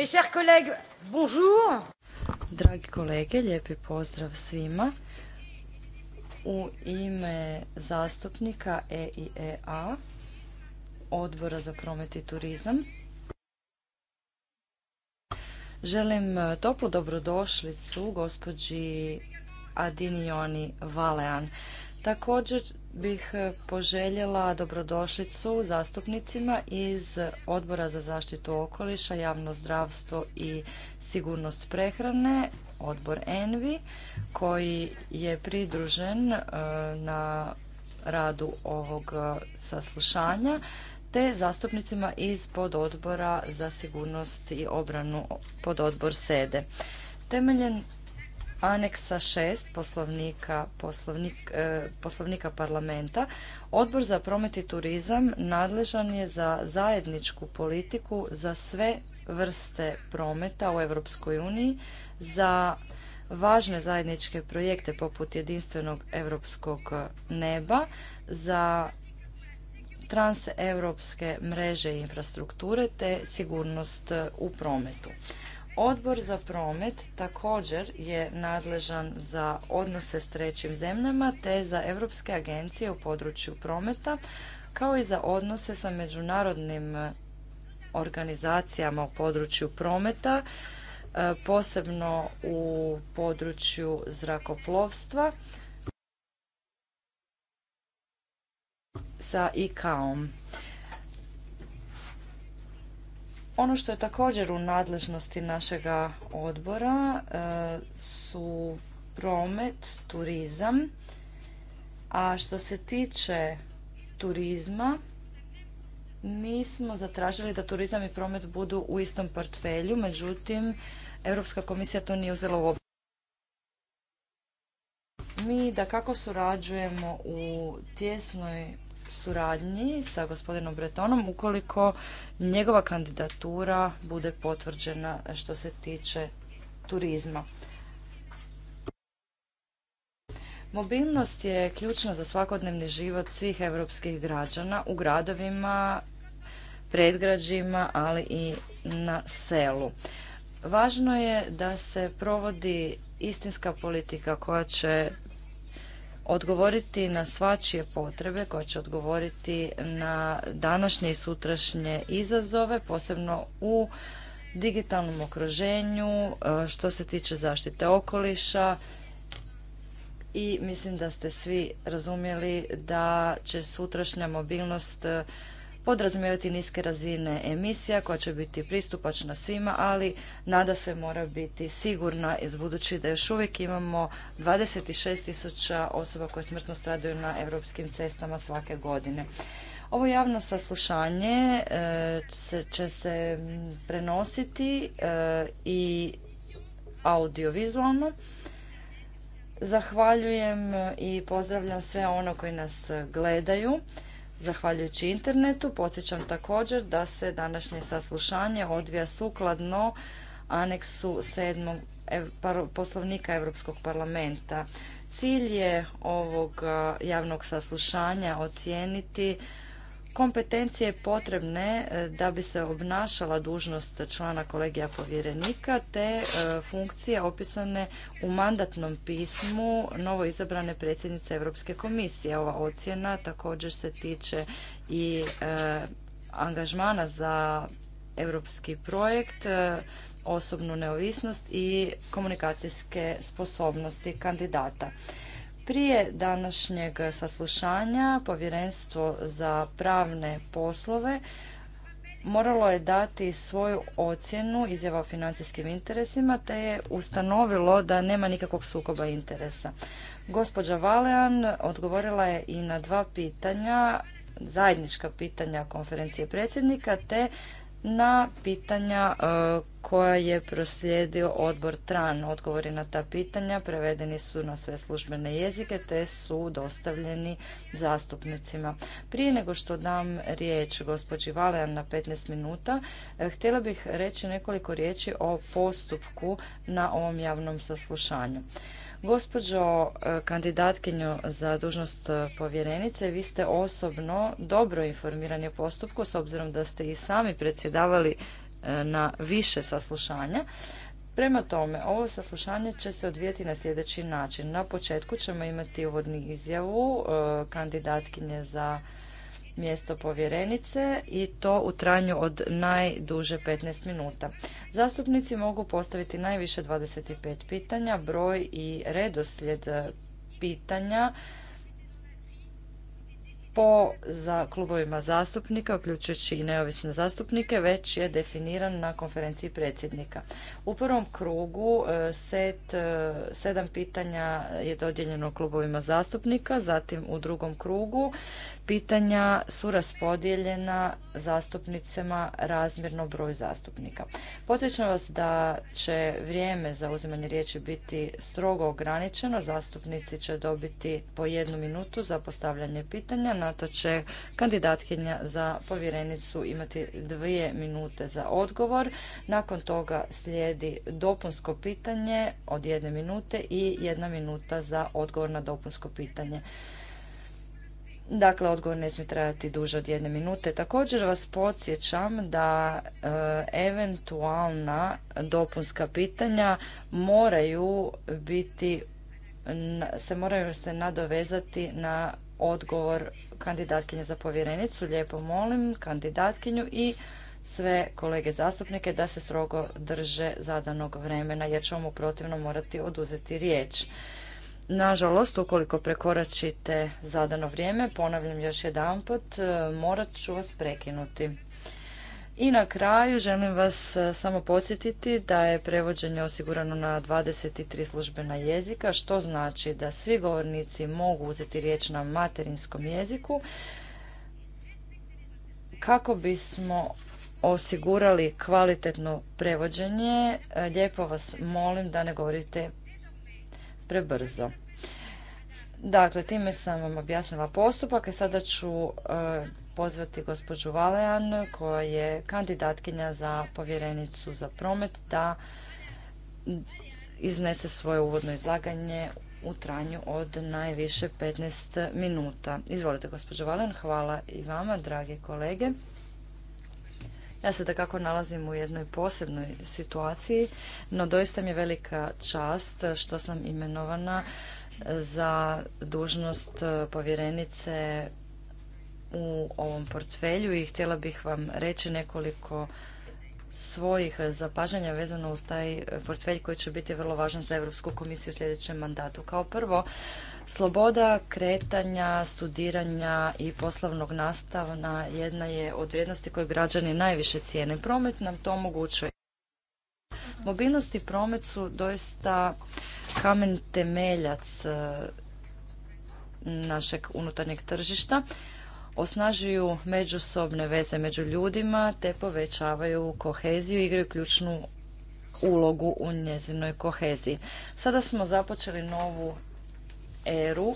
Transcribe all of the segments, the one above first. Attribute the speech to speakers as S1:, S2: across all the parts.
S1: Mes chers collègues, bonjour. Dragi kolege, lijepi pozdrav svima. U ime zastupnika EIEA, Odbora za promet i turizam, želim e, toplu dobrodošlicu gospođi Adinioni Valean. Također bih e, poželjela dobrodošlicu zastupnicima iz Odbora za zaštitu okoliša, javno zdravstvo i sigurnost prehrane, odbor ENVI, koji je pridružen e, na radu ovog e, saslušanja, te zastupnicima iz pododbora za sigurnost i obranu pododbor SEDE. Temeljen aneksa 6 poslovnika, e, poslovnika parlamenta, odbor za promet i turizam nadležan je za zajedničku politiku za sve vrste prometa u Europskoj uniji, za važne zajedničke projekte poput jedinstvenog europskog neba, za transeuropske mreže i infrastrukture te sigurnost u prometu. Odbor za promet također je nadležan za odnose s trećim zemljama te za Europske agencije u području prometa kao i za odnose sa međunarodnim e, organizacijama u području prometa, e, posebno u području zrakoplovstva sa ICAO-om. Ono što je također u nadležnosti našega odbora e, su promet, turizam. A što se tiče turizma, mi smo zatražili da turizam i promet budu u istom portfelju, međutim, Europska komisija to nije uzela u obzir. Mi da kako surađujemo u tjesnoj suradnji sa gospodinom Bretonom ukoliko njegova kandidatura bude potvrđena što se tiče turizma. Mobilnost je ključna za svakodnevni život svih europskih građana u gradovima, predgrađima, ali i na selu. Važno je da se provodi istinska politika koja će odgovoriti na svačije potrebe, koja će odgovoriti na današnje i sutrašnje izazove, posebno u digitalnom okruženju, e, što se tiče zaštite okoliša i mislim da ste svi razumjeli da će sutrašnja mobilnost podrazumijevati niske razine emisija koja će biti pristupačna svima, ali nada se mora biti sigurna budući da još uvijek imamo 26 tisuća osoba koje smrtno stradaju na europskim cestama svake godine. Ovo javno saslušanje e, će se prenositi e, i audiovizualno. Zahvaljujem i pozdravljam sve ono koji nas gledaju zahvaljujući internetu. Podsjećam također da se današnje saslušanje odvija sukladno aneksu 7. poslovnika Europskog parlamenta. Cilj je ovog javnog saslušanja ocijeniti kompetencije potrebne e, da bi se obnašala dužnost člana kolegija povjerenika te e, funkcije opisane u mandatnom pismu novo izabrane predsjednice Europske komisije. Ova ocjena također se tiče i e, angažmana za europski projekt, osobnu neovisnost i komunikacijske sposobnosti kandidata. Prije današnjeg saslušanja Povjerenstvo za pravne poslove moralo je dati svoju ocjenu izjava o financijskim interesima te je ustanovilo da nema nikakvog sukoba interesa. Gospođa Valean odgovorila je i na dva pitanja, zajednička pitanja konferencije predsjednika te na pitanja e, koja je proslijedio odbor TRAN. Odgovori na ta pitanja prevedeni su na sve službene jezike te su dostavljeni zastupnicima. Prije nego što dam riječ gospođi Valejan na 15 minuta, e, htjela bih reći nekoliko riječi o postupku na ovom javnom saslušanju. Gospođo e, kandidatkinju za dužnost e, povjerenice, vi ste osobno dobro informirani o postupku s obzirom da ste i sami predsjedavali e, na više saslušanja. Prema tome, ovo saslušanje će se odvijeti na sljedeći način. Na početku ćemo imati uvodni izjavu kandidatkinje za mjesto povjerenice i to u trajanju od najduže 15 minuta. Zastupnici mogu postaviti najviše 25 pitanja, broj i redoslijed pitanja po za klubovima zastupnika, uključujući i neovisne zastupnike, već je definiran na konferenciji predsjednika. U prvom krugu e, set, e, sedam pitanja je dodijeljeno klubovima zastupnika, zatim u drugom krugu pitanja su raspodijeljena zastupnicama razmjerno broju zastupnika. Podsjećam vas da će vrijeme za uzimanje riječi biti strogo ograničeno. Zastupnici će dobiti po jednu minutu za postavljanje pitanja vremena, to će kandidatkinja za povjerenicu imati dvije minute za odgovor. Nakon toga slijedi dopunsko pitanje od jedne minute i jedna minuta za odgovor na dopunsko pitanje. Dakle, odgovor ne smije trajati duže od jedne minute. Također vas podsjećam da e, eventualna dopunska pitanja moraju biti, se moraju se nadovezati na odgovor kandidatkinje za povjerenicu. Lijepo molim kandidatkinju i sve kolege zastupnike da se srogo drže zadanog vremena jer ćemo protivno morati oduzeti riječ. Nažalost, ukoliko prekoračite zadano vrijeme, ponavljam još jedanput, morat ću vas prekinuti. I na kraju želim vas e, samo podsjetiti da je prevođenje osigurano na 23 službena jezika, što znači da svi govornici mogu uzeti riječ na materinskom jeziku kako bismo osigurali kvalitetno prevođenje, e, lijepo vas molim da ne govorite prebrzo. Dakle, time sam vam objasnila postupak i sada ću e, pozvati gospođu Valejan koja je kandidatkinja za povjerenicu za promet da iznese svoje uvodno izlaganje u trajanju od najviše 15 minuta. Izvolite gospođo Valen, hvala i vama drage kolege. Ja se kako nalazim u jednoj posebnoj situaciji, no doista mi je velika čast što sam imenovana za dužnost povjerenice u ovom portfelju i htjela bih vam reći nekoliko svojih zapažanja vezano uz taj portfelj koji će biti vrlo važan za Europsku komisiju u sljedećem mandatu. Kao prvo, sloboda kretanja, studiranja i poslovnog nastavna jedna je od vrijednosti koje građani najviše cijene. Promet nam to omogućuje. Mobilnost i promet su doista kamen temeljac eh, našeg unutarnjeg tržišta osnažuju međusobne veze među ljudima te povećavaju koheziju i igraju ključnu ulogu u njezinoj koheziji. Sada smo započeli novu eru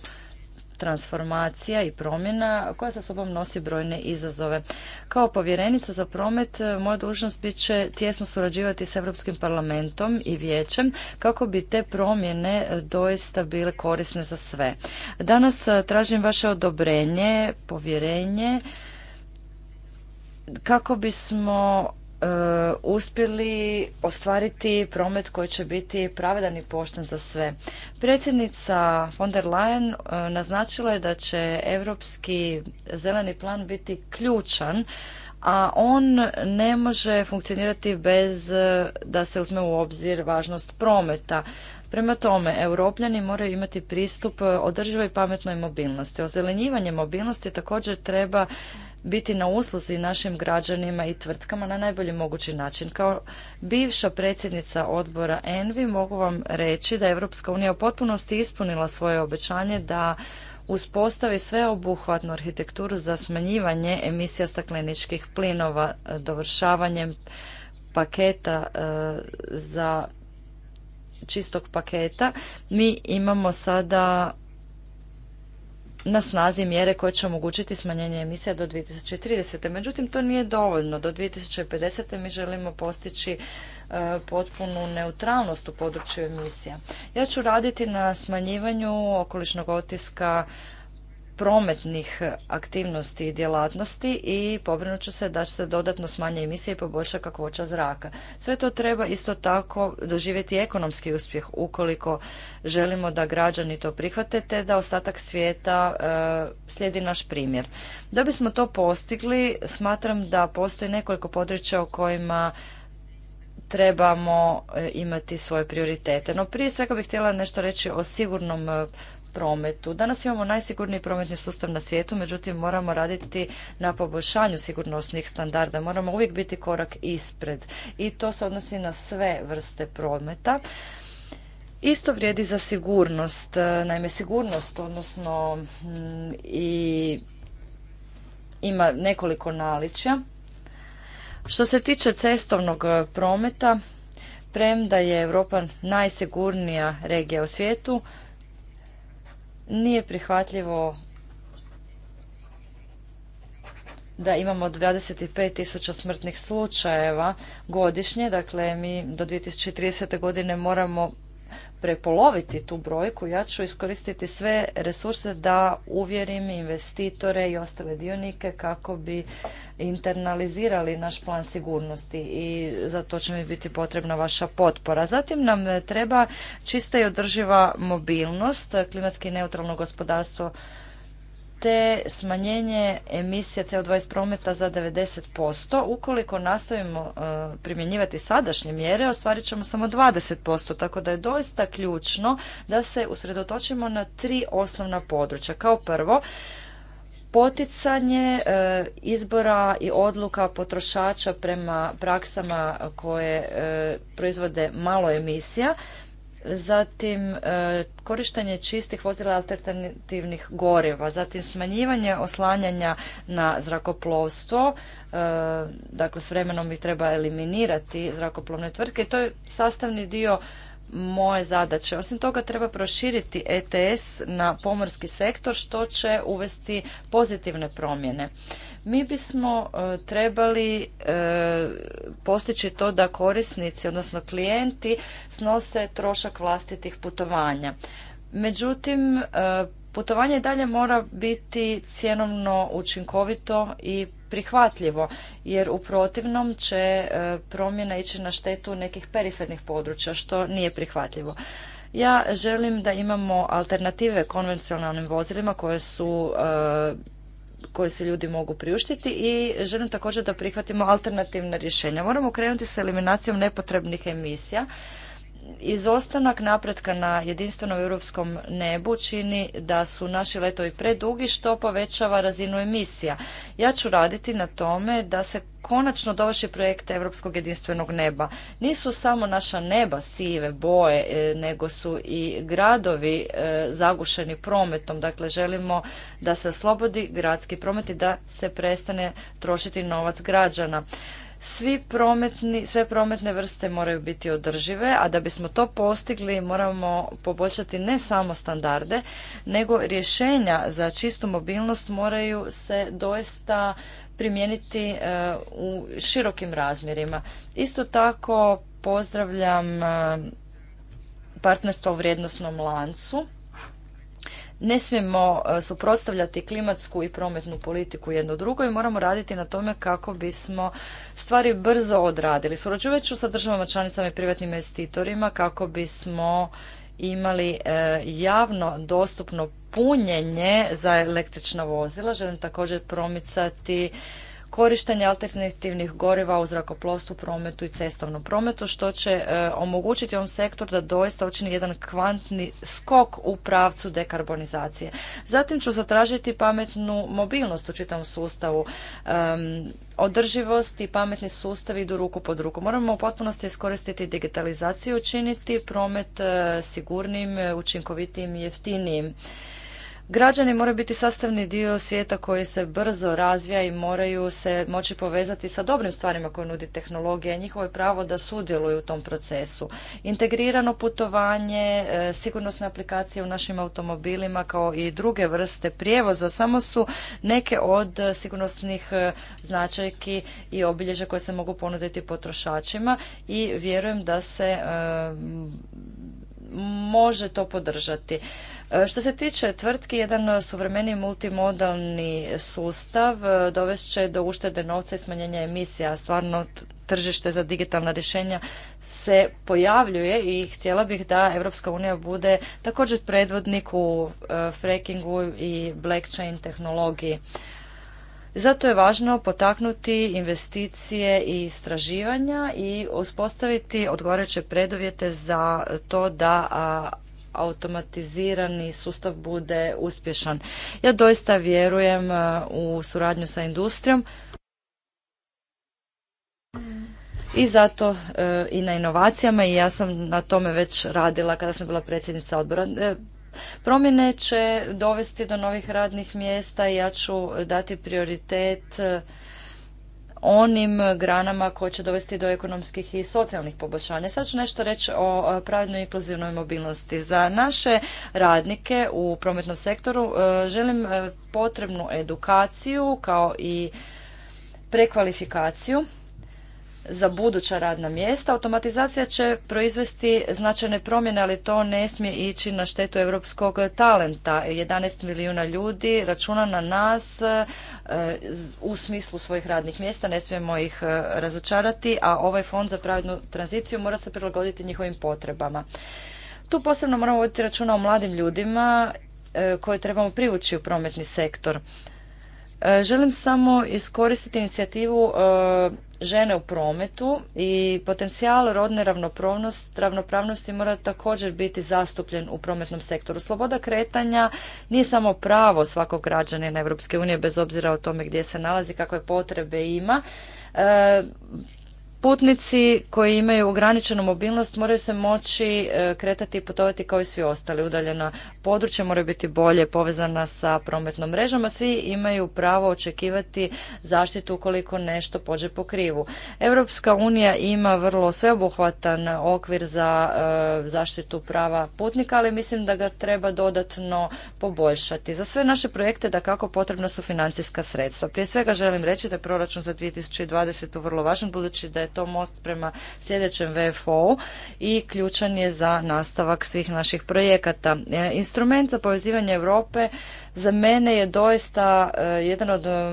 S1: transformacija i promjena koja sa sobom nosi brojne izazove. Kao povjerenica za promet e, moja dužnost bit će tjesno surađivati s Europskim parlamentom i vijećem kako bi te promjene e, doista bile korisne za sve. Danas e, tražim vaše odobrenje, povjerenje kako bismo E, uspjeli ostvariti promet koji će biti pravedan i pošten za sve. Predsjednica von der Leyen e, naznačila je da će europski zeleni plan biti ključan, a on ne može funkcionirati bez e, da se uzme u obzir važnost prometa. Prema tome, europljani moraju imati pristup održivoj pametnoj mobilnosti. Ozelenjivanje mobilnosti također treba biti na usluzi našim građanima i tvrtkama na najbolji mogući način. Kao bivša predsjednica odbora Envi mogu vam reći da je Europska unija u potpunosti ispunila svoje obećanje da uspostavi sveobuhvatnu arhitekturu za smanjivanje emisija stakleničkih plinova dovršavanjem paketa e, za čistog paketa. Mi imamo sada na snazi mjere koje će omogućiti smanjenje emisija do 2030. Međutim, to nije dovoljno. Do 2050. mi želimo postići e, potpunu neutralnost u području emisija. Ja ću raditi na smanjivanju okolišnog otiska prometnih aktivnosti i djelatnosti i pobrinut ću se da će se dodatno smanje emisije i poboljša kakvoća zraka. Sve to treba isto tako doživjeti ekonomski uspjeh ukoliko želimo da građani to prihvate te da ostatak svijeta e, slijedi naš primjer. Da bismo to postigli, smatram da postoji nekoliko područja o kojima trebamo e, imati svoje prioritete. No prije svega bih htjela nešto reći o sigurnom e, prometu. Danas imamo najsigurniji prometni sustav na svijetu, međutim moramo raditi na poboljšanju sigurnosnih standarda. Moramo uvijek biti korak ispred i to se odnosi na sve vrste prometa. Isto vrijedi za sigurnost. E, naime, sigurnost, odnosno mm, i ima nekoliko naličja. Što se tiče cestovnog e, prometa, premda je Europa najsigurnija regija u svijetu, nije prihvatljivo da imamo 25.000 smrtnih slučajeva godišnje, dakle mi do 2030. godine moramo prepoloviti tu brojku, ja ću iskoristiti sve resurse da uvjerim investitore i ostale dionike kako bi internalizirali naš plan sigurnosti i za to će mi biti potrebna vaša potpora. Zatim nam treba čista i održiva mobilnost, klimatski neutralno gospodarstvo te smanjenje emisije CO2 iz prometa za 90%. Ukoliko nastavimo e, primjenjivati sadašnje mjere, ostvarit ćemo samo 20%, tako da je doista ključno da se usredotočimo na tri osnovna područja. Kao prvo, poticanje e, izbora i odluka potrošača prema praksama koje e, proizvode malo emisija, zatim e, korištenje čistih vozila alternativnih goriva, zatim smanjivanje oslanjanja na zrakoplovstvo, e, dakle s vremenom ih treba eliminirati zrakoplovne tvrtke to je sastavni dio moje zadaće. Osim toga treba proširiti ETS na pomorski sektor što će uvesti pozitivne promjene. Mi bismo e, trebali e, postići to da korisnici, odnosno klijenti, snose trošak vlastitih putovanja. Međutim, e, Putovanje dalje mora biti cjenovno učinkovito i prihvatljivo, jer u protivnom će e, promjena ići na štetu nekih perifernih područja, što nije prihvatljivo. Ja želim da imamo alternative konvencionalnim vozilima koje su e, koje se ljudi mogu priuštiti i želim također da prihvatimo alternativna rješenja. Moramo krenuti sa eliminacijom nepotrebnih emisija Izostanak napretka na jedinstvenom europskom nebu čini da su naši letovi predugi što povećava razinu emisija. Ja ću raditi na tome da se konačno dovrši projekt europskog jedinstvenog neba. Nisu samo naša neba sive boje, e, nego su i gradovi e, zagušeni prometom. Dakle, želimo da se oslobodi gradski promet i da se prestane trošiti novac građana svi prometni, sve prometne vrste moraju biti održive, a da bismo to postigli moramo poboljšati ne samo standarde, nego rješenja za čistu mobilnost moraju se doista primijeniti e, u širokim razmjerima. Isto tako pozdravljam e, partnerstvo u vrijednosnom lancu ne smijemo e, suprotstavljati klimatsku i prometnu politiku jedno drugo i moramo raditi na tome kako bismo stvari brzo odradili. Surađujući ću sa državama članicama i privatnim investitorima kako bismo imali e, javno dostupno punjenje za električna vozila. Želim također promicati korištenje alternativnih goriva u zrakoplovstvu, prometu i cestovnom prometu, što će e, omogućiti ovom sektoru da doista učini jedan kvantni skok u pravcu dekarbonizacije. Zatim ću zatražiti pametnu mobilnost u čitavom sustavu. E, održivost i pametni sustavi idu ruku pod ruku. Moramo u potpunosti iskoristiti digitalizaciju učiniti promet e, sigurnim, učinkovitim i jeftinijim. Građani moraju biti sastavni dio svijeta koji se brzo razvija i moraju se moći povezati sa dobrim stvarima koje nudi tehnologija i njihovo je pravo da sudjeluju u tom procesu. Integrirano putovanje, e, sigurnosne aplikacije u našim automobilima kao i druge vrste prijevoza samo su neke od sigurnosnih e, značajki i obilježja koje se mogu ponuditi potrošačima i vjerujem da se e, može to podržati. E, što se tiče tvrtki, jedan suvremeni multimodalni sustav e, dovest će do uštede novca i smanjenja emisija. Stvarno tržište za digitalna rješenja se pojavljuje i htjela bih da Europska unija bude također predvodnik u e, frackingu i blockchain tehnologiji. Zato je važno potaknuti investicije i istraživanja i uspostaviti odgovarajuće preduvjete za to da automatizirani sustav bude uspješan. Ja doista vjerujem u suradnju sa industrijom i zato e, i na inovacijama i ja sam na tome već radila kada sam bila predsjednica odbora. E, Promjene će dovesti do novih radnih mjesta i ja ću dati prioritet e, onim granama koje će dovesti do ekonomskih i socijalnih poboljšanja. Sad ću nešto reći o e, pravednoj inkluzivnoj mobilnosti. Za naše radnike u prometnom sektoru e, želim potrebnu edukaciju kao i prekvalifikaciju za buduća radna mjesta. Automatizacija će proizvesti značajne promjene, ali to ne smije ići na štetu europskog talenta. 11 milijuna ljudi računa na nas e, u smislu svojih radnih mjesta, ne smijemo ih e, razočarati, a ovaj fond za pravednu tranziciju mora se prilagoditi njihovim potrebama. Tu posebno moramo voditi računa o mladim ljudima e, koje trebamo privući u prometni sektor. E, želim samo iskoristiti inicijativu e, žene u prometu i potencijal rodne ravnopravnost, ravnopravnosti mora također biti zastupljen u prometnom sektoru. Sloboda kretanja nije samo pravo svakog građanina Europske unije bez obzira o tome gdje se nalazi, kakve potrebe ima. E, Putnici koji imaju ograničenu mobilnost moraju se moći e, kretati i putovati kao i svi ostali. Udaljena područja moraju biti bolje povezana sa prometnom mrežama. Svi imaju pravo očekivati zaštitu ukoliko nešto pođe po krivu. Europska unija ima vrlo sveobuhvatan okvir za e, zaštitu prava putnika, ali mislim da ga treba dodatno poboljšati. Za sve naše projekte da kako potrebna su financijska sredstva. Prije svega želim reći da je proračun za 2020. vrlo važan budući da je to most prema sljedećem VFO-u i ključan je za nastavak svih naših projekata. E, instrument za povezivanje Europe za mene je doista e, jedan od e,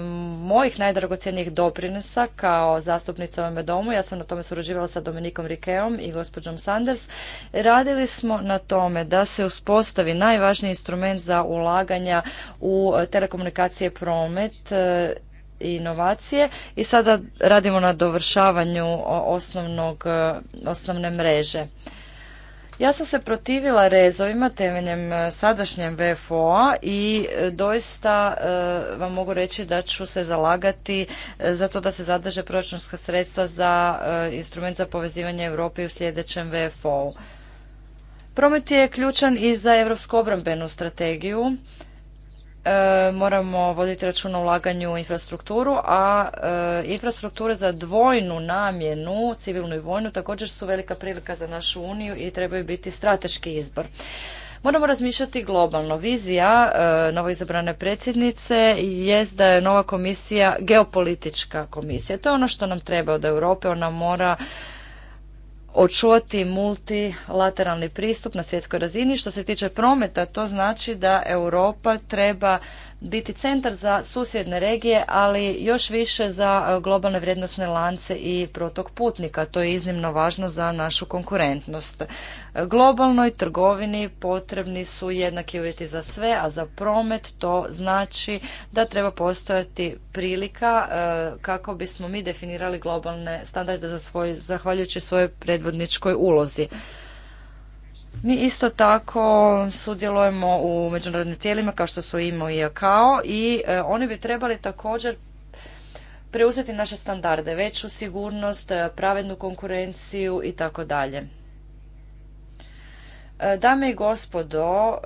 S1: mojih najdragocjenijih doprinosa kao zastupnica u ovome domu. Ja sam na tome surađivala sa Dominikom Rikeom i gospođom Sanders. Radili smo na tome da se uspostavi najvažniji instrument za ulaganja u telekomunikacije promet inovacije i sada radimo na dovršavanju osnovnog, e, osnovne mreže. Ja sam se protivila rezovima temeljem e, sadašnjem VFO-a i e, doista vam mogu reći da ću se zalagati za to da se zadrže proračunska sredstva za instrument za povezivanje Europe u sljedećem VFO-u. Promet je ključan i za Europsku obrambenu strategiju E, moramo voditi računa o ulaganju u infrastrukturu, a e, infrastrukture za dvojnu namjenu, civilnu i vojnu, također su velika prilika za našu uniju i trebaju biti strateški izbor. Moramo razmišljati globalno. Vizija e, novoizabrane predsjednice je da je nova komisija geopolitička komisija. To je ono što nam treba od Europe. Ona mora očuvati multilateralni pristup na svjetskoj razini. Što se tiče prometa, to znači da Europa treba biti centar za susjedne regije, ali još više za e, globalne vrijednosne lance i protok putnika. To je iznimno važno za našu konkurentnost. E, globalnoj trgovini potrebni su jednaki uvjeti za sve, a za promet to znači da treba postojati prilika e, kako bismo mi definirali globalne standarde za svoj, zahvaljujući svojoj predvodničkoj ulozi. Mi isto tako sudjelujemo u međunarodnim tijelima kao što su IMO i i e, oni bi trebali također preuzeti naše standarde, veću sigurnost, e, pravednu konkurenciju i tako dalje. E, dame i gospodo,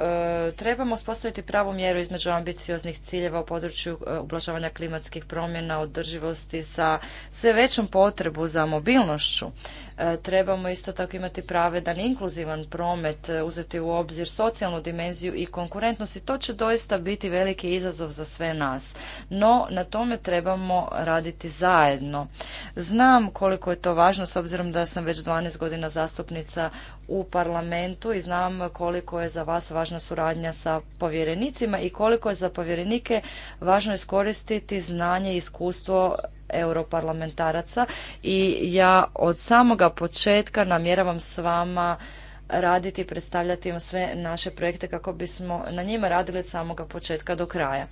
S1: trebamo spostaviti pravu mjeru između ambicioznih ciljeva u području ublažavanja klimatskih promjena, održivosti sa sve većom potrebu za mobilnošću. E, trebamo isto tako imati pravedan inkluzivan promet, e, uzeti u obzir socijalnu dimenziju i konkurentnost i to će doista biti veliki izazov za sve nas. No, na tome trebamo raditi zajedno. Znam koliko je to važno s obzirom da sam već 12 godina zastupnica u parlamentu i znam koliko je za vas važna suradnja sa povjerenicima i koliko je za povjerenike važno iskoristiti znanje i iskustvo europarlamentaraca i ja od samoga početka namjeravam s vama raditi i predstavljati vam sve naše projekte kako bismo na njima radili od samoga početka do kraja.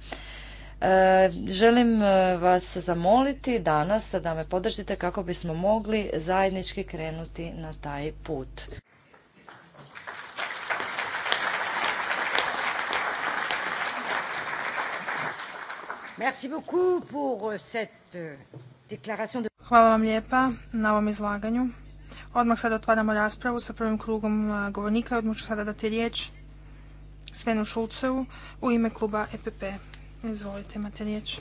S1: E, želim e, vas zamoliti danas da me podržite kako bismo mogli zajednički krenuti na taj put.
S2: Euh, euh, hvala vam lijepa na ovom izlaganju. Odmah sada otvaramo raspravu sa prvim krugom govornika. Odmah ću sada dati riječ Svenu Šulcevu u ime kluba EPP. Izvolite, imate riječ.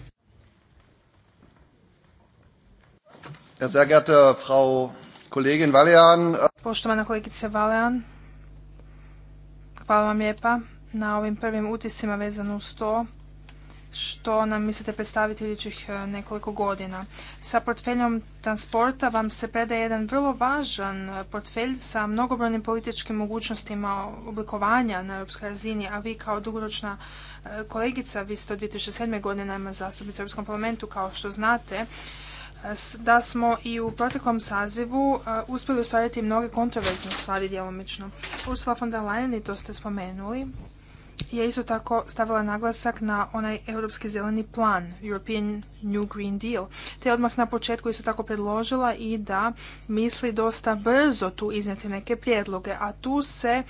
S2: Äh, Poštovana kolegice Valean, hvala vam lijepa na ovim prvim utiscima vezanu s to što nam mislite predstaviti idućih e, nekoliko godina. Sa portfeljom transporta vam se predaje jedan vrlo važan e, portfelj sa mnogobrojnim političkim mogućnostima oblikovanja na europskoj razini, a vi kao dugoročna e, kolegica, vi ste od 2007. godine nama zastupnica u Europskom parlamentu, kao što znate, da smo i u proteklom sazivu uspjeli ostvariti mnoge kontroverzne stvari djelomično. Ursula von der Leyen, i to ste spomenuli, je isto tako stavila naglasak na onaj europski zeleni plan, European New Green Deal, te odmah na početku isto tako predložila i da misli dosta brzo tu iznijeti neke prijedloge, a tu se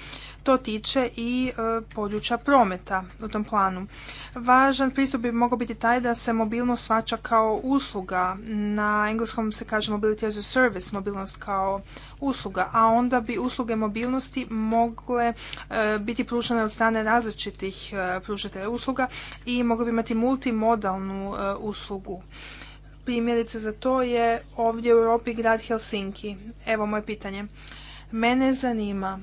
S2: to tiče i e, područja prometa u tom planu. Važan pristup bi mogao biti taj da se mobilnost svača kao usluga. Na engleskom se kaže mobility as a service, mobilnost kao usluga, a onda bi usluge mobilnosti mogle e, biti pružene od strane različitih e, pružatelja usluga i mogle bi imati multimodalnu e, uslugu. Primjerice za to je ovdje u Europi grad Helsinki. Evo moje pitanje. Mene zanima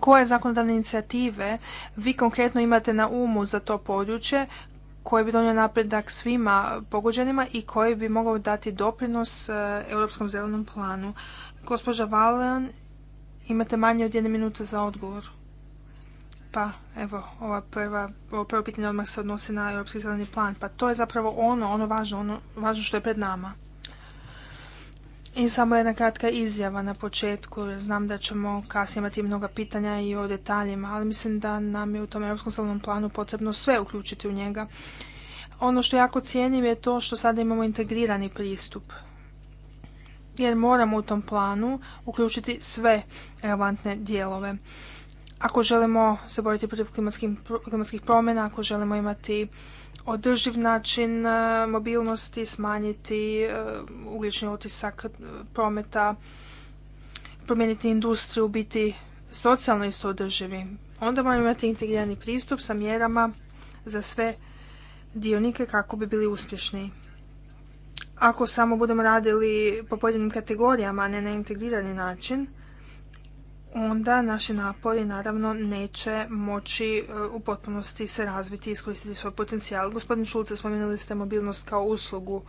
S2: koje zakonodavne inicijative vi konkretno imate na umu za to područje koje bi donio napredak svima pogođenima i koji bi mogao dati doprinos Europskom zelenom planu. Gospođa Valen, imate manje od jedne minute za odgovor. Pa evo, ova prva, ovo prvo pitanje odmah se odnosi na Europski zeleni plan. Pa to je zapravo ono, ono važno, ono važno što je pred nama. I samo jedna kratka izjava na početku, jer znam da ćemo kasnije imati mnoga pitanja i o detaljima, ali mislim da nam je u tom Europskom zelenom planu potrebno sve uključiti u njega. Ono što jako cijenim je to što sada imamo integrirani pristup jer moramo u tom planu uključiti sve relevantne dijelove. Ako želimo se boriti protiv klimatskih promjena, ako želimo imati održiv način e, mobilnosti, smanjiti e, ugljični otisak e, prometa, promijeniti industriju, biti socijalno isto održivi, onda moramo imati integrirani pristup sa mjerama za sve dionike kako bi bili uspješni ako samo budemo radili po pojedinim kategorijama, a ne na integrirani način, onda naši napori naravno neće moći e, u potpunosti se razviti i iskoristiti svoj potencijal. Gospodin Šulce, spomenuli ste mobilnost kao uslugu,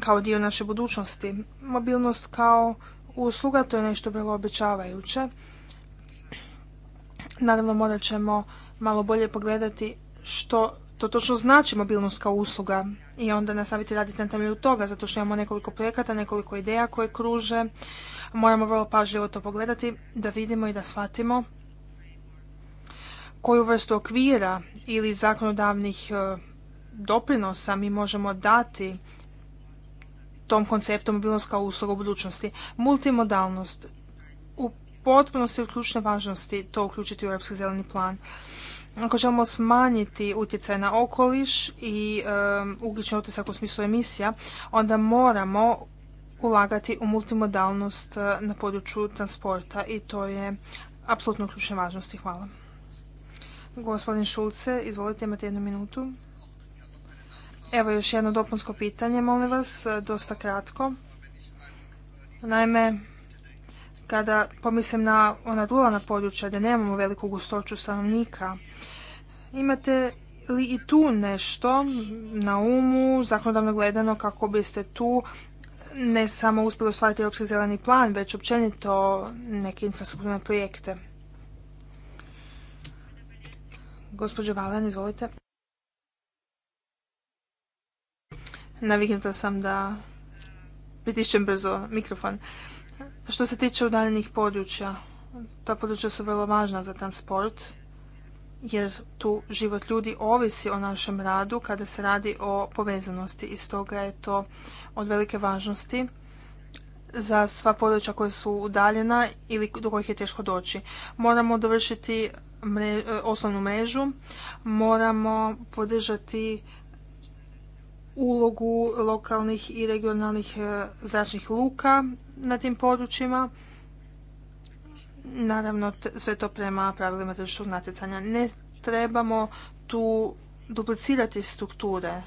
S2: kao dio naše budućnosti. Mobilnost kao usluga, to je nešto vrlo obećavajuće. Naravno morat ćemo malo bolje pogledati što to točno znači mobilnost kao usluga i onda nastaviti raditi na temelju toga, zato što imamo nekoliko projekata, nekoliko ideja koje kruže. Moramo vrlo pažljivo to pogledati, da vidimo i da shvatimo koju vrstu okvira ili zakonodavnih e, doprinosa mi možemo dati tom konceptu mobilnost kao usluga u budućnosti. Multimodalnost. U potpunosti od ključne važnosti to uključiti u Europski zeleni plan ako želimo smanjiti utjecaj na okoliš i ugljični otisak u smislu emisija, onda moramo ulagati u multimodalnost e, na području transporta i to je apsolutno ključne važnosti. Hvala. Gospodin Šulce, izvolite, imate jednu minutu. Evo još jedno dopunsko pitanje, molim vas, e, dosta kratko. Naime, kada pomislim na ona ruralna područja gdje nemamo veliku gustoću stanovnika, imate li i tu nešto na umu, zakonodavno gledano, kako biste tu ne samo uspjeli ostvariti Europski zeleni plan, već općenito neke infrastrukturne projekte? Gospođo Valen, izvolite. Naviknuta sam da pritišćem brzo mikrofon. Što se tiče udaljenih područja, ta područja su vrlo važna za transport, jer tu život ljudi ovisi o našem radu kada se radi o povezanosti i stoga je to od velike važnosti za sva područja koja su udaljena ili do kojih je teško doći. Moramo dovršiti osnovnu mrežu, moramo podržati ulogu lokalnih i regionalnih eh, zračnih luka na tim područjima. Naravno, sve to prema pravilima tržišnog natjecanja. Ne trebamo tu duplicirati strukture.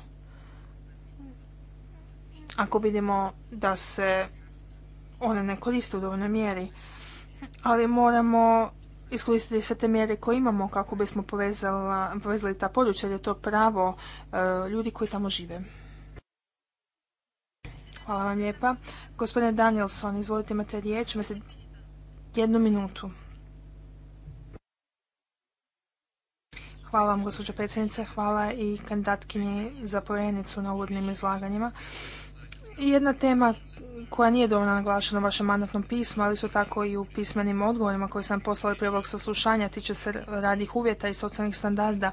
S2: Ako vidimo da se one ne koriste u dovoljnoj mjeri, ali moramo iskoristiti sve te mjere koje imamo kako bismo povezali ta područja jer je to pravo e, ljudi koji tamo žive. Hvala vam lijepa. Gospodine Danielson, izvolite imate riječ, imate jednu minutu. Hvala vam, gospođo predsjednice. Hvala i kandidatkinji za povjerenicu na uvodnim izlaganjima. Jedna tema koja nije dovoljno naglašena u vašem mandatnom pismu, ali su tako i u pismenim odgovorima koje sam poslala prije ovog saslušanja, tiče se radnih uvjeta i socijalnih standarda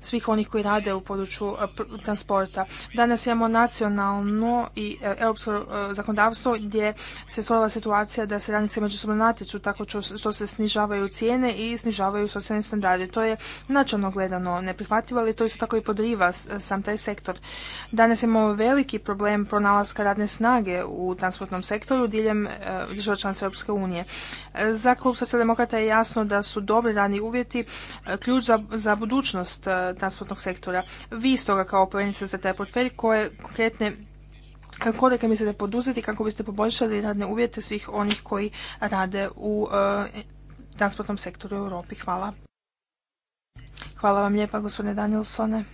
S2: svih onih koji rade u području e, transporta. Danas imamo nacionalno i e, europsko e, zakonodavstvo gdje se stvorila situacija da se radnici međusobno natječu tako što se snižavaju cijene i snižavaju socijalni standardi. To je načalno gledano neprihvatljivo, ali to isto tako i podriva sam taj sektor. Danas imamo veliki problem pronalaska radne snage u transportnom sektoru diljem e, država članica Europske unije. E, za klub socijaldemokrata je jasno da su dobri radni uvjeti e, ključ za, budućnost transportnog sektora. Vi stoga kao povjerenica za taj portfelj koje konkretne kodeke mislite poduzeti kako biste poboljšali radne uvjete svih onih koji rade u transportnom sektoru u Europi. Hvala. Hvala vam lijepa gospodine Danielsone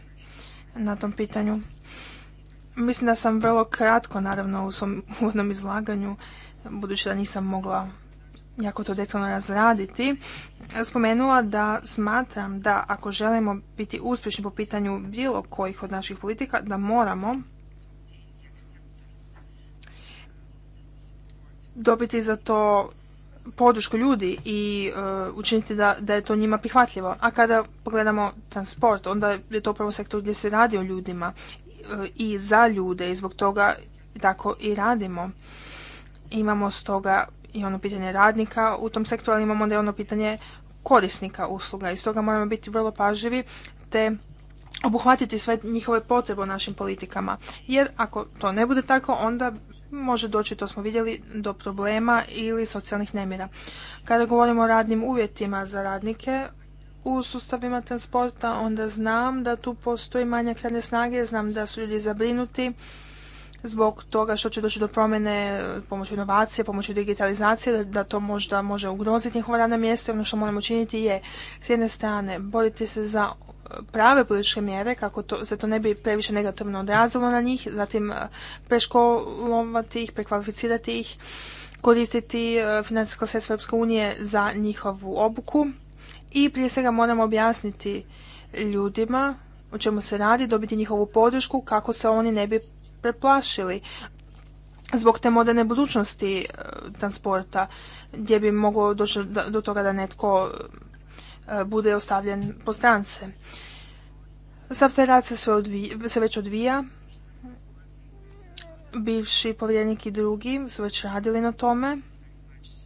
S2: na tom pitanju. Mislim da sam vrlo kratko, naravno, u svom uvodnom izlaganju, budući da nisam mogla jako to detaljno razraditi, spomenula da smatram da ako želimo biti uspješni po pitanju bilo kojih od naših politika, da moramo dobiti za to podršku ljudi i uh, učiniti da, da je to njima prihvatljivo. A kada pogledamo transport, onda je to upravo sektor gdje se radi o ljudima i za ljude i zbog toga tako i radimo. Imamo stoga i ono pitanje radnika u tom sektoru, ali imamo onda i ono pitanje korisnika usluga i stoga moramo biti vrlo pažljivi te obuhvatiti sve njihove potrebe u našim politikama. Jer ako to ne bude tako, onda može doći, to smo vidjeli, do problema ili socijalnih nemira. Kada govorimo o radnim uvjetima za radnike, u sustavima transporta, onda znam da tu postoji manjak radne snage, znam da su ljudi zabrinuti zbog toga što će doći do promjene pomoću inovacije, pomoću digitalizacije, da to možda može ugroziti njihova radna mjesta. Ono što moramo činiti je s jedne strane boriti se za prave političke mjere kako se to ne bi previše negativno odrazilo na njih, zatim eh, preškolovati ih, prekvalificirati ih, koristiti eh, financijska sredstva Europske unije za njihovu obuku i prije svega moramo objasniti ljudima o čemu se radi, dobiti njihovu podršku kako se oni ne bi preplašili zbog te moderne budućnosti e, transporta gdje bi moglo doći do toga da netko e, bude ostavljen po strance. Sav taj rad se, se već odvija. Bivši povjerenik i drugi su već radili na tome,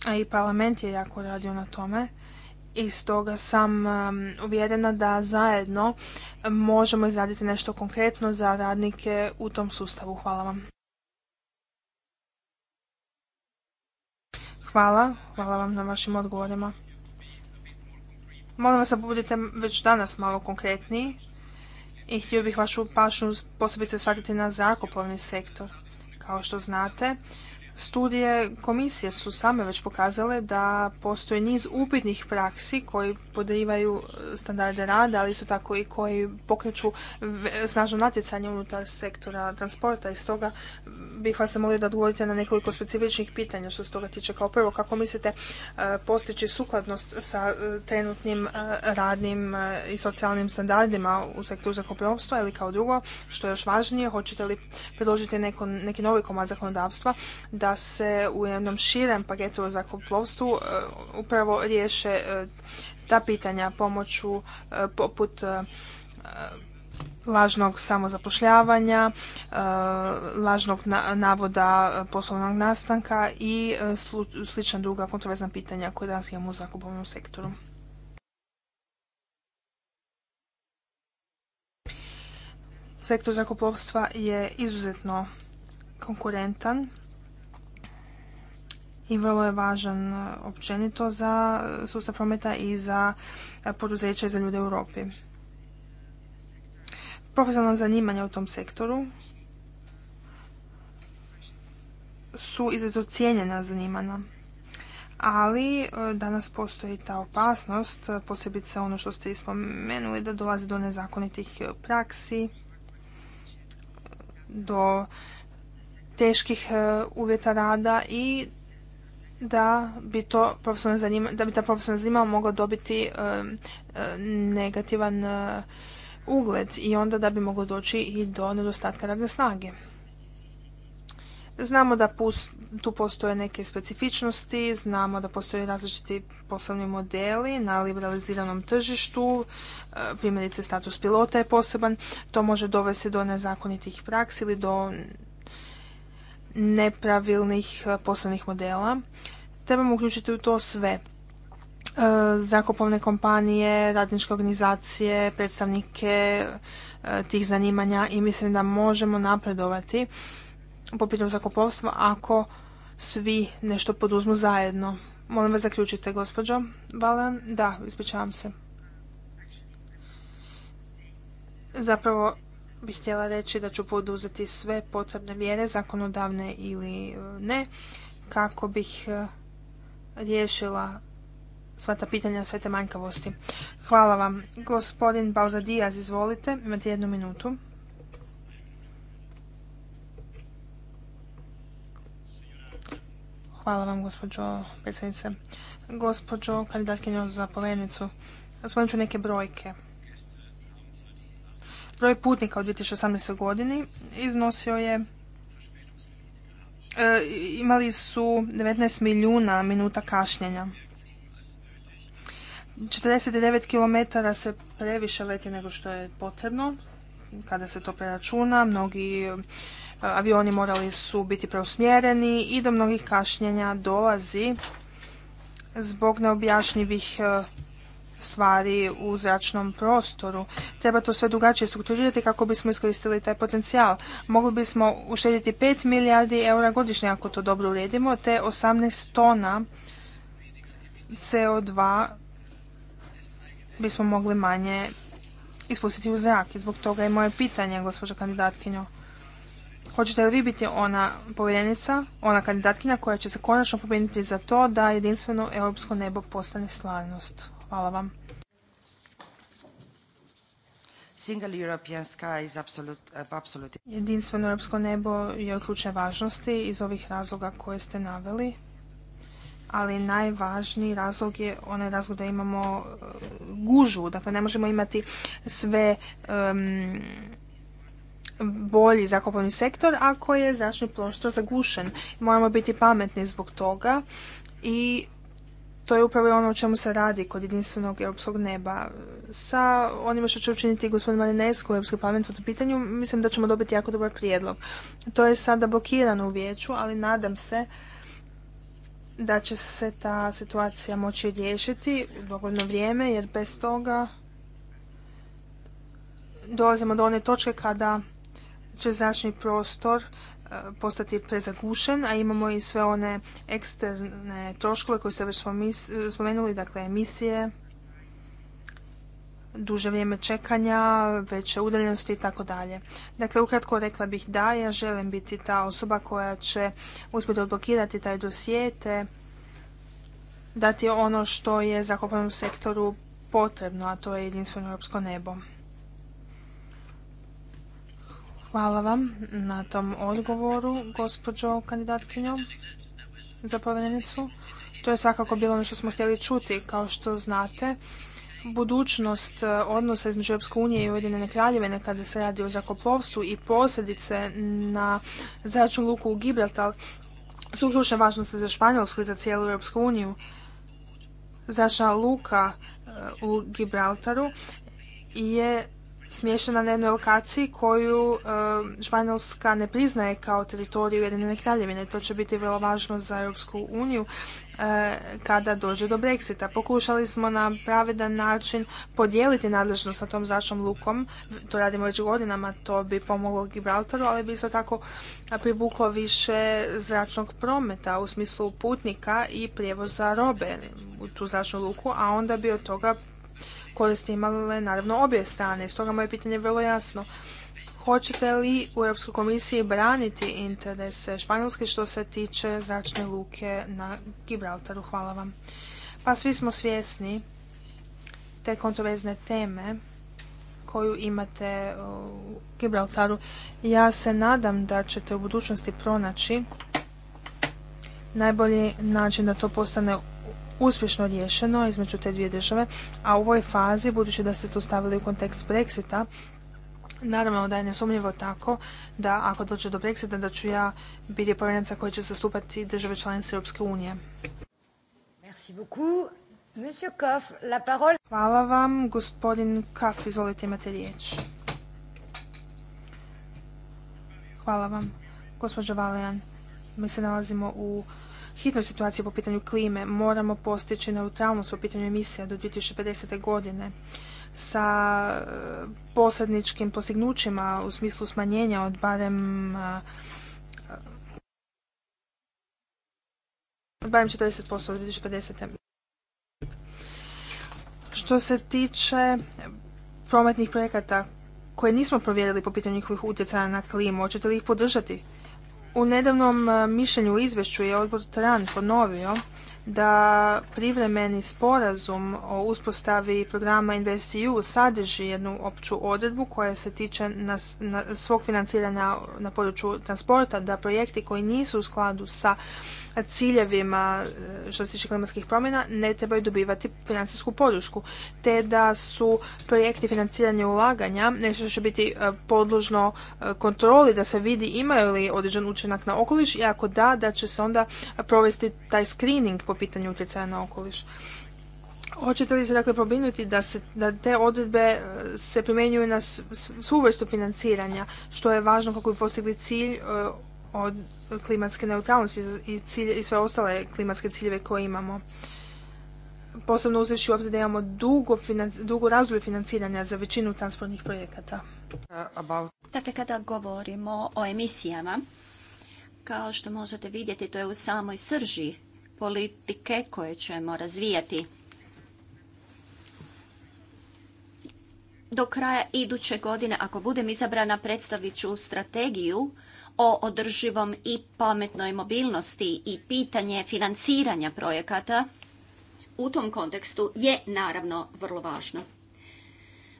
S2: a i parlament je jako radio na tome i stoga sam uvjerena da zajedno možemo izraditi nešto konkretno za radnike u tom sustavu. Hvala vam. Hvala, hvala vam na vašim odgovorima. Molim vas da budete već danas malo konkretniji i htio bih vašu pažnju posebice shvatiti na zrakoplovni sektor. Kao što znate, Studije komisije su same već pokazale da postoji niz upitnih praksi koji podrivaju standarde rada, ali su tako i koji pokreću snažno natjecanje unutar sektora transporta i stoga bih vas zamolio da odgovorite na nekoliko specifičnih pitanja što se toga tiče. Kao prvo, kako mislite e, postići sukladnost sa e, trenutnim e, radnim i socijalnim standardima u sektoru zakoprovstva ili kao drugo, što je još važnije, hoćete li predložiti neki novi komad zakonodavstva da da se u jednom širem paketu o zakoplovstvu e, upravo riješe e, ta pitanja pomoću e, poput lažnog samozapošljavanja, lažnog navoda poslovnog nastanka i slična druga kontroverzna pitanja koje danas imamo u zakupovnom sektoru. Sektor zakupovstva je izuzetno konkurentan i vrlo je važan e, općenito za e, sustav prometa i za e, poduzeće za ljude u Europi. Profesionalno zanimanje u tom sektoru su izrazito cijenjena zanimanja. Ali danas postoji ta opasnost, posebice ono što ste spomenuli, da dolazi do nezakonitih praksi, do teških uvjeta rada i da bi to da bi ta profesionalna zanimanja mogla dobiti negativan eh, ugled i onda da bi moglo doći i do nedostatka radne snage. Znamo da tu postoje neke specifičnosti, znamo da postoje različiti poslovni modeli na liberaliziranom tržištu, eh, primjerice status pilota je poseban, to može dovesti do nezakonitih praksi ili do nepravilnih e, poslovnih modela. Trebamo uključiti u to sve. E, zakupovne kompanije, radničke organizacije, predstavnike e, tih zanimanja i mislim da možemo napredovati po pitanju zakupovstva ako svi nešto poduzmu zajedno. Molim vas zaključite, gospođo Balan. Da, ispričavam se. Zapravo, bih htjela reći da ću poduzeti sve potrebne mjere, zakonodavne ili e, ne, kako bih e, riješila sva ta pitanja, sve te manjkavosti. Hvala vam. Gospodin Bauza Dijaz, izvolite, imate jednu minutu. Hvala vam, gospođo predsjednice. Gospođo kandidatkinjo za povenicu, svojim ću neke brojke. Broj putnika u 2018. godini iznosio je e, imali su 19 milijuna minuta kašnjenja. 49 km se previše leti nego što je potrebno kada se to preračuna. Mnogi e, avioni morali su biti preusmjereni i do mnogih kašnjenja dolazi zbog neobjašnjivih e, stvari u zračnom prostoru. Treba to sve drugačije strukturirati kako bismo iskoristili taj potencijal. Mogli bismo uštedjeti 5 milijardi eura godišnje ako to dobro uredimo, te 18 tona CO2 bismo mogli manje ispustiti u zrak. I zbog toga je moje pitanje, gospođa kandidatkinjo. Hoćete li vi biti ona povjerenica, ona kandidatkinja koja će se konačno pobrinuti za to da jedinstveno europsko nebo postane stvarnost? Hvala vam. Uh, Jedinstveno europsko nebo je od ključne važnosti iz ovih razloga koje ste naveli, ali najvažniji razlog je onaj razlog da imamo uh, gužu, dakle ne možemo imati sve um, bolji zakupovni sektor ako je zračni prostor zagušen. Moramo biti pametni zbog toga i to je upravo ono o čemu se radi kod jedinstvenog europskog neba. Sa onima što će učiniti gospodin Marinesko u Europskom parlamentu po pitanju, mislim da ćemo dobiti jako dobar prijedlog. To je sada blokirano u vijeću, ali nadam se da će se ta situacija moći riješiti u dogodno vrijeme, jer bez toga dolazimo do one točke kada će zračni prostor postati prezagušen, a imamo i sve one eksterne troškove koje ste već spomenuli, dakle emisije, duže vrijeme čekanja, veće udaljenosti i tako dalje. Dakle, ukratko rekla bih da, ja želim biti ta osoba koja će uspjeti odblokirati taj dosije te dati ono što je zakopanom sektoru potrebno, a to je jedinstveno europsko nebo. Hvala vam na tom odgovoru, gospođo kandidatkinjo za povjerenicu. To je svakako bilo ono što smo htjeli čuti. Kao što znate, budućnost e, odnosa između Europske unije i Ujedinjene kraljevine kada se radi o zakoplovstvu i posljedice na zračnu luku u Gibraltar su ključne važnosti za Španjolsku i za cijelu Europsku uniju. Zračna luka e, u Gibraltaru je smještena na jednoj lokaciji koju Španjolska ne priznaje kao teritoriju Ujedinjene kraljevine. To će biti vrlo važno za Europsku uniju e, kada dođe do Brexita. Pokušali smo na pravedan način podijeliti nadležnost sa tom zračnom lukom. To radimo već godinama, to bi pomoglo Gibraltaru, ali bi isto tako privuklo više zračnog prometa u smislu putnika i prijevoza robe u tu zračnu luku, a onda bi od toga koristi imale naravno obje strane. Stoga moje pitanje je vrlo jasno. Hoćete li u Europskoj komisiji braniti interese Španjolske što se tiče zračne luke na Gibraltaru? Hvala vam. Pa svi smo svjesni te kontroverzne teme koju imate u Gibraltaru. Ja se nadam da ćete u budućnosti pronaći najbolji način da to postane uspješno rješeno između te dvije države, a u ovoj fazi, budući da ste to stavili u kontekst Brexita, Naravno da je nesumnjivo tako da ako dođe do Brexita da ću ja biti povjerenica koja će zastupati države članice Europske unije. Hvala vam. Gospodin Kaf, izvolite imate riječ. Hvala vam. Gospođo Valijan, mi se nalazimo u hitnoj situaciji po pitanju klime. Moramo postići neutralnost po pitanju emisija do 2050. godine sa e, posredničkim postignućima u smislu smanjenja od barem e, od barem 40% od 2050. Što se tiče prometnih projekata koje nismo provjerili po pitanju njihovih utjecaja na klimu, hoćete li ih podržati? U nedavnom e, mišljenju u izvješću je odbor Tran ponovio da privremeni sporazum o uspostavi programa InvestEU sadrži jednu opću odredbu koja se tiče svog financiranja na području transporta, da projekti koji nisu u skladu sa ciljevima e, što se tiče klimatskih promjena ne trebaju dobivati financijsku podršku, te da su projekti financiranja ulaganja nešto što će biti e, podložno e, kontroli da se vidi imaju li određen učinak na okoliš i ako da, da će se onda provesti taj screening po pitanju utjecaja na okoliš. Hoćete li se dakle probinuti da, se, da te odredbe se primjenjuju na svu vrstu financiranja, što je važno kako bi postigli cilj od klimatske neutralnosti i, cilje, i sve ostale klimatske ciljeve koje imamo. Posebno uzevši u obzir da imamo dugo, finan, financiranja za većinu transportnih projekata.
S3: Uh,
S2: dakle,
S4: kada govorimo o emisijama,
S2: kao što možete vidjeti, to je u samoj
S4: srži politike koje ćemo razvijati. Do kraja iduće godine, ako budem izabrana, predstavit ću strategiju o održivom i pametnoj mobilnosti i pitanje financiranja projekata u tom kontekstu je naravno vrlo važno.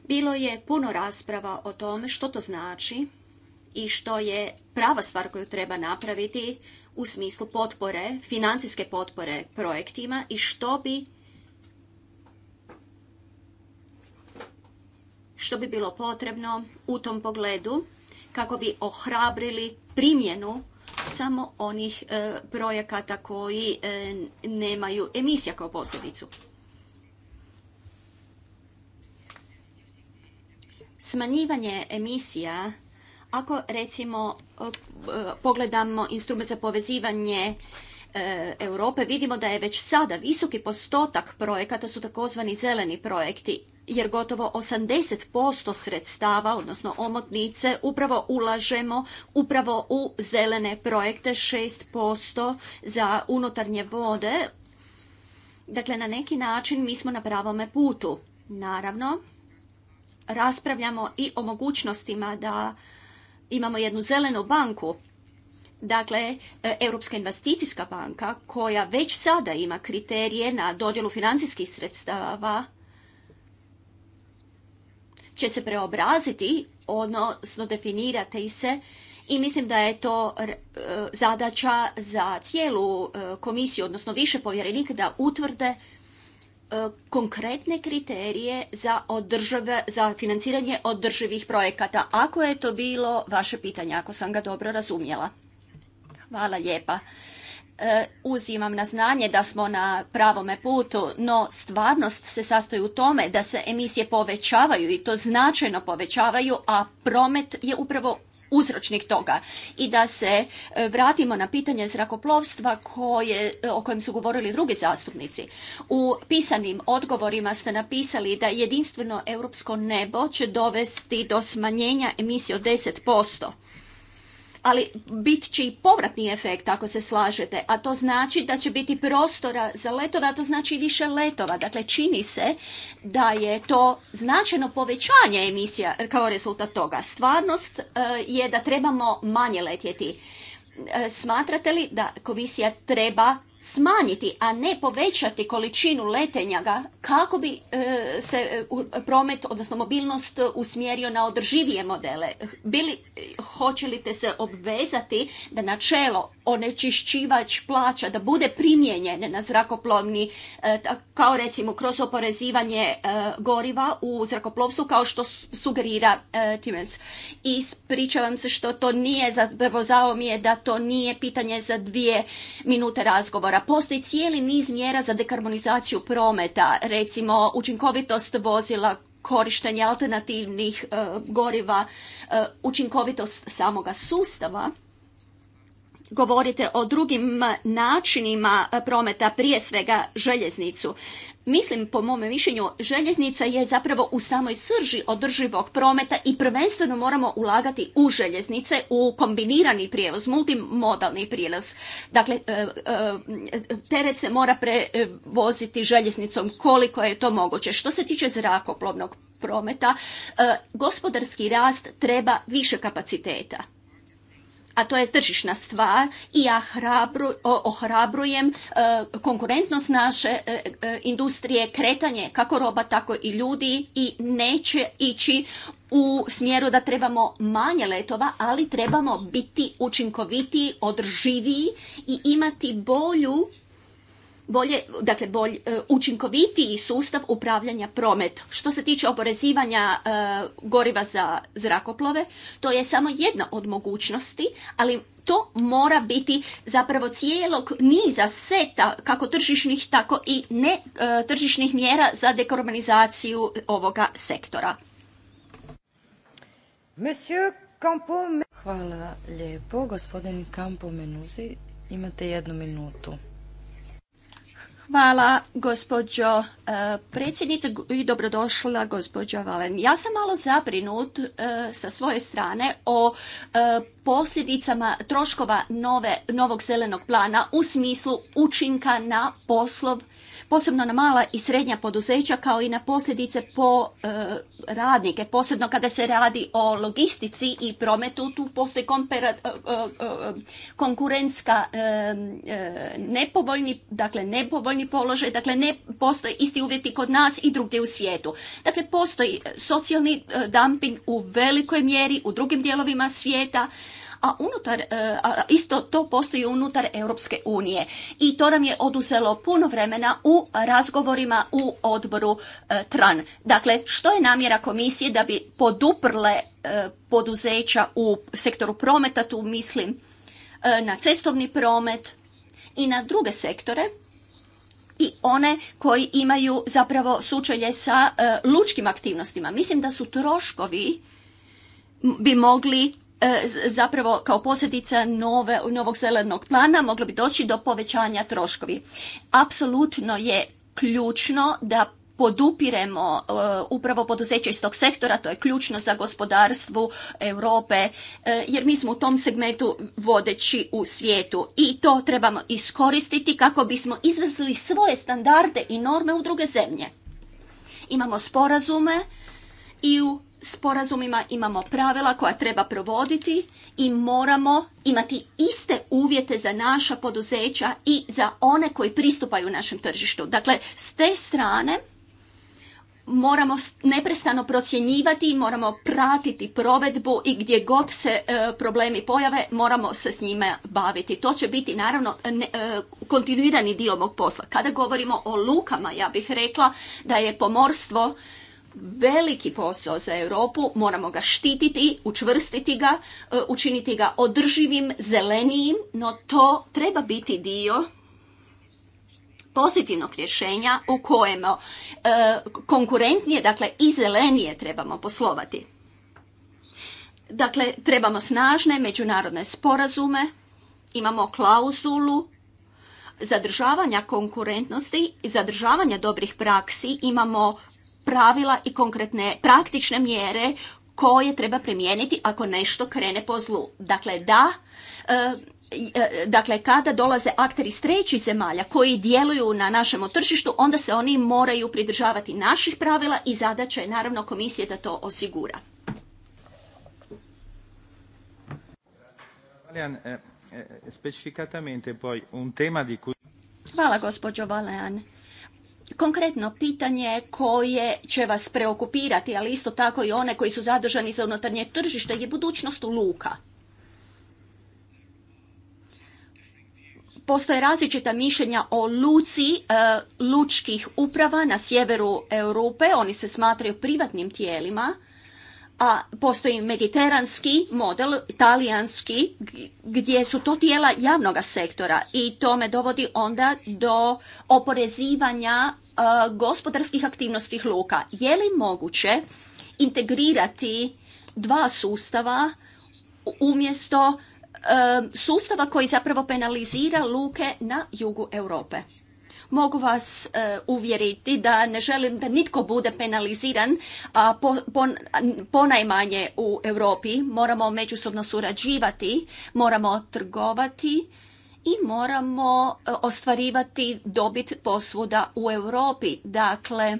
S4: Bilo je puno rasprava o tome što to znači i što je prava stvar koju treba napraviti u smislu potpore, financijske potpore projektima i što bi što bi bilo potrebno u tom pogledu kako bi ohrabrili primjenu samo onih e, projekata koji e, nemaju emisija kao posljedicu. Smanjivanje emisija, ako recimo e, pogledamo instrument za povezivanje Europe vidimo da je već sada visoki postotak projekata su takozvani zeleni projekti jer gotovo 80% sredstava, odnosno omotnice, upravo ulažemo upravo u zelene projekte, 6% za unutarnje vode. Dakle, na neki način mi smo na pravome putu. Naravno, raspravljamo i o mogućnostima da imamo jednu zelenu banku, Dakle, e, Europska investicijska banka koja već sada ima kriterije na dodjelu financijskih sredstava će se preobraziti, odnosno definirati se i mislim da je to e, zadaća za cijelu e, komisiju, odnosno više povjerenika da utvrde e, konkretne kriterije za, održave, za financiranje održivih projekata. Ako je to bilo vaše pitanje, ako sam ga dobro razumjela. Hvala lijepa. E, uzimam na znanje da smo na pravome putu, no stvarnost se sastoji u tome da se emisije povećavaju i to značajno povećavaju, a promet je upravo uzročnik toga. I da se e, vratimo na pitanje zrakoplovstva koje, e, o kojem su govorili drugi zastupnici. U pisanim odgovorima ste napisali da jedinstveno europsko nebo će dovesti do smanjenja emisije od 10% ali bit će i povratni efekt ako se slažete, a to znači da će biti prostora za letova, a to znači više letova. Dakle, čini se da je to značajno povećanje emisija kao rezultat toga. Stvarnost e, je da trebamo manje letjeti. E, smatrate li da komisija treba smanjiti, a ne povećati količinu letenja kako bi e, se e, promet, odnosno mobilnost e, usmjerio na održivije modele. Bili, hoće li te se obvezati da načelo onečišćivač plaća da bude primijenjen na zrakoplovni, kao recimo kroz oporezivanje goriva u zrakoplovstvu kao što sugerira Timens. I spričavam se što to nije, zao mi je da to nije pitanje za dvije minute razgovora odgovora. Postoji cijeli niz mjera za dekarbonizaciju prometa, recimo učinkovitost vozila, korištenje alternativnih eh, goriva, eh, učinkovitost samoga sustava – govorite o drugim načinima prometa, prije svega željeznicu. Mislim, po mome mišljenju, željeznica je zapravo u samoj srži održivog prometa i prvenstveno moramo ulagati u željeznice, u kombinirani prijevoz, multimodalni prijevoz. Dakle, e, e, teret se mora prevoziti željeznicom koliko je to moguće. Što se tiče zrakoplovnog prometa, e, gospodarski rast treba više kapaciteta a to je tržišna stvar i ja ohrabrujem e, konkurentnost naše e, e, industrije, kretanje kako roba tako i ljudi i neće ići u smjeru da trebamo manje letova, ali trebamo biti učinkovitiji, održiviji i imati bolju bolje, dakle bolj, e, učinkovitiji sustav upravljanja promet. Što se tiče oporezivanja e, goriva za zrakoplove, to je samo jedna od mogućnosti, ali to mora biti zapravo cijelog niza seta kako tržišnih, tako i ne e, tržišnih mjera za dekarbonizaciju ovoga sektora.
S1: Monsieur Hvala lijepo, gospodin Campo Menuzi. Imate jednu minutu.
S4: Hvala gospođo e, predsjednice i dobrodošla gospođo Valen. Ja sam malo zabrinut e, sa svoje strane o e, posljedicama troškova nove, novog zelenog plana u smislu učinka na poslov posebno na mala i srednja poduzeća kao i na posljedice po e, radnike, posebno kada se radi o logistici i prometu, tu postoji kompera, e, e, konkurentska nepovoljni, dakle nepovoljni položaj, dakle ne postoje isti uvjeti kod nas i drugdje u svijetu. Dakle, postoji socijalni dumping u velikoj mjeri u drugim dijelovima svijeta, a unutar, e, a isto to postoji unutar Europske unije. I to nam je oduzelo puno vremena u razgovorima u odboru e, TRAN. Dakle, što je namjera komisije da bi poduprle e, poduzeća u sektoru prometa, tu mislim na cestovni promet i na druge sektore, i one koji imaju zapravo sučelje sa lučkim aktivnostima. Mislim da su troškovi bi mogli E, zapravo kao posljedica nove, novog zelenog plana moglo bi doći do povećanja troškovi. Apsolutno je ključno da podupiremo e, upravo poduzeće iz tog sektora, to je ključno za gospodarstvu Europe, e, jer mi smo u tom segmentu vodeći u svijetu i to trebamo iskoristiti kako bismo izvezli svoje standarde i norme u druge zemlje. Imamo sporazume i u sporazumima imamo pravila koja treba provoditi i moramo imati iste uvjete za naša poduzeća i za one koji pristupaju našem tržištu. Dakle, s te strane moramo neprestano procjenjivati, moramo pratiti provedbu i gdje god se e, problemi pojave, moramo se s njime baviti. To će biti naravno e, kontinuirani dio mog posla. Kada govorimo o lukama, ja bih rekla da je pomorstvo veliki posao za Europu, moramo ga štititi, učvrstiti ga, e, učiniti ga održivim, zelenijim, no to treba biti dio pozitivnog rješenja u kojem e, konkurentnije, dakle i zelenije trebamo poslovati. Dakle, trebamo snažne međunarodne sporazume, imamo klauzulu zadržavanja konkurentnosti zadržavanja dobrih praksi, imamo pravila i konkretne praktične mjere koje treba primijeniti ako nešto krene po zlu. Dakle, da, e, e, dakle kada dolaze akteri iz trećih zemalja koji djeluju na našem tržištu, onda se oni moraju pridržavati naših pravila i zadaća je naravno komisije da to osigura.
S1: E,
S4: Hvala gospođo konkretno pitanje koje će vas preokupirati, ali isto tako i one koji su zadržani za unutarnje tržište je budućnost u luka. Postoje različita mišljenja o luci e, lučkih uprava na sjeveru Europe, oni se smatraju privatnim tijelima, a postoji mediteranski model, talijanski, gdje su to tijela javnog sektora i to me dovodi onda do oporezivanja E, gospodarskih aktivnosti luka. Je li moguće integrirati dva sustava umjesto e, sustava koji zapravo penalizira luke na jugu Europe? mogu vas e, uvjeriti da ne želim da nitko bude penaliziran a po, ponajmanje u Europi moramo međusobno surađivati moramo trgovati i moramo e, ostvarivati dobit posvuda u Europi. Dakle,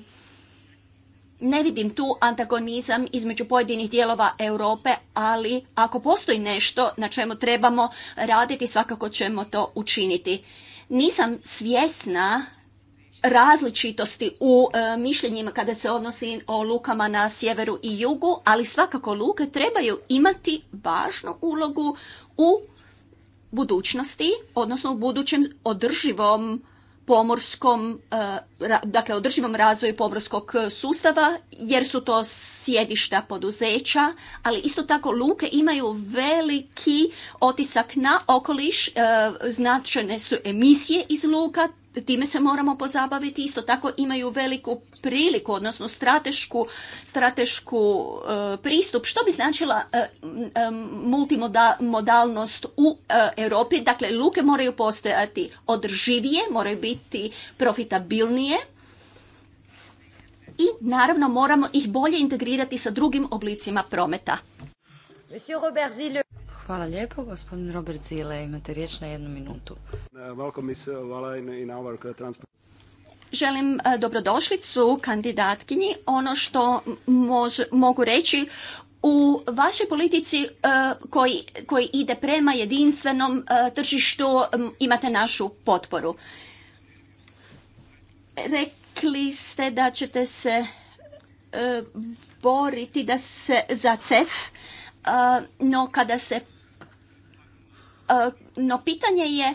S4: ne vidim tu antagonizam između pojedinih dijelova Europe, ali ako postoji nešto na čemu trebamo raditi, svakako ćemo to učiniti. Nisam svjesna različitosti u e, mišljenjima kada se odnosi o lukama na sjeveru i jugu, ali svakako luke trebaju imati važnu ulogu u budućnosti, odnosno u budućem održivom pomorskom, e, dakle održivom razvoju pomorskog sustava, jer su to sjedišta poduzeća, ali isto tako luke imaju veliki otisak na okoliš, e, značajne su emisije iz luka, time se moramo pozabaviti. Isto tako imaju veliku priliku, odnosno stratešku, stratešku e, pristup. Što bi značila e, e, multimodalnost u Europi? Dakle, luke moraju postojati održivije, moraju biti profitabilnije i naravno moramo ih bolje integrirati sa drugim oblicima prometa.
S1: Hvala lijepo. Gospodin Robert Zile, imate riječ na jednu minutu. Želim e, dobrodošlicu kandidatkinji.
S4: Ono što mogu reći u vašoj politici e, koji, ide prema jedinstvenom e, tržištu imate našu potporu. Rekli ste da ćete se boriti da se za CEF, no kada se Eh, no pitanje je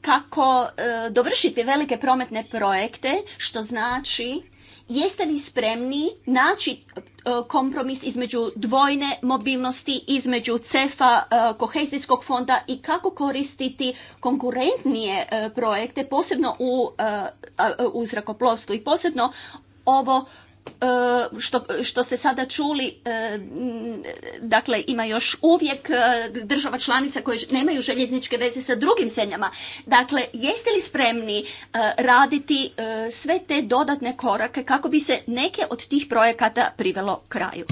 S4: kako eh, dovršiti velike prometne projekte, što znači jeste li spremni naći eh, kompromis između dvojne mobilnosti, između CEFA, kohezijskog fonda i kako koristiti konkurentnije projekte, posebno u, u zrakoplovstvu i posebno ovo E, što, što ste sada čuli, e, dakle ima još uvijek e, država članica koje nemaju željezničke veze sa drugim zemljama. Dakle, jeste li spremni raditi sve te dodatne korake kako bi se neke od tih projekata privelo kraju?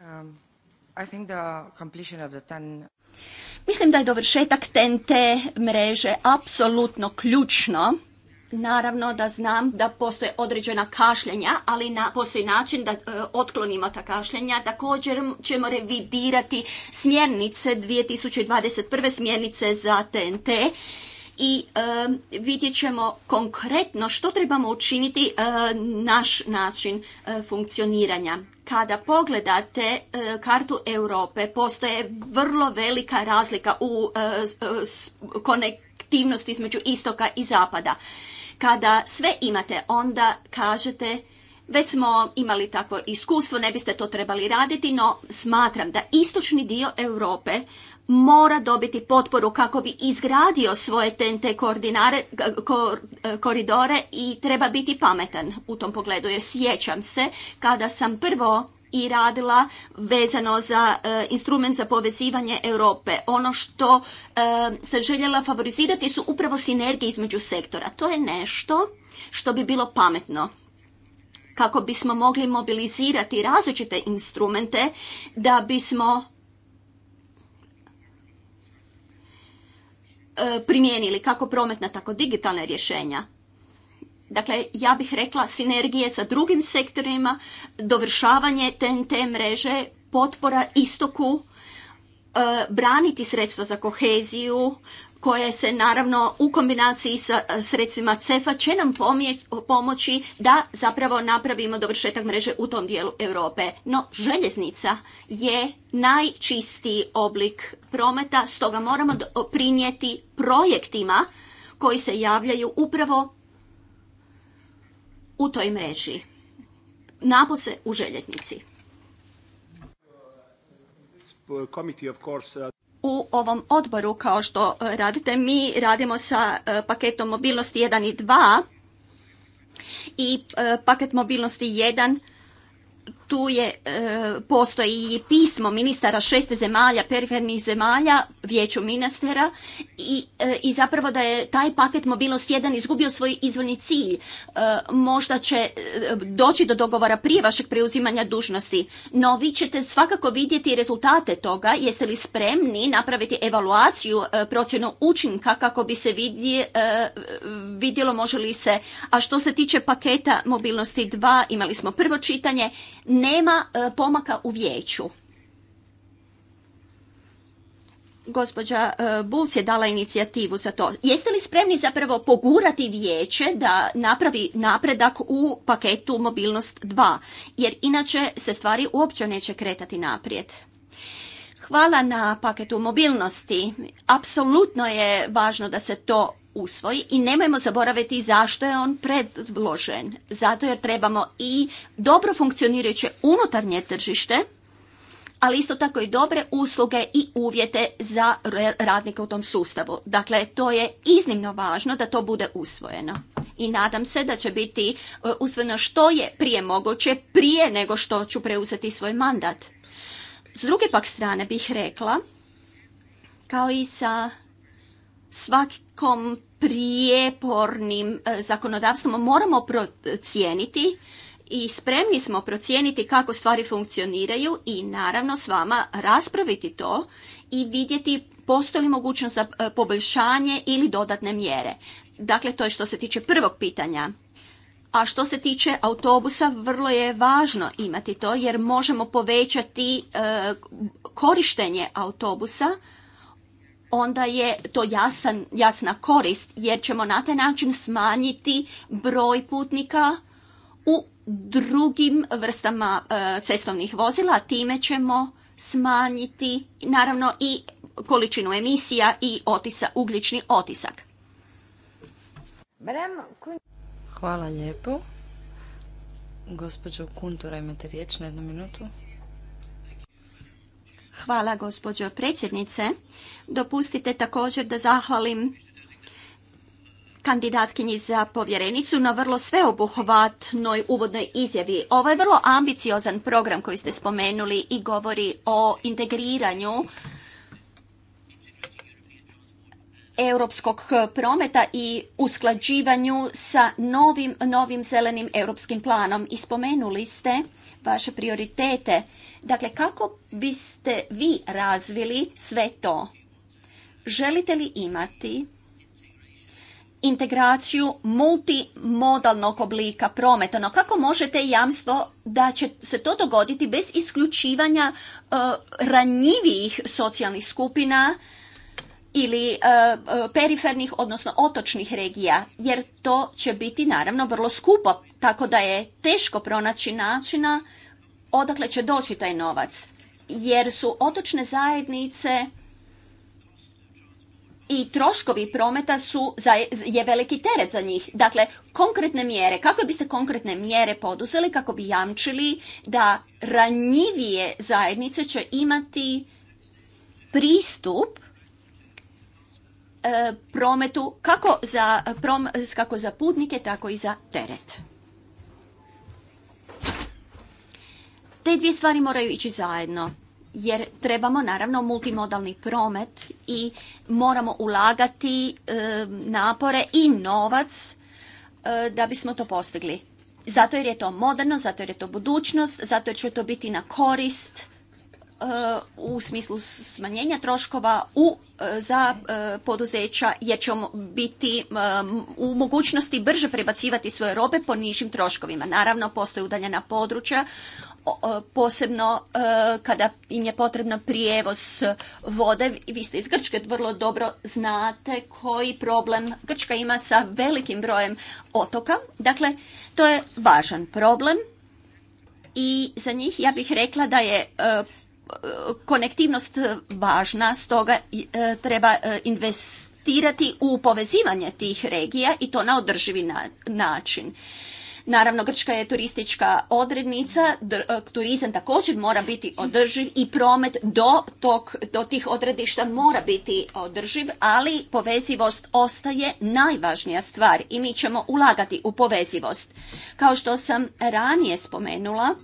S1: Um,
S3: ten...
S4: Mislim da je dovršetak TNT mreže apsolutno ključno Naravno da znam da postoje određena kašljenja, ali na, postoji način da e, otklonimo ta kašljenja. Također ćemo revidirati smjernice 2021. smjernice za TNT i e, vidjet ćemo konkretno što trebamo učiniti e, naš način funkcioniranja. Kada pogledate kartu Europe, postoje vrlo velika razlika u konektivnosti između istoka i zapada. Kada sve imate, onda kažete već smo imali takvo iskustvo, ne biste to trebali raditi, no smatram da istočni dio Europe mora dobiti potporu kako bi izgradio svoje TNT koridore i treba biti pametan u tom pogledu. Jer sjećam se kada sam prvo i radila vezano za e, instrument za povezivanje Europe. Ono što e, se željela favorizirati su upravo sinergije između sektora. To je nešto što bi bilo pametno kako bismo mogli mobilizirati različite instrumente da bismo e, primijenili kako prometna, tako digitalna rješenja dakle ja bih rekla sinergije sa drugim sektorima, dovršavanje TNT mreže, potpora istoku, e, braniti sredstva za koheziju, koje se naravno u kombinaciji sa e, sredstvima CEFA će nam pomoći da zapravo napravimo dovršetak mreže u tom dijelu Europe. No željeznica je najčistiji oblik prometa, stoga moramo doprinijeti projektima koji se javljaju upravo u toj mreži. Napose u željeznici. Uh, u ovom odboru, kao što uh, radite, mi radimo sa uh, paketom mobilnosti 1 i 2 i paket mobilnosti 1 tu je, e, postoji i pismo ministara šeste zemalja, perifernih zemalja, vijeću ministera i, e, i zapravo da je taj paket mobilnost jedan izgubio svoj izvorni cilj. E, možda će doći do dogovora prije vašeg preuzimanja dužnosti, no vi ćete svakako vidjeti rezultate toga, jeste li spremni napraviti evaluaciju procjenu učinka kako bi se vidjelo može li se, a što se tiče paketa mobilnosti 2, imali smo prvo čitanje, nema e, pomaka u vijeću. Gospođa e, Bulc je dala inicijativu za to. Jeste li spremni zapravo pogurati vijeće da napravi napredak u paketu mobilnost 2? Jer inače se stvari uopće neće kretati naprijed. Hvala na paketu mobilnosti. Apsolutno je važno da se to usvoji i nemojmo zaboraviti zašto je on predložen. Zato jer trebamo i dobro funkcionirajuće unutarnje tržište, ali isto tako i dobre usluge i uvjete za radnike u tom sustavu. Dakle, to je iznimno važno da to bude usvojeno. I nadam se da će biti e, usvojeno što je prije moguće, prije nego što ću preuzeti svoj mandat. S druge pak strane bih rekla, kao i sa svakom prijepornim e, zakonodavstvom moramo procijeniti i spremni smo procijeniti kako stvari funkcioniraju i naravno s vama raspraviti to i vidjeti postoji li mogućnost za e, poboljšanje ili dodatne mjere. Dakle, to je što se tiče prvog pitanja. A što se tiče autobusa, vrlo je važno imati to jer možemo povećati e, korištenje autobusa onda je to jasan, jasna korist jer ćemo na taj način smanjiti broj putnika u drugim vrstama e, cestovnih vozila, time ćemo smanjiti naravno i količinu emisija i otisa, ugljični
S1: otisak. Hvala lijepo. Gospođo Kuntura, imate riječ na jednu minutu.
S4: Hvala gospođo predsjednice. Dopustite također da zahvalim kandidatkinji za povjerenicu na vrlo sveobuhvatnoj uvodnoj izjavi. Ovo je vrlo ambiciozan program koji ste spomenuli i govori o integriranju europskog prometa i usklađivanju sa novim, novim zelenim europskim planom. I spomenuli ste vaše prioritete Dakle, kako biste vi razvili sve to? Želite li imati integraciju multimodalnog oblika prometa, no kako možete jamstvo da će se to dogoditi bez isključivanja e, ranjivijih socijalnih skupina ili e, e, perifernih, odnosno otočnih regija, jer to će biti naravno vrlo skupo, tako da je teško pronaći načina odakle će doći taj novac. Jer su otočne zajednice i troškovi prometa su je veliki teret za njih. Dakle, konkretne mjere, kako biste konkretne mjere poduzeli kako bi jamčili da ranjivije zajednice će imati pristup e, prometu kako za putnike, tako i za teret. Te dvije stvari moraju ići zajedno jer trebamo naravno multimodalni promet i moramo ulagati napore i novac eh, da bismo to postigli. Zato jer je to moderno, zato jer je to budućnost, zato jer će to biti na korist eh, u smislu smanjenja troškova u, eh, za poduzeća jer ćemo biti u mogućnosti brže prebacivati svoje robe po nižim troškovima. Naravno, postoje udaljena područja posebno e, kada im je potrebno prijevoz vode. Vi ste iz Grčke vrlo dobro znate koji problem Grčka ima sa velikim brojem otoka. Dakle, to je važan problem i za njih ja bih rekla da je e, konektivnost važna, stoga e, treba investirati u povezivanje tih regija i to na održivi način. Naravno, Grčka je turistička odrednica, e, turizam također mora biti održiv i promet do, tog, do tih odredišta mora biti održiv, ali povezivost ostaje najvažnija stvar i mi ćemo ulagati u povezivost. Kao što sam ranije spomenula,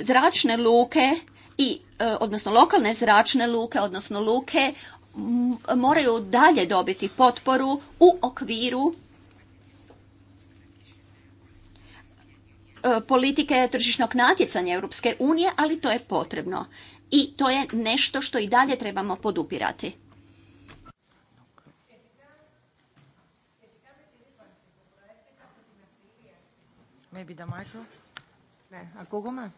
S4: zračne luke i e, odnosno lokalne zračne luke, odnosno luke moraju dalje dobiti potporu u okviru E, politike tržišnog natjecanja Europske unije, ali to je potrebno. I to je nešto što i dalje trebamo podupirati.
S3: Maybe the micro. Ne, ακούγομαι.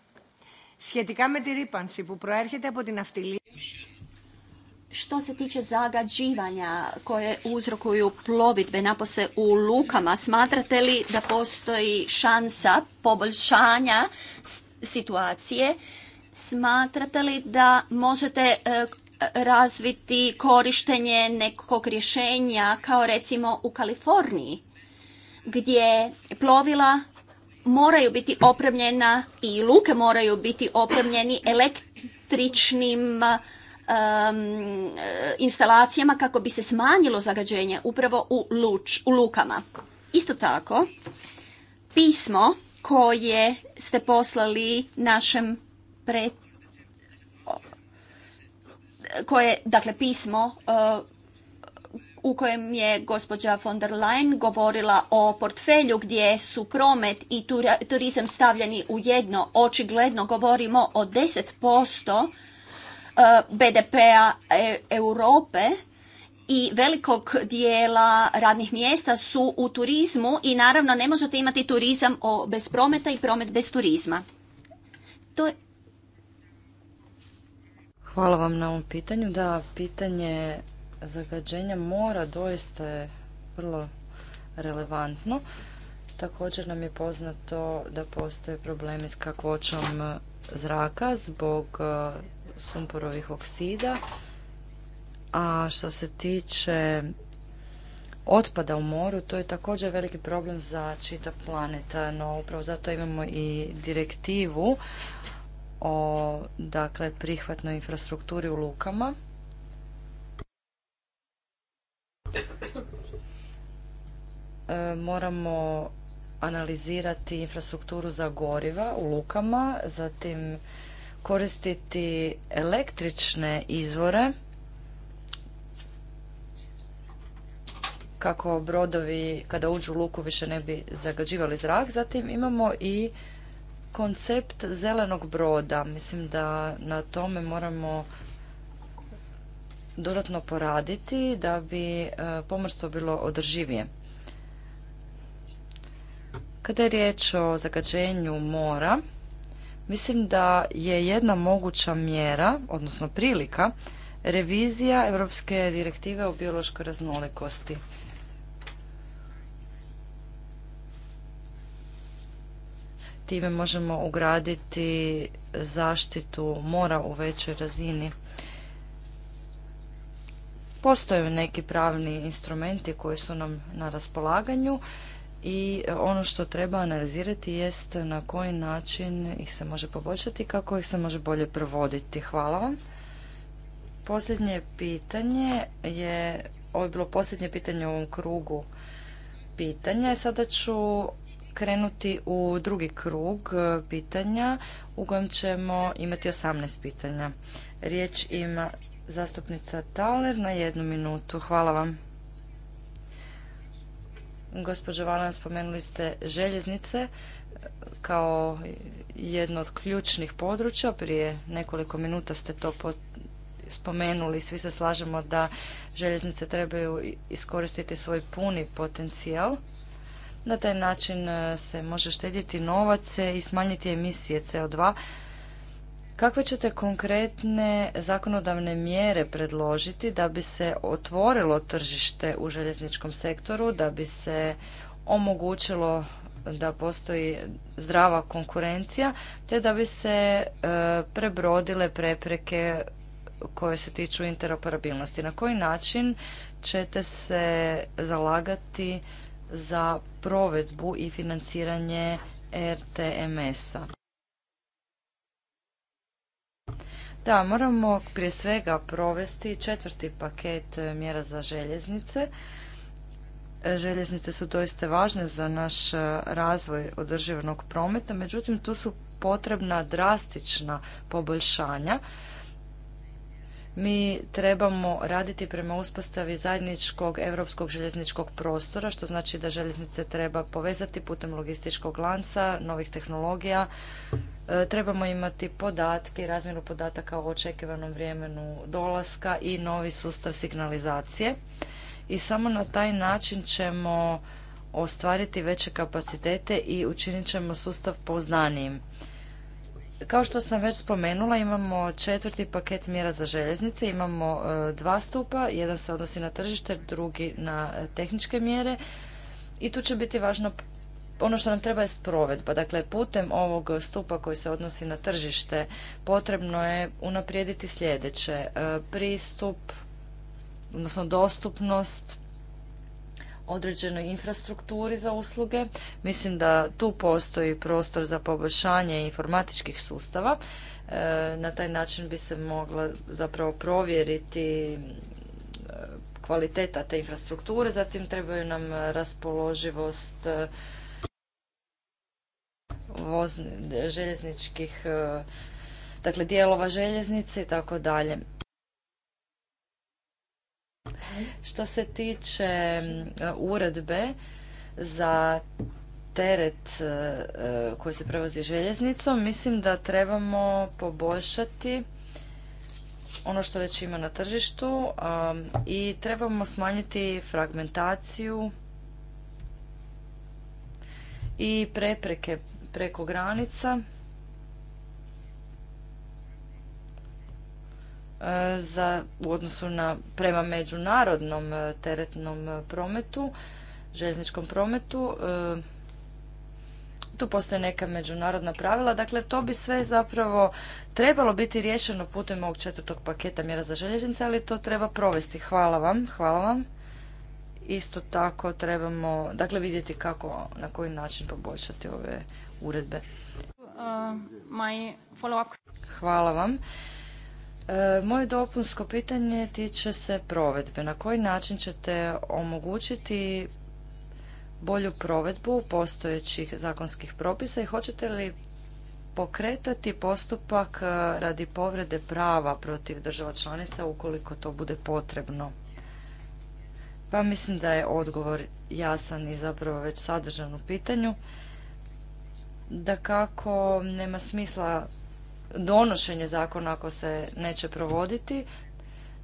S3: Σχετικά με τη ρήπανση που προέρχεται από την
S4: što se tiče zagađivanja koje uzrokuju plovidbe napose u lukama, smatrate li da postoji šansa poboljšanja situacije? Smatrate li da možete e, razviti korištenje nekog rješenja kao recimo u Kaliforniji gdje plovila moraju biti opremljena i luke moraju biti opremljeni električnim um, instalacijama kako bi se smanjilo zagađenje upravo u, luč, u lukama. Isto tako, pismo koje ste poslali našem pre... koje, dakle, pismo eh, u kojem je gospođa von der Leyen govorila o portfelju gdje su promet i turizam stavljeni u jedno. Očigledno govorimo o 10% E, BDP-a e, Europe i velikog dijela radnih mjesta su u turizmu i naravno ne možete imati turizam bez prometa i promet bez turizma.
S1: To Hvala vam na ovom pitanju. Da, pitanje zagađenja mora doista je vrlo relevantno. Također nam je poznato da postoje problemi s kakvoćom zraka zbog e, sumporovih oksida. A što se tiče otpada u moru, to je također veliki problem za čitav planeta, no upravo zato imamo i direktivu o dakle, prihvatnoj infrastrukturi u lukama. E, moramo analizirati infrastrukturu za goriva u lukama, zatim koristiti električne izvore kako brodovi kada uđu u luku više ne bi zagađivali zrak. Zatim imamo i koncept zelenog broda. Mislim da na tome moramo dodatno poraditi da bi e, pomorstvo bilo održivije. Kada je riječ o zagađenju mora, Mislim da je jedna moguća mjera, odnosno prilika, revizija Europske direktive o biološkoj raznolikosti. Time možemo ugraditi zaštitu mora u većoj razini. Postoje neki pravni instrumenti koji su nam na raspolaganju i e, ono što treba analizirati jest na koji način ih se može poboljšati i kako ih se može bolje provoditi. Hvala vam. Posljednje pitanje je, ovo je bilo posljednje pitanje u ovom krugu pitanja. Sada ću krenuti u drugi krug e, pitanja u kojem ćemo imati 18 pitanja. Riječ ima zastupnica Taler na jednu minutu. Hvala vam. Gospođo Valan, spomenuli ste željeznice kao jedno od ključnih područja. Prije nekoliko minuta ste to spomenuli. Svi se slažemo da željeznice trebaju iskoristiti svoj puni potencijal. Na taj način e, se može štedjeti novac i smanjiti emisije CO2, Kakve ćete konkretne zakonodavne mjere predložiti da bi se otvorilo tržište u željezničkom sektoru, da bi se omogućilo da postoji zdrava konkurencija, te da bi se e, prebrodile prepreke koje se tiču interoperabilnosti. Na koji način ćete se zalagati za provedbu i financiranje RTMS-a? Da, moramo prije svega provesti četvrti paket e, mjera za željeznice. E, željeznice su doista važne za naš e, razvoj održivnog prometa, međutim tu su potrebna drastična poboljšanja mi trebamo raditi prema uspostavi zajedničkog europskog željezničkog prostora, što znači da željeznice treba povezati putem logističkog lanca, novih tehnologija. E, trebamo imati podatke, razmjeru podataka o očekivanom vremenu dolaska i novi sustav signalizacije. I samo na taj način ćemo ostvariti veće kapacitete i učinit ćemo sustav poznanijim. Kao što sam već spomenula, imamo četvrti paket mjera za željeznice. Imamo e, dva stupa, jedan se odnosi na tržište, drugi na e, tehničke mjere. I tu će biti važno ono što nam treba je sprovedba. Dakle, putem ovog stupa koji se odnosi na tržište potrebno je unaprijediti sljedeće. E, pristup, odnosno dostupnost određenoj infrastrukturi za usluge. Mislim da tu postoji prostor za poboljšanje informatičkih sustava. E, na taj način bi se mogla zapravo provjeriti e, kvaliteta te infrastrukture, zatim trebaju nam raspoloživost e, željezničkih dakle dijelova željeznice i tako dalje. Što se tiče uredbe za teret e, e, koji se prevozi željeznicom, mislim da trebamo poboljšati ono što već ima na tržištu i trebamo smanjiti fragmentaciju i prepreke preko granica E, za, u odnosu na prema međunarodnom e, teretnom e, prometu, željezničkom prometu. Tu postoje neka međunarodna pravila, dakle to bi sve zapravo trebalo biti riješeno putem ovog četvrtog paketa mjera za željeznice, ali to treba provesti. Hvala vam, hvala vam. Isto tako trebamo dakle, vidjeti kako, na koji način poboljšati ove uredbe.
S3: Uh,
S1: hvala vam. Moje dopunsko pitanje tiče se provedbe. Na koji način ćete omogućiti bolju provedbu postojećih zakonskih propisa i hoćete li pokretati postupak e, radi povrede prava protiv država članica ukoliko to bude potrebno? Pa mislim da je odgovor jasan i zapravo već sadržan u pitanju. Da kako nema smisla donošenje zakona ako se neće provoditi.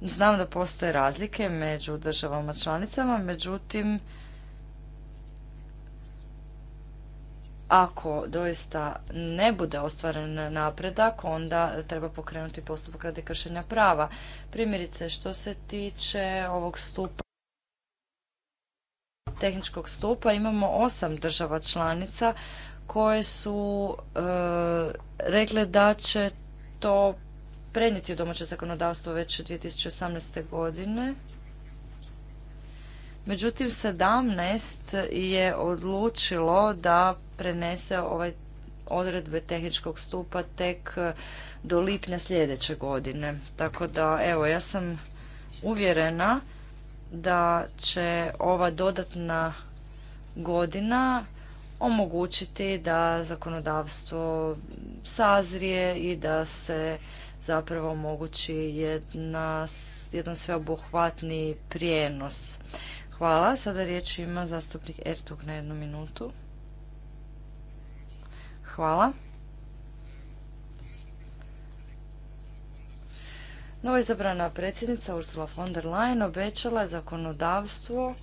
S1: Znam da postoje razlike među državama članicama, međutim, ako doista ne bude ostvaren napredak, onda treba pokrenuti postupak radi kršenja prava. Primjerice, što se tiče ovog stupa, tehničkog stupa, imamo osam država članica koje su e, rekle da će to prenijeti u domaće zakonodavstvo već 2018. godine. Međutim, 17 je odlučilo da prenese ovaj odredbe tehničkog stupa tek e, do lipnja sljedeće godine. Tako da, evo, ja sam uvjerena da će ova dodatna godina omogućiti da zakonodavstvo sazrije i da se zapravo omogući jedna, jedan sveobuhvatni prijenos. Hvala. Sada riječ ima zastupnik Ertug na jednu minutu. Hvala. Novo izabrana predsjednica Ursula von der Leyen obećala je zakonodavstvo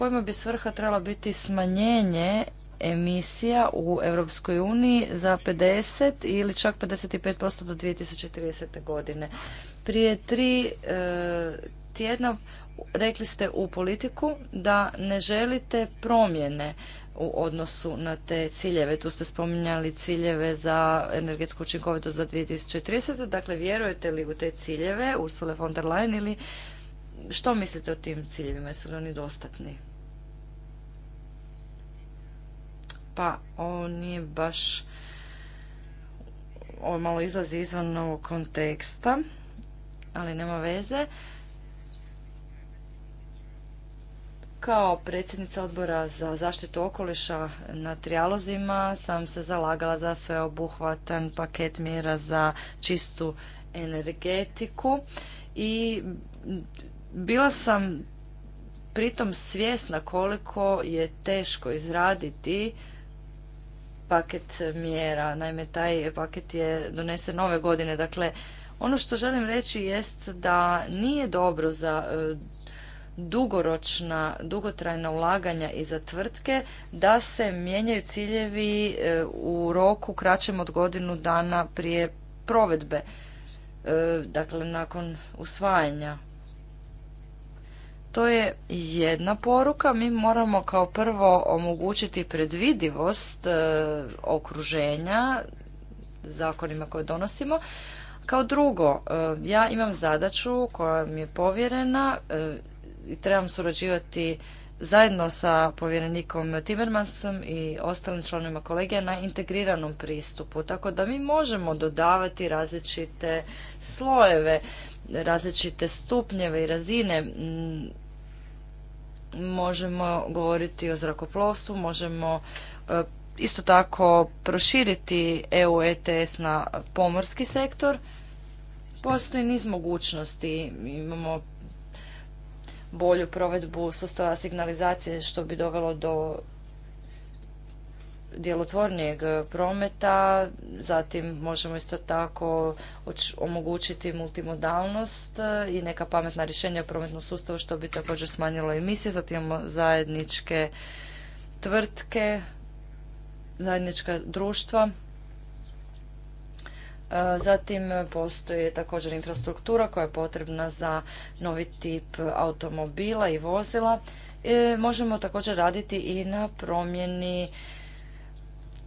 S1: kojima bi svrha trebala biti smanjenje emisija u Europskoj uniji za 50 ili čak 55% do 2030. godine. Prije tri e, tjedna rekli ste u politiku da ne želite promjene u odnosu na te ciljeve. Tu ste spominjali ciljeve za energetsku učinkovitost za 2030. Dakle, vjerujete li u te ciljeve Ursula von der Leyen ili što mislite o tim ciljevima? Jesu li oni dostatni? pa ovo nije baš, ovo malo izlazi izvan ovog konteksta, ali nema veze. Kao predsjednica odbora za zaštitu okoliša na trijalozima sam se zalagala za sveobuhvatan paket mjera za čistu energetiku i bila sam pritom svjesna koliko je teško izraditi paket mjera. Naime, taj paket je donesen nove godine. Dakle, ono što želim reći jest da nije dobro za e, dugoročna, dugotrajna ulaganja i za tvrtke da se mijenjaju ciljevi e, u roku kraćem od godinu dana prije provedbe, e, dakle nakon usvajanja to je jedna poruka. Mi moramo kao prvo omogućiti predvidivost e, okruženja zakonima koje donosimo. Kao drugo, e, ja imam zadaću koja mi je povjerena e, i trebam surađivati zajedno sa povjerenikom Timmermansom i ostalim članovima kolegija na integriranom pristupu. Tako da mi možemo dodavati različite slojeve različite stupnjeve i razine. Možemo govoriti o zrakoplovstvu, možemo e, isto tako proširiti EU ETS na pomorski sektor. Postoji niz mogućnosti, imamo bolju provedbu sustava signalizacije što bi dovelo do djelotvornijeg prometa, zatim možemo isto tako omogućiti multimodalnost e, i neka pametna rješenja u prometnom sustavu što bi također smanjilo emisije, zatim imamo zajedničke tvrtke, zajednička društva. E, zatim postoji također infrastruktura koja je potrebna za novi tip automobila i vozila. E, možemo također raditi i na promjeni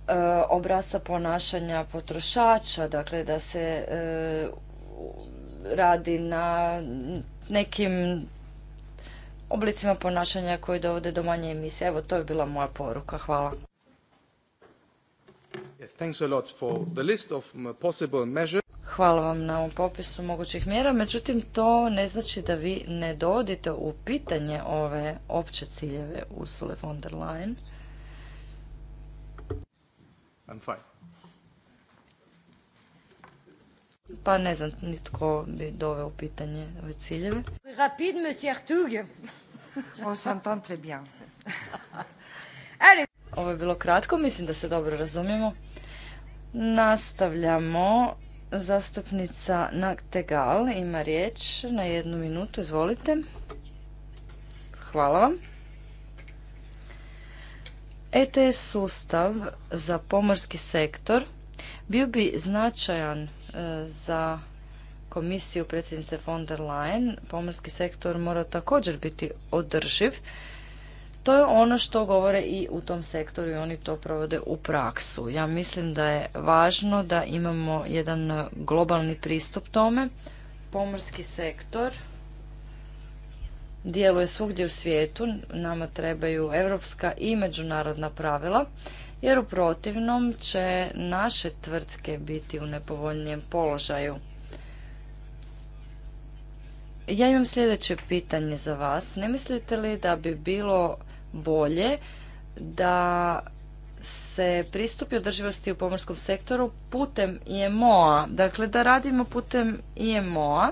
S1: E, obrasa ponašanja potrošača, dakle da se e, radi na nekim oblicima ponašanja koji dovode do manje emisije. Evo, to je bila moja poruka. Hvala. Hvala vam na ovom popisu mogućih mjera, međutim to ne znači da vi ne dovodite u pitanje ove opće ciljeve Ursule von der Leyen. I'm Pa ne znam nitko bi doveo u pitanje ove ciljeve.
S3: Rapid, monsieur Artug. On s'entend
S1: très bien. Ovo je bilo kratko, mislim da se dobro razumijemo. Nastavljamo. Zastupnica Tegal ima riječ na jednu minutu, izvolite. Hvala vam. ETS sustav za pomorski sektor bio bi značajan e, za komisiju predsjednice von der Leyen. Pomorski sektor mora također biti održiv. To je ono što govore i u tom sektoru i oni to provode u praksu. Ja mislim da je važno da imamo jedan globalni pristup tome. Pomorski sektor djeluje svugdje u svijetu. Nama trebaju europska i međunarodna pravila, jer u protivnom će naše tvrtke biti u nepovoljnijem položaju. Ja imam sljedeće pitanje za vas. Ne mislite li da bi bilo bolje da se pristupi održivosti u pomorskom sektoru putem IMO-a? Dakle, da radimo putem IMO-a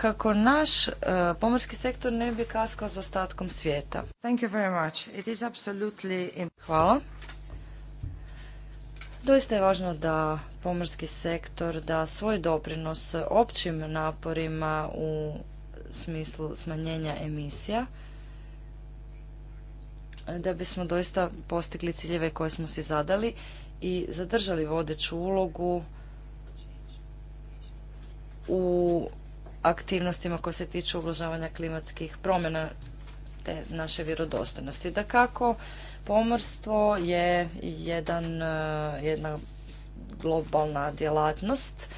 S1: kako naš e, pomorski sektor ne bi kaskao za ostatkom svijeta. Thank you very much. It is absolutely... Hvala. Doista je važno da pomorski sektor da svoj doprinos općim naporima u smislu smanjenja emisija da bismo doista postigli ciljeve koje smo si zadali i zadržali vodeću ulogu u aktivnostima koje se tiču ublažavanja klimatskih promjena te naše vjerodostojnosti. Da kako pomorstvo je jedan, eh, jedna globalna djelatnost,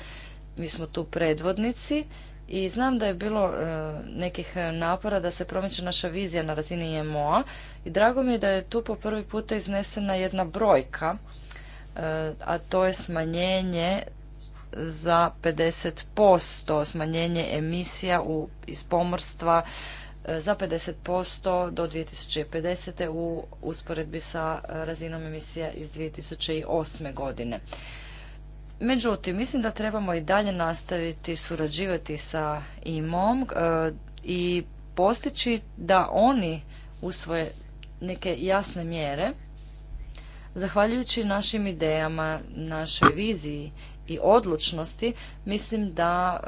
S1: mi smo tu predvodnici i znam da je bilo eh, nekih napora da se promiče naša vizija na razini IMO-a i drago mi je da je tu po prvi puta iznesena jedna brojka, eh, a to je smanjenje za 50% smanjenje emisija u, iz pomorstva e, za 50% do 2050. u usporedbi sa razinom emisija iz 2008. godine. Međutim, mislim da trebamo i dalje nastaviti surađivati sa IMOM e, i postići da oni usvoje neke jasne mjere zahvaljujući našim idejama, našoj viziji i odlučnosti, mislim da e,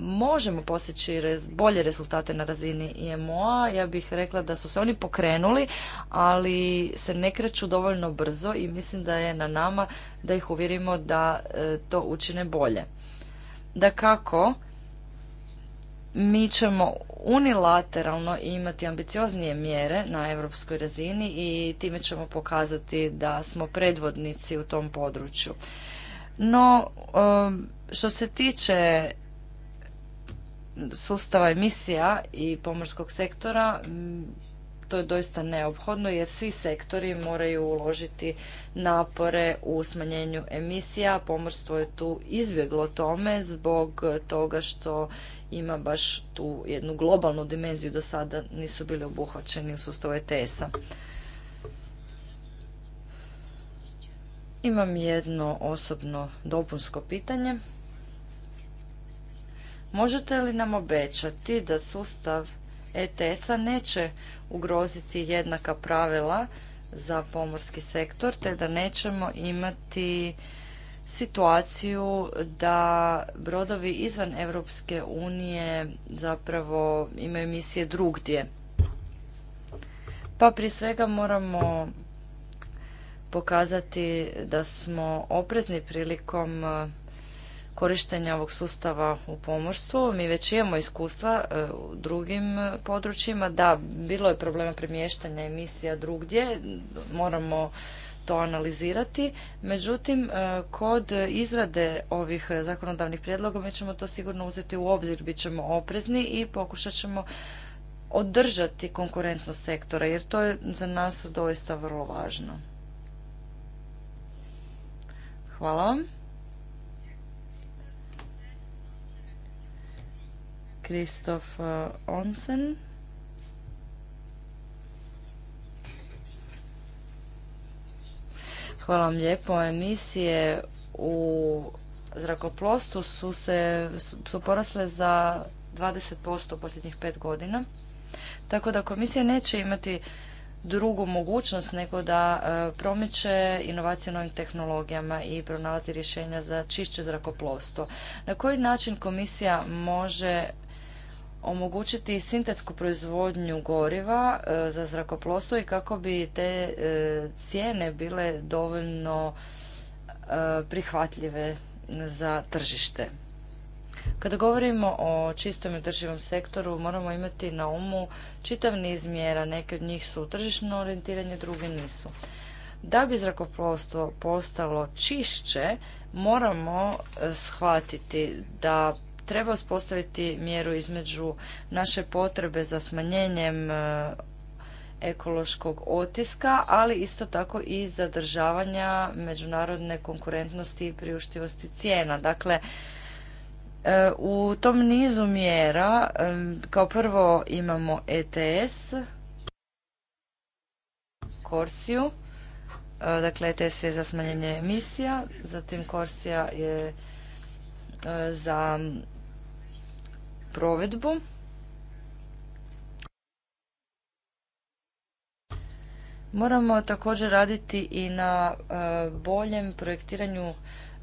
S1: možemo postići bolje rezultate na razini IMO-a. Ja bih rekla da su se oni pokrenuli, ali se ne kreću dovoljno brzo i mislim da je na nama da ih uvjerimo da e, to učine bolje. Da kako, mi ćemo unilateralno imati ambicioznije mjere na europskoj razini i time ćemo pokazati da smo predvodnici u tom području. No, što se tiče sustava emisija i pomorskog sektora, mm, to je doista neophodno jer svi sektori moraju uložiti napore u smanjenju emisija. Pomorstvo je tu izbjeglo tome zbog toga što ima baš tu jednu globalnu dimenziju do sada nisu bili obuhvaćeni u sustavu ETS-a. Imam jedno osobno dopunsko pitanje. Možete li nam obećati da sustav ETS-a neće ugroziti jednaka pravila za pomorski sektor, te da nećemo imati situaciju da brodovi izvan Europske unije zapravo imaju emisije drugdje. Pa prije svega moramo pokazati da smo oprezni prilikom e, korištenja ovog sustava u pomorstvu. Mi već imamo iskustva e, u drugim e, područjima. Da, bilo je problema premještanja emisija drugdje. Moramo to analizirati. Međutim, kod izrade ovih zakonodavnih prijedloga mi ćemo to sigurno uzeti u obzir, bit ćemo oprezni i pokušat ćemo održati konkurentnost sektora, jer to je za nas doista vrlo važno. Hvala vam. Kristof uh, Onsen. Hvala vam lijepo. Emisije u zrakoplostu su, se, su porasle za 20% posljednjih pet godina. Tako da komisija neće imati drugu mogućnost nego da e, promiče inovacije novim tehnologijama i pronalazi rješenja za čišće zrakoplovstvo. Na koji način komisija može omogućiti sintetsku proizvodnju goriva e, za zrakoplovstvo i kako bi te e, cijene bile dovoljno prihvatljive za tržište? Kada govorimo o čistom i održivom sektoru, moramo imati na umu čitav niz mjera. Neke od njih su tržišno orijentiranje, druge nisu. Da bi zrakoplovstvo postalo čišće, moramo e, shvatiti da treba uspostaviti mjeru između naše potrebe za smanjenjem e, ekološkog otiska, ali isto tako i zadržavanja međunarodne konkurentnosti i priuštivosti cijena. Dakle, u tom nizu mjera kao prvo imamo ETS, Korsiju, e, dakle ETS je za smanjenje emisija, zatim Korsija je e, za provedbu. Moramo također raditi i na e, boljem projektiranju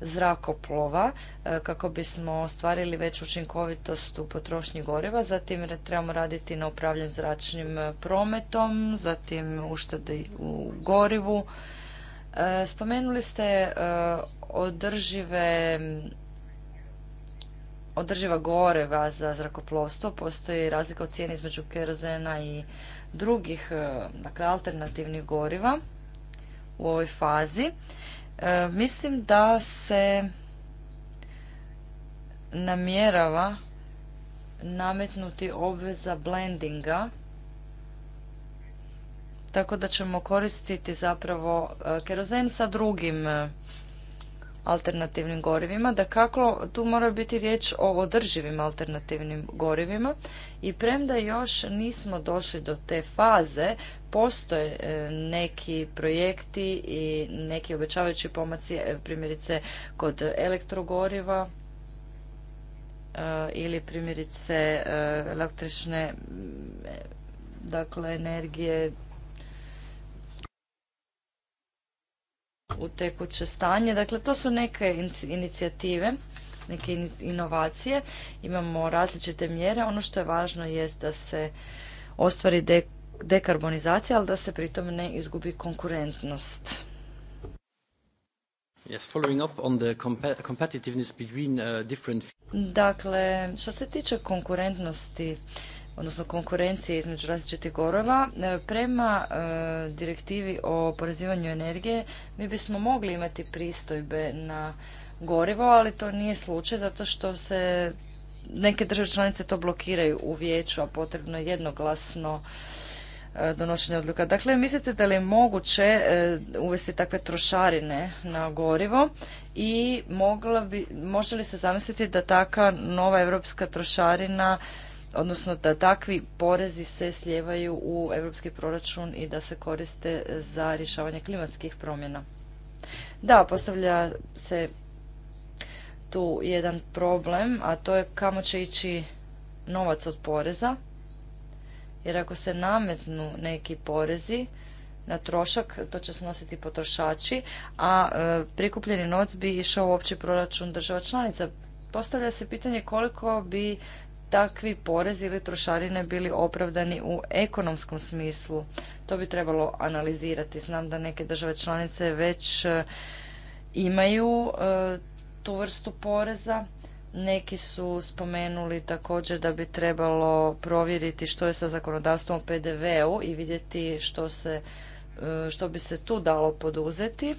S1: zrakoplova e, kako bismo ostvarili veću učinkovitost u potrošnji goriva, zatim trebamo raditi na upravljanju zračnim e, prometom, zatim uštedi u gorivu. E, spomenuli ste održive održiva goreva za zrakoplovstvo. Postoji razlika u cijeni između kerozena i drugih dakle, alternativnih goriva u ovoj fazi. E, mislim da se namjerava nametnuti obveza blendinga tako da ćemo koristiti zapravo e, kerozen sa drugim e, alternativnim gorivima, da kako tu mora biti riječ o održivim alternativnim gorivima i premda još nismo došli do te faze, postoje e, neki projekti i neki obećavajući pomaci, e, primjerice kod elektrogoriva e, ili primjerice električne dakle energije u tekuće stanje. Dakle, to su neke inicijative, neke inovacije. Imamo različite mjere. Ono što je važno jest da se ostvari dekarbonizacija, ali da se pritom ne izgubi konkurentnost. Dakle, što se tiče konkurentnosti odnosno konkurencije između različitih gorova. E, prema e, direktivi o oporezivanju energije mi bismo mogli imati pristojbe na gorivo, ali to nije slučaj zato što se neke države članice to blokiraju u vijeću, a potrebno je jednoglasno e, donošenje odluka. Dakle, mislite da li je moguće uvesti takve trošarine na gorivo i mogla bi, može li se zamisliti da taka nova europska trošarina odnosno da takvi porezi se slijevaju u europski proračun i da se koriste za rješavanje klimatskih promjena. Da, postavlja se tu jedan problem, a to je kamo će ići novac od poreza. Jer ako se nametnu neki porezi na trošak, to će snositi potrošači, a e, prikupljeni novac bi išao u opći proračun država članica. Postavlja se pitanje koliko bi takvi porezi ili trošarine bili opravdani u ekonomskom smislu. To bi trebalo analizirati. Znam da neke države članice već e, imaju e, tu vrstu poreza. Neki su spomenuli također da bi trebalo provjeriti što je sa zakonodavstvom PDV-u i vidjeti što, se, e, što bi se tu dalo poduzeti.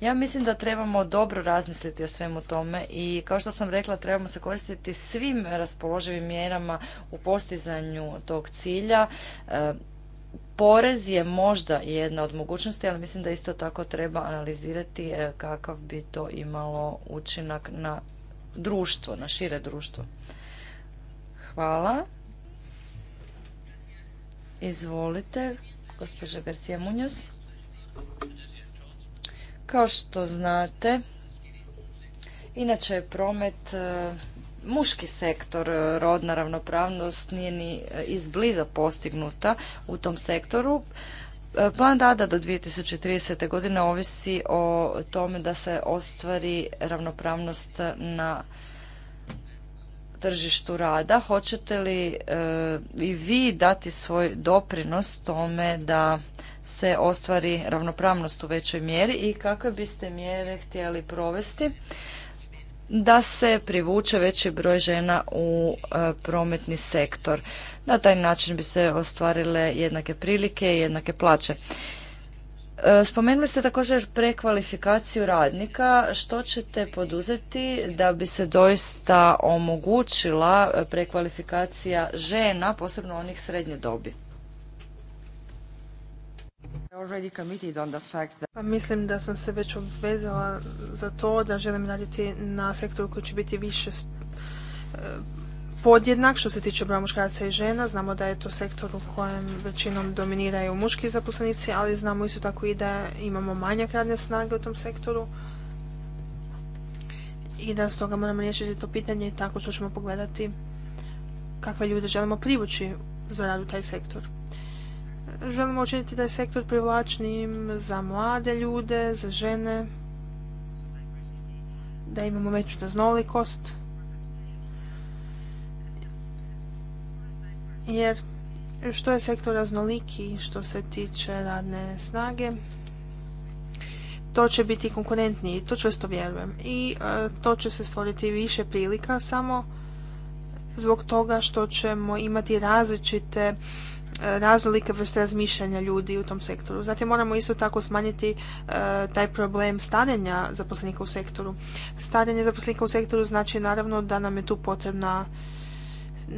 S1: Ja mislim da trebamo dobro razmisliti o svemu tome i kao što sam rekla trebamo se koristiti svim raspoloživim mjerama u postizanju tog cilja. E, porez je možda jedna od mogućnosti, ali mislim da isto tako treba analizirati e, kakav bi to imalo učinak na društvo, na šire društvo. Hvala. Izvolite, gospođa Garcia Munoz. Kao što znate, inače je promet e, muški sektor, e, rodna ravnopravnost nije ni e, izbliza postignuta u tom sektoru. Plan rada do 2030. godine ovisi o tome da se ostvari ravnopravnost na tržištu rada. Hoćete li i vi dati svoj doprinos tome da se ostvari ravnopravnost u većoj mjeri i kakve biste mjere htjeli provesti da se privuče veći broj žena u e, prometni sektor. Na taj način bi se ostvarile jednake prilike i jednake plaće. E, spomenuli ste također prekvalifikaciju radnika. Što ćete poduzeti da bi se doista omogućila prekvalifikacija žena, posebno onih srednje dobi?
S2: Pa mislim da sam se već obvezala za to da želim raditi na sektoru koji će biti više e, podjednak što se tiče broja muškaraca i žena. Znamo da je to sektor u kojem većinom dominiraju muški zaposlenici, ali znamo isto tako i da imamo manjak radne snage u tom sektoru i da stoga moramo riješiti to pitanje i tako što ćemo pogledati kakve ljude želimo privući za rad u taj sektor želimo učiniti taj sektor privlačnim za mlade ljude, za žene, da imamo veću raznolikost. Jer što je sektor raznoliki što se tiče radne snage, to će biti konkurentniji, to čvrsto vjerujem. I e, to će se stvoriti više prilika samo zbog toga što ćemo imati različite E, raznolike vrste razmišljanja ljudi u tom sektoru. Zatim moramo isto tako smanjiti e, taj problem starenja zaposlenika u sektoru. Starenje zaposlenika u sektoru znači naravno da nam je tu potrebna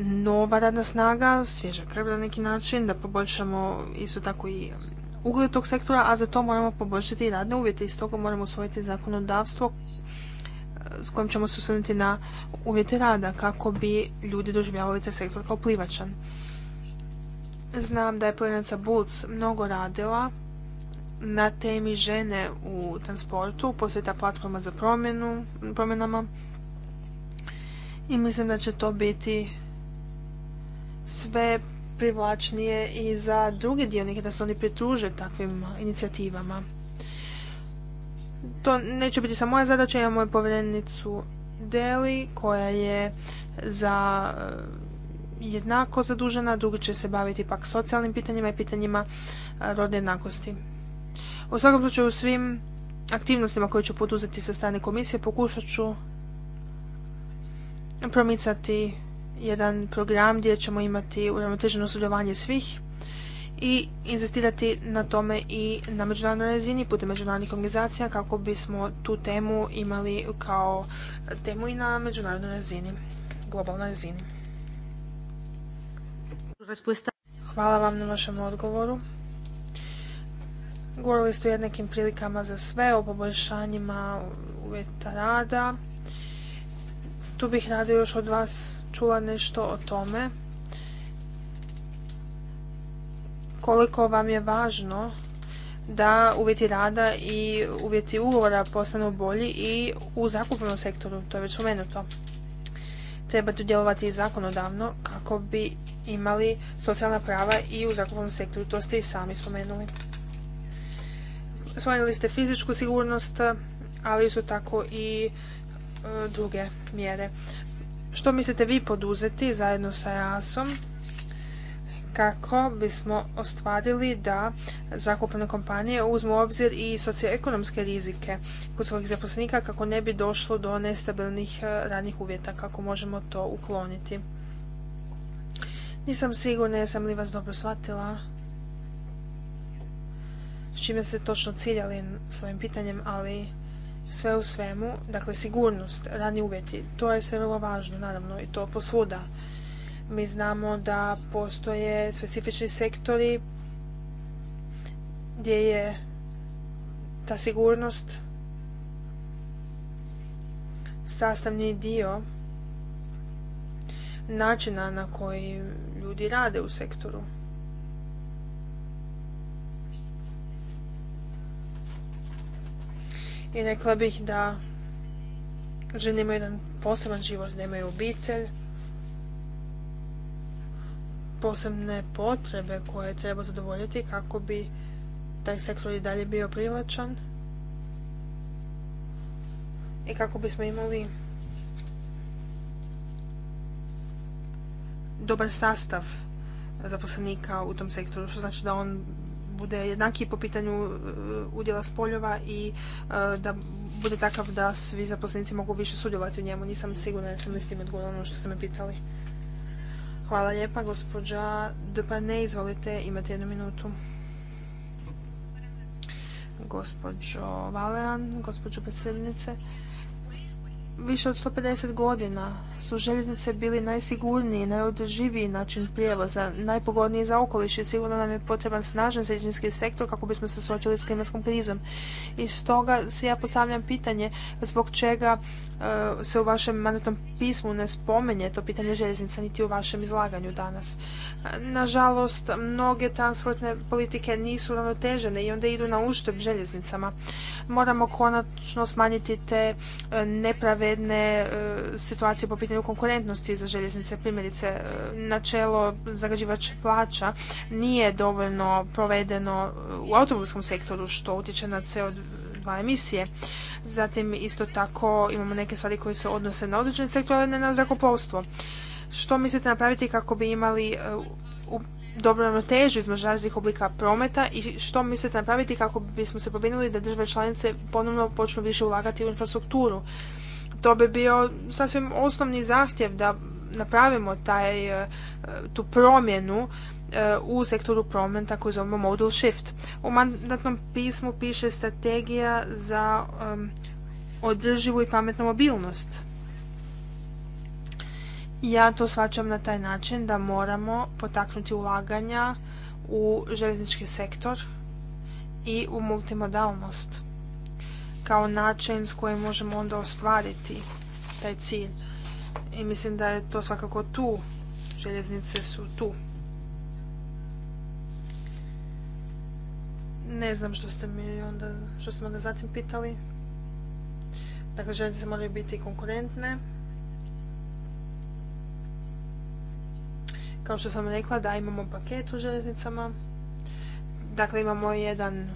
S2: nova radna snaga, svježa krv na neki način, da poboljšamo isto tako i e, ugled tog sektora, a za to moramo poboljšati i radne uvjete i toga moramo usvojiti zakonodavstvo s kojim ćemo se osvrnuti na uvjete rada kako bi ljudi doživljavali taj sektor kao plivačan. Znam da je povjerenica Bulc mnogo radila na temi žene u transportu, poslije ta platforma za promjenama i mislim da će to biti sve privlačnije i za druge dionike da se oni pridruže takvim inicijativama. To neće biti samo moja zadaća, imamo je povjerenicu Deli koja je za jednako zadužena, drugi će se baviti pak socijalnim pitanjima i pitanjima e, rodne jednakosti. U svakom slučaju u svim aktivnostima koje ću poduzeti sa strane komisije pokušat ću promicati jedan program gdje ćemo imati uravnoteženo sudjelovanje svih i inzistirati na tome i na međunarodnoj razini putem međunarodnih organizacija kako bismo tu temu imali kao temu i na međunarodnoj razini, globalnoj razini. Hvala vam na vašem odgovoru. Govorili ste o jednakim prilikama za sve, o poboljšanjima uvjeta rada. Tu bih rada još od vas čula nešto o tome. Koliko vam je važno da uvjeti rada i uvjeti ugovora postanu bolji i u zakupnom sektoru, to je već spomenuto treba tu djelovati i zakonodavno kako bi imali socijalna prava i u zakonom sektoru, to ste i sami spomenuli. Spomenuli ste fizičku sigurnost, ali su tako i e, druge mjere. Što mislite vi poduzeti zajedno sa EASom kako bismo ostvarili da zakupne kompanije uzmu u obzir i socioekonomske rizike kod svojih zaposlenika kako ne bi došlo do nestabilnih e, radnih uvjeta, kako možemo to ukloniti. Nisam sigurna jesam li vas dobro shvatila s čime ste točno ciljali svojim pitanjem, ali sve u svemu, dakle sigurnost, radni uvjeti, to je sve vrlo važno, naravno, i to posvuda mi znamo da postoje specifični sektori gdje je ta sigurnost sastavni dio načina na koji ljudi rade u sektoru. I rekla bih da žene imaju jedan poseban život, da imaju obitelj, posebne potrebe koje treba zadovoljiti kako bi taj sektor i dalje bio privlačan i kako bismo imali dobar sastav zaposlenika u tom sektoru, što znači da on bude jednaki po pitanju uh, udjela spoljova i uh, da bude takav da svi zaposlenici mogu više sudjelovati u njemu. Nisam sigurna jesam li s tim odgovorila ono što ste me pitali. Hvala lijepa, gospođa Ne izvolite, imate jednu minutu. Gospođo Valean, gospođo predsjednice, više od 150 godina su željeznice bili najsigurniji, najodrživiji način prijevoza, najpogodniji za okoliš i sigurno nam je potreban snažan željeznički sektor kako bismo se suočili s klimatskom krizom. I stoga se ja postavljam pitanje zbog čega E, se u vašem mandatnom pismu ne spomenje to pitanje željeznica niti u vašem izlaganju danas. E, nažalost, mnoge transportne politike nisu ravnotežene i onda idu na uštep željeznicama. Moramo konačno smanjiti te e, nepravedne situacije po pitanju konkurentnosti za željeznice. Primjerice, načelo zagađivač plaća nije dovoljno provedeno u automobilskom sektoru što utječe na CO2 emisije. Zatim isto tako imamo neke stvari koje se odnose na određene sektore, ne na zrakoplovstvo. Što mislite napraviti kako bi imali e, dobru ravnotežu između različitih oblika prometa i što mislite napraviti kako bismo se pobinili da države članice ponovno počnu više ulagati u infrastrukturu? To bi bio sasvim osnovni zahtjev da napravimo taj, e, e, tu promjenu u sektoru prometa koji zovemo modal shift. U mandatnom pismu piše strategija za um, održivu i pametnu mobilnost. Ja to svačam na taj način da moramo potaknuti ulaganja u željeznički sektor i u multimodalnost kao način s kojim možemo onda ostvariti taj cilj. I mislim da je to svakako tu. Željeznice su tu. Ne znam što ste mi onda, što ste onda zatim pitali. Dakle, željeznice moraju biti konkurentne. Kao što sam rekla, da imamo paket u željeznicama. Dakle, imamo jedan e,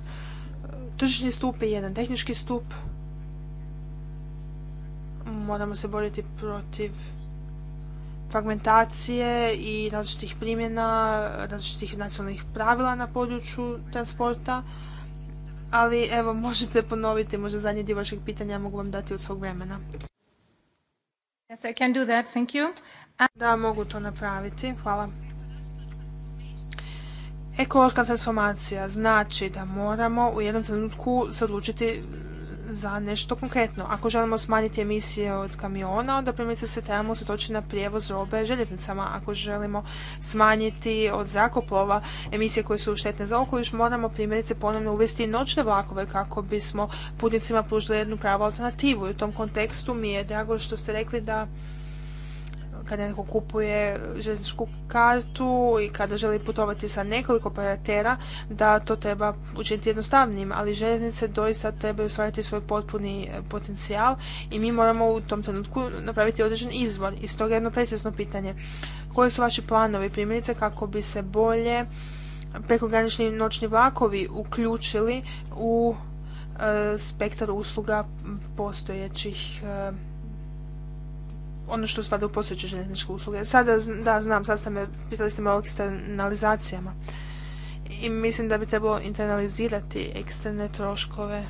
S2: tržišni stup i jedan tehnički stup. Moramo se boriti protiv fragmentacije i različitih primjena, različitih nacionalnih pravila na području transporta. Ali evo, možete ponoviti, možda zadnji dio vašeg pitanja mogu vam dati od svog vremena. Uh, da, mogu to napraviti. Hvala. Ekološka transformacija znači da moramo u jednom trenutku se odlučiti za nešto konkretno. Ako želimo smanjiti emisije od kamiona, onda primjerice se trebamo zatočiti na prijevoz robe željeznicama. Ako želimo smanjiti od zrakoplova emisije koje su štetne za okoliš, moramo primjerice ponovno uvesti noćne vlakove kako bismo putnicima pružili jednu pravu alternativu. I u tom kontekstu mi je drago što ste rekli da kada neko kupuje eh, željezničku kartu i kada želi putovati sa nekoliko operatera, da to treba učiniti jednostavnim, ali željeznice doista trebaju usvajati svoj potpuni eh, potencijal i mi moramo u tom trenutku napraviti određen izvor. I stoga jedno precizno pitanje. Koji su vaši planovi primjerice kako bi se bolje prekogranični noćni vlakovi uključili u eh, spektar usluga postojećih ono što spada u postojeće željezničke usluge. Sada, da, znam, sad ste me, pitali ste me o eksternalizacijama. I mislim da bi trebalo internalizirati eksterne troškove.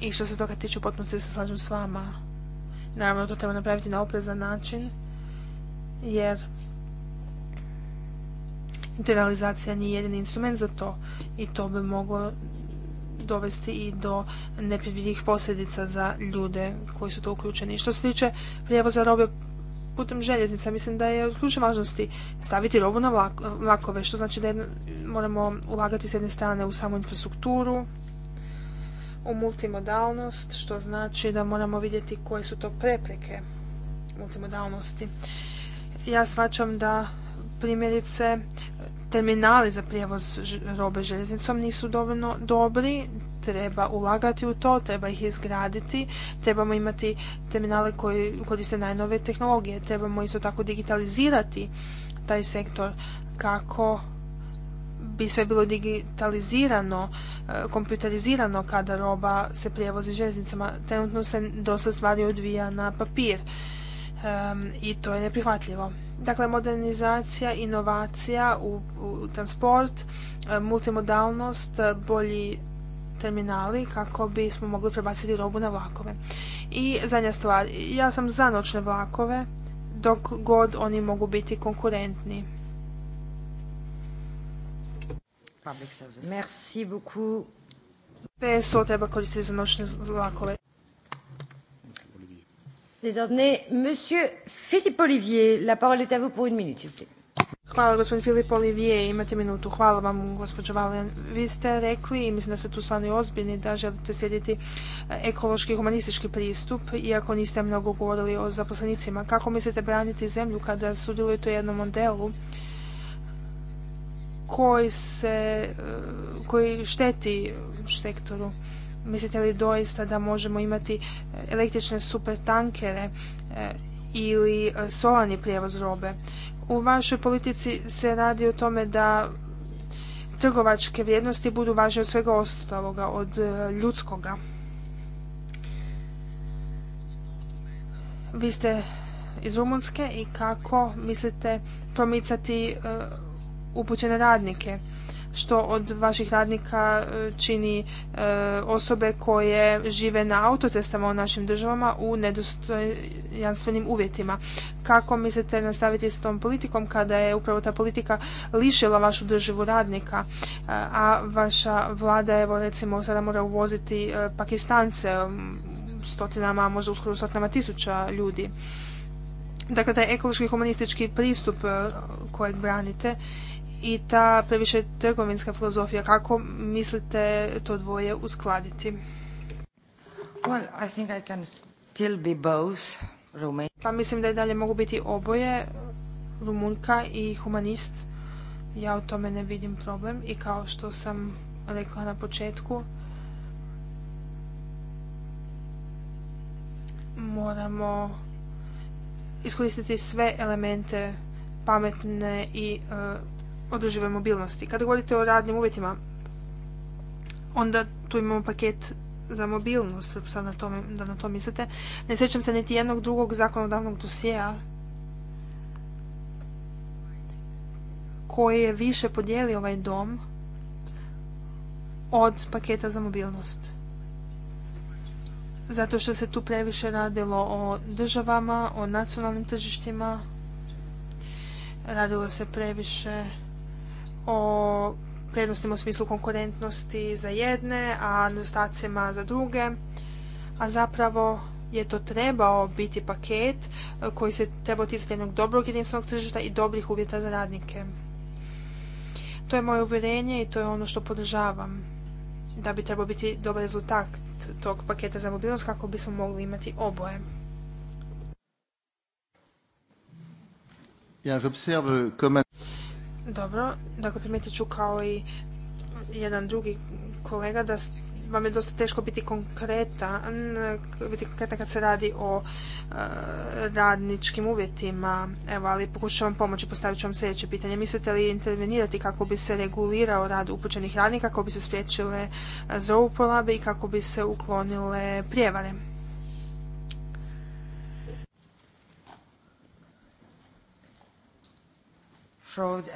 S2: I što se toga tiče, potpuno se slažem s vama. Naravno, to treba napraviti na oprezan način, jer internalizacija nije jedini instrument za to i to bi moglo dovesti i do nepredvidljivih posljedica za ljude koji su to uključeni. Što se tiče prijevoza robe putem željeznica, mislim da je od ključne važnosti staviti robu na vlakove, što znači da moramo ulagati s jedne strane u samu infrastrukturu, u multimodalnost, što znači da moramo vidjeti koje su to prepreke multimodalnosti. Ja svačam da primjerice terminali za prijevoz robe željeznicom nisu dovoljno dobri, treba ulagati u to, treba ih izgraditi, trebamo imati terminale koji koriste najnove tehnologije, trebamo isto tako digitalizirati taj sektor kako bi sve bilo digitalizirano, e, kompjuterizirano kada roba se prijevozi željeznicama. Trenutno se dosta stvari odvija na papir e, i to je neprihvatljivo. Dakle, modernizacija, inovacija u, transport, e, multimodalnost, e, bolji terminali kako bismo mogli prebaciti robu na vlakove. I zadnja stvar, ja sam za noćne vlakove dok god oni mogu biti konkurentni. Merci beaucoup. PSO treba koristiti za noćne vlakove. Désormais, monsieur Philippe Olivier, la parole est à vous pour une minute, s'il vous Hvala gospodin Filip Olivier, imate minutu. Hvala vam gospođo Valen. Vi ste rekli, i mislim da ste tu stvarno ozbiljni, da želite slijediti eh, ekološki i humanistički pristup, iako niste mnogo govorili o zaposlenicima. Kako mislite braniti zemlju kada sudjelujete u jednom modelu koji, se, eh, koji šteti sektoru? mislite li doista da možemo imati e, električne supertankere e, ili e, solani prijevoz robe? U vašoj politici se radi o tome da trgovačke vrijednosti budu važne od svega ostaloga, od ljudskoga. Vi ste iz Rumunske i kako mislite promicati upućene radnike? što od vaših radnika e, čini e, osobe koje žive na autocestama u našim državama u nedostojanstvenim uvjetima. Kako mislite nastaviti s tom politikom kada je upravo ta politika lišila vašu državu radnika, e, a vaša vlada evo recimo sada mora uvoziti pakistance stotinama, možda uskoro stotinama tisuća ljudi. Dakle, taj ekološki humanistički pristup kojeg branite i ta previše trgovinska filozofija. Kako mislite to dvoje uskladiti? Pa mislim da i dalje mogu biti oboje, Rumunka i humanist. Ja u tome ne vidim problem i kao što sam rekla na početku, moramo iskoristiti sve elemente pametne i e, održivoj mobilnosti. Kada govorite o radnim uvjetima, onda tu imamo paket za mobilnost, sam tome, da na to mislite. Ne sjećam se niti jednog drugog zakonodavnog dosijeja koji je više podijeli ovaj dom od paketa za mobilnost. Zato što se tu previše radilo o državama, o nacionalnim tržištima, radilo se previše o prednostima u smislu konkurentnosti za jedne, a nedostacima za druge, a zapravo je to trebao biti paket e, koji se treba ticati jednog dobrog jedinstvenog tržišta i dobrih uvjeta za radnike. To je moje uvjerenje i to je ono što podržavam da bi trebao biti dobar rezultat tog paketa za mobilnost kako bismo mogli imati oboje. Dobro, dakle primijetit ću kao i jedan drugi kolega da vam je dosta teško biti konkretan, biti konkretan kad se radi o e, radničkim uvjetima. Evo, ali pokušavam pomoći, postavit ću vam sljedeće pitanje. Mislite li intervenirati kako bi se regulirao rad upućenih radnika, kako bi se spriječile zlouporabe i kako bi se uklonile prijevare? fraud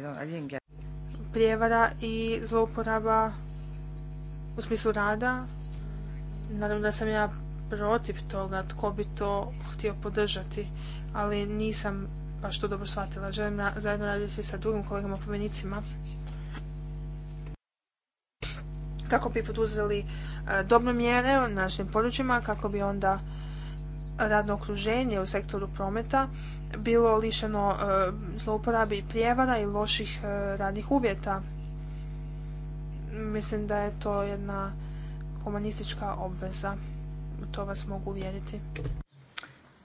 S2: I Prijevara i zlouporaba u smislu rada. Naravno da sam ja protiv toga tko bi to htio podržati, ali nisam baš to dobro shvatila. Želim zajedno raditi sa drugim kolegama pomenicima kako bi poduzeli e, dobro dobre mjere u našim područjima, kako bi onda radno okruženje u sektoru prometa bilo lišeno e, zlouporabi prijevara i loših e, radnih uvjeta. Mislim da je to jedna humanistička obveza. U to vas mogu uvjeriti.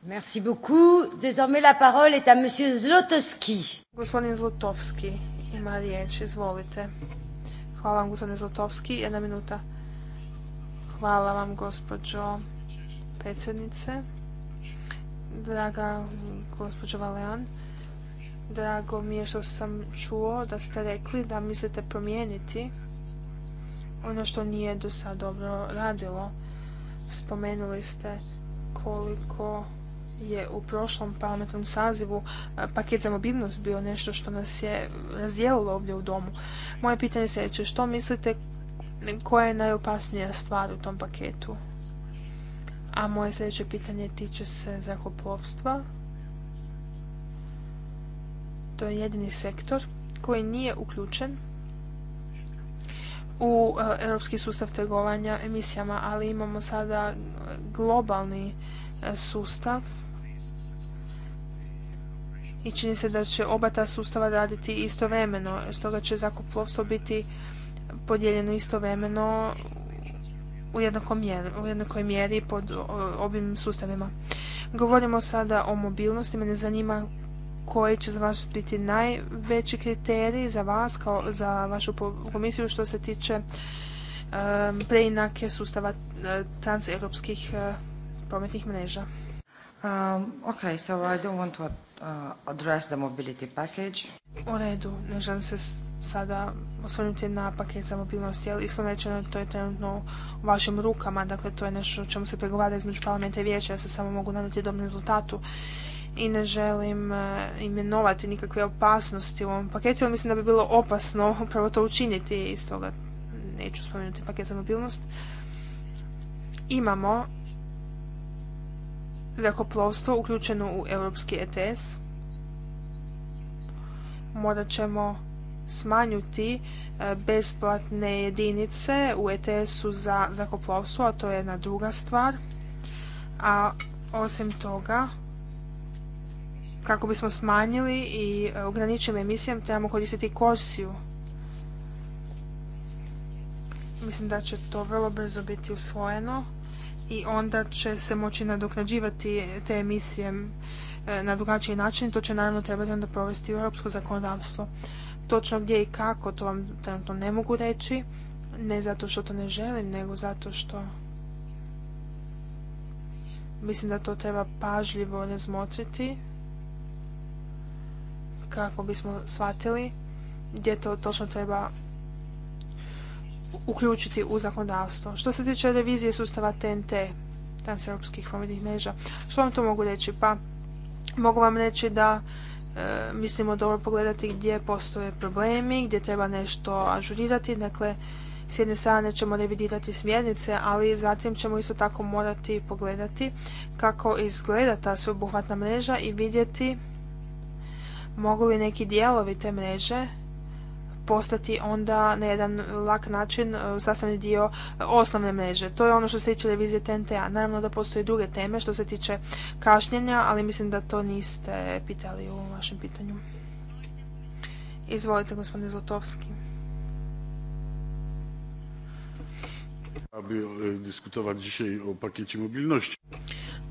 S3: Merci beaucoup. Désormais la parole est à monsieur Zlotowski.
S2: Gospodin Zlotowski ima riječ, izvolite. Hvala vam gospodine Zlotowski, jedna minuta. Hvala vam gospođo predsjednice. Draga gospođo Valean. Drago mi je što sam čuo da ste rekli da mislite promijeniti ono što nije do sad dobro radilo. Spomenuli ste koliko je u prošlom parlamentarnom sazivu paket za mobilnost bio nešto što nas je razdijelilo ovdje u domu. Moje pitanje je sljedeće, što mislite koja je najopasnija stvar u tom paketu? A moje sljedeće pitanje tiče se zakoplovstva to je jedini sektor koji nije uključen u e, europski sustav trgovanja emisijama, ali imamo sada globalni e, sustav i čini se da će oba ta sustava raditi istovremeno, stoga će zakupovstvo biti podijeljeno istovremeno u, mjeri, u jednakoj mjeri pod ovim sustavima. Govorimo sada o mobilnosti, mene zanima koji će za vas biti najveći kriterij za vas, kao za vašu komisiju što se tiče preinake sustava e, transeuropskih e, prometnih mreža?
S3: Um, ok, so I want to uh, address the mobility package.
S2: U redu, ne želim se sada osvrnuti na paket za mobilnost, jer iskreno rečeno to je trenutno u vašim rukama, dakle to je nešto o čemu se pregovara između parlamenta i vijeća, ja se samo mogu nadati dobrom rezultatu i ne želim e, imenovati nikakve opasnosti u ovom paketu, ali mislim da bi bilo opasno upravo to učiniti i toga neću spomenuti paket za mobilnost. Imamo zrakoplovstvo uključeno u europski ETS. Morat ćemo smanjuti e, besplatne jedinice u ETS-u za zrakoplovstvo, a to je jedna druga stvar. A osim toga, kako bismo smanjili i e, ograničili emisije, trebamo koristiti korsiju. Mislim da će to vrlo brzo biti usvojeno i onda će se moći nadoknađivati te emisije e, na drugačiji način. To će naravno trebati onda provesti u europsko zakonodavstvo. Točno gdje i kako, to vam trenutno ne mogu reći. Ne zato što to ne želim, nego zato što mislim da to treba pažljivo razmotriti kako bismo shvatili gdje to točno treba uključiti u zakonodavstvo. Što se tiče revizije sustava TNT, Trans-Europskih prometnih mreža, što vam to mogu reći? Pa mogu vam reći da e, mislimo dobro pogledati gdje postoje problemi, gdje treba nešto ažurirati, dakle s jedne strane ćemo revidirati smjernice, ali zatim ćemo isto tako morati pogledati kako izgleda ta sveobuhvatna mreža i vidjeti mogu li neki dijelovi te mreže postati onda na jedan lak način e, sastavni dio e, osnovne mreže. To je ono što se tiče revizije TNT-a. Naravno da postoje druge teme što se tiče kašnjenja, ali mislim da to niste pitali u vašem pitanju. Izvolite, gospodine Zlotovski. Aby e, dzisiaj o pakiecie mobilności.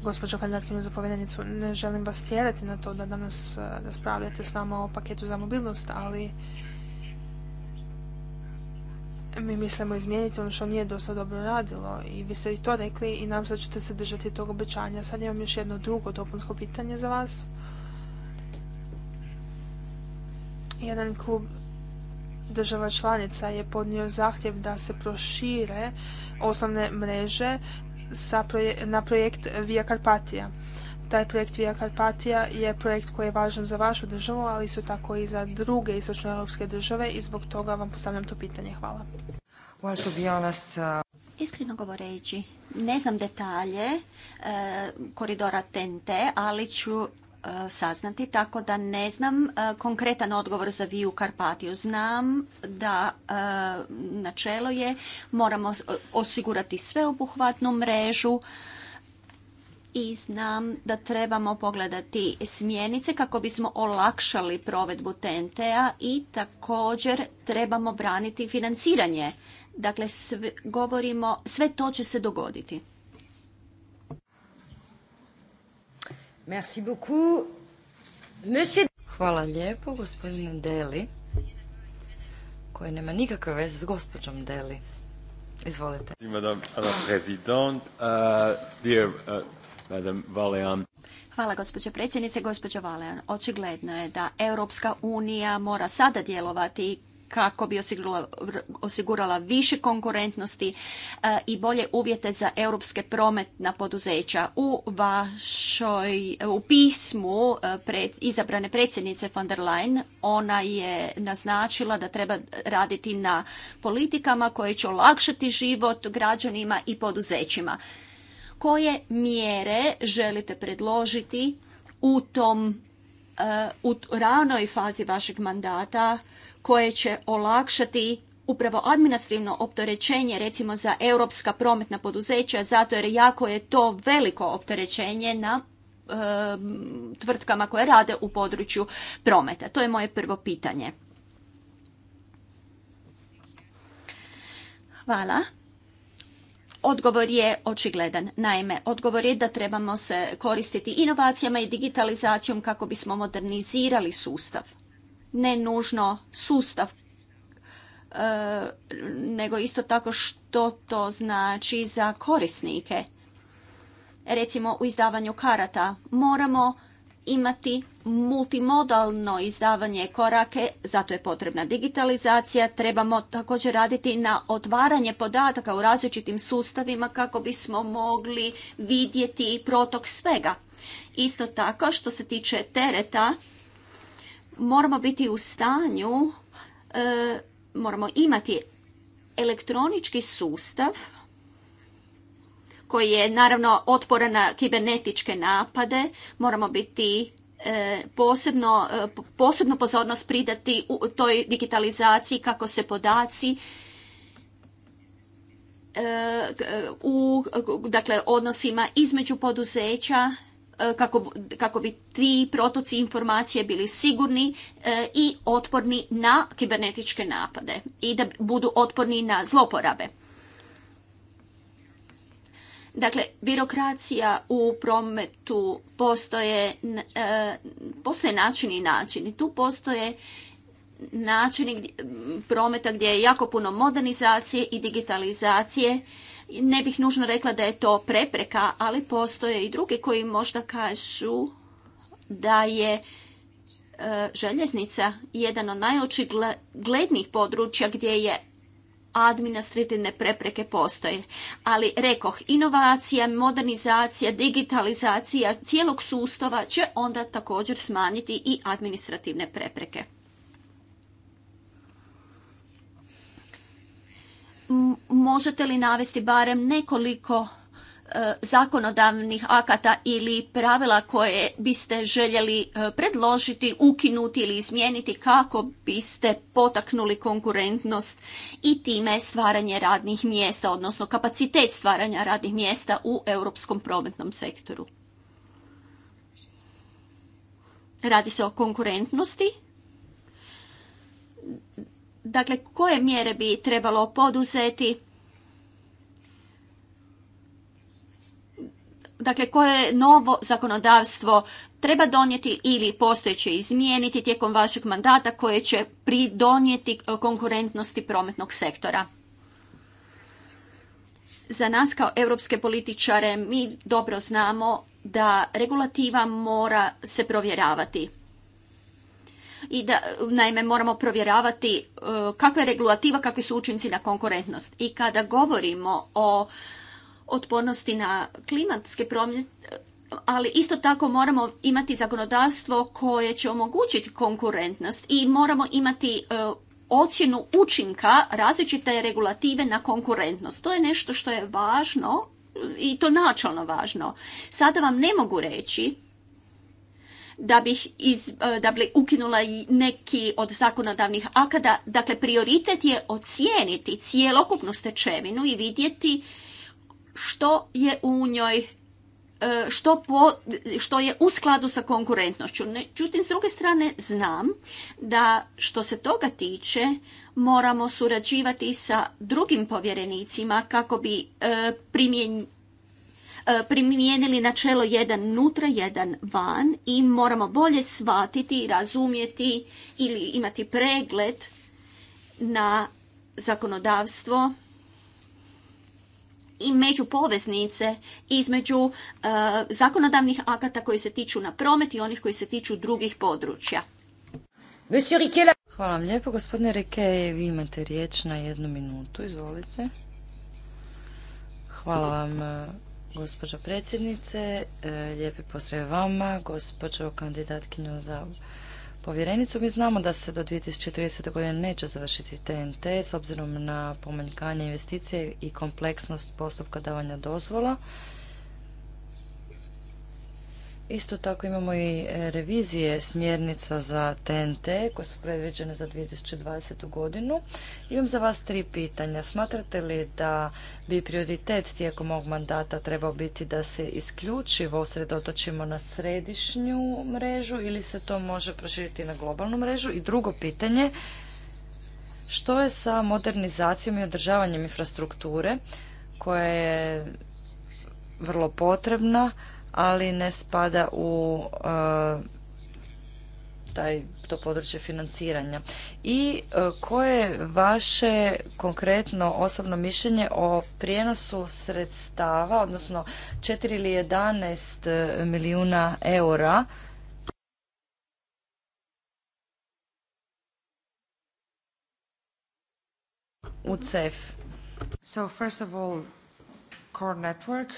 S2: Gospođo kandidatkinju za povjerenicu, ne želim vas tjerati na to da danas eh, raspravljate s nama o paketu za mobilnost, ali mi mislimo izmijeniti ono što nije dosta dobro radilo i vi ste i to rekli i nam se ćete se držati tog obećanja. Sad imam još jedno drugo dopunsko pitanje za vas. Jedan klub država članica je podnio zahtjev da se prošire osnovne mreže sa na projekt Via Carpatia. Taj projekt Via Carpatia je projekt koji je važan za vašu državu, ali su tako i za druge istočnoeuropske države i zbog toga vam postavljam to pitanje. Hvala. Uh, Iskreno govoreći, ne znam detalje e,
S4: koridora TNT, ali ću Eh, saznati, tako da ne znam eh, konkretan odgovor za Viju Karpatiju. Znam da eh, načelo je moramo osigurati sveobuhvatnu mrežu i znam da trebamo pogledati smjenice kako bismo olakšali provedbu TNT-a i također trebamo braniti financiranje. Dakle, govorimo, sve to će se dogoditi.
S1: Hvala lijepo, gospodine Deli, koji nema nikakve veze s gospođom Deli. Izvolite.
S3: Uh,
S2: uh,
S4: Hvala gospođo predsjednice, gospođo Valean. Očigledno je da Europska unija mora sada djelovati kako bi osigurala, osigurala više konkurentnosti e, i bolje uvjete za europske prometna poduzeća. U vašoj u pismu e, pred, izabrane predsjednice von der Leyen ona je naznačila da treba raditi na politikama koje će olakšati život građanima i poduzećima. Koje mjere želite predložiti u tom e, u ranoj fazi vašeg mandata koje će olakšati upravo administrativno opterećenje recimo za europska prometna poduzeća zato jer jako je to veliko opterećenje na tvrtkama koje rade u području prometa. To je moje prvo pitanje. Hvala. Odgovor je očigledan. Naime, odgovor je da trebamo se koristiti inovacijama i digitalizacijom kako bismo modernizirali sustav ne nužno sustav e, nego isto tako što to znači za korisnike. Recimo u izdavanju karata moramo imati multimodalno izdavanje korake, zato je potrebna digitalizacija, trebamo također raditi na otvaranje podataka u različitim sustavima kako bismo mogli vidjeti protok svega. Isto tako što se tiče tereta, moramo biti u stanju, e, moramo imati elektronički sustav koji je naravno otporan na kibernetičke napade, moramo biti e, posebno, e, pozornost pridati u toj digitalizaciji kako se podaci u dakle, odnosima između poduzeća E, kako, kako bi ti protoci informacije bili sigurni e, i otporni na kibernetičke napade i da budu otporni na zloporabe. Dakle, birokracija u prometu postoje, e, postoje načini i načini. Tu postoje načini prometa gdje je jako puno modernizacije i digitalizacije ne bih nužno rekla da je to prepreka, ali postoje i drugi koji možda kažu da je e, željeznica jedan od najočiglednijih područja gdje je administrativne prepreke postoje. Ali rekoh, inovacija, modernizacija, digitalizacija cijelog sustava će onda također smanjiti i administrativne prepreke. možete li navesti barem nekoliko e, zakonodavnih akata ili pravila koje biste željeli e, predložiti, ukinuti ili izmijeniti kako biste potaknuli konkurentnost i time stvaranje radnih mjesta, odnosno kapacitet stvaranja radnih mjesta u europskom prometnom sektoru. Radi se o konkurentnosti Dakle, koje mjere bi trebalo poduzeti? Dakle, koje novo zakonodavstvo treba donijeti ili postojeće izmijeniti tijekom vašeg mandata koje će pridonijeti e, konkurentnosti prometnog sektora? Za nas kao europske političare mi dobro znamo da regulativa mora se provjeravati i da naime moramo provjeravati e, kakva je regulativa, kakvi su učinci na konkurentnost. I kada govorimo o otpornosti na klimatske promjene, ali isto tako moramo imati zakonodavstvo koje će omogućiti konkurentnost i moramo imati e, ocjenu učinka različite regulative na konkurentnost. To je nešto što je važno i to načalno važno. Sada vam ne mogu reći da bih iz, e, da bi ukinula i neki od zakonodavnih akada. Dakle, prioritet je ocijeniti cijelokupnu stečevinu i vidjeti što je u njoj e, što, po, što je u skladu sa konkurentnošću. Međutim, s druge strane, znam da što se toga tiče, moramo surađivati sa drugim povjerenicima kako bi e, E, primijenili načelo jedan nutra, jedan van i moramo bolje shvatiti, razumjeti ili imati pregled na zakonodavstvo i među poveznice između e, zakonodavnih akata koji se tiču na promet i onih koji se tiču drugih područja.
S1: Hvala vam lijepo. Gospodine Rike, vi imate riječ na jednu minutu. Izvolite. Hvala vam e, gospođo predsjednice. E, lijepi pozdrav vama, gospođo kandidatkinju za povjerenicu. Mi znamo da se do 2030. godine neće završiti TNT s obzirom na pomanjkanje investicije i kompleksnost postupka davanja dozvola. Isto tako imamo i e, revizije smjernica za TNT koje su predviđene za 2020. godinu. Imam za vas tri pitanja. Smatrate li da bi prioritet tijekom ovog mandata trebao biti da se isključivo usredotočimo na središnju mrežu ili se to može proširiti na globalnu mrežu? I drugo pitanje, što je sa modernizacijom i održavanjem infrastrukture koja je vrlo potrebna? ali ne spada u e, taj, to područje financiranja. I e, koje je vaše konkretno osobno mišljenje o prijenosu sredstava, odnosno 4 ili 11 e, milijuna eura u CEF?
S3: So first of all, core network,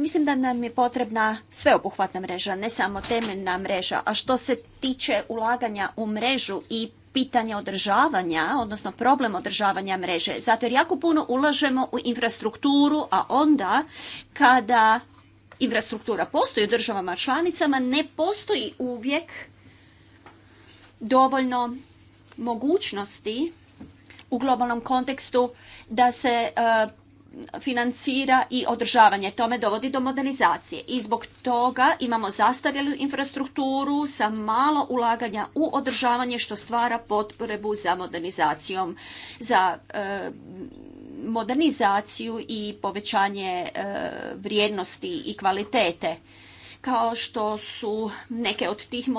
S4: Mislim da nam je potrebna sveobuhvatna mreža, ne samo temeljna mreža. A što se tiče ulaganja u mrežu i pitanja održavanja, odnosno problem održavanja mreže, zato jer jako puno ulažemo u infrastrukturu, a onda kada infrastruktura postoji u državama članicama, ne postoji uvijek dovoljno mogućnosti u globalnom kontekstu da se e, financira i održavanje. Tome dovodi do modernizacije. I zbog toga imamo zastarjelu infrastrukturu sa malo ulaganja u održavanje što stvara potrebu za modernizacijom, za e, modernizaciju i povećanje e, vrijednosti i kvalitete kao što su neke od tih e,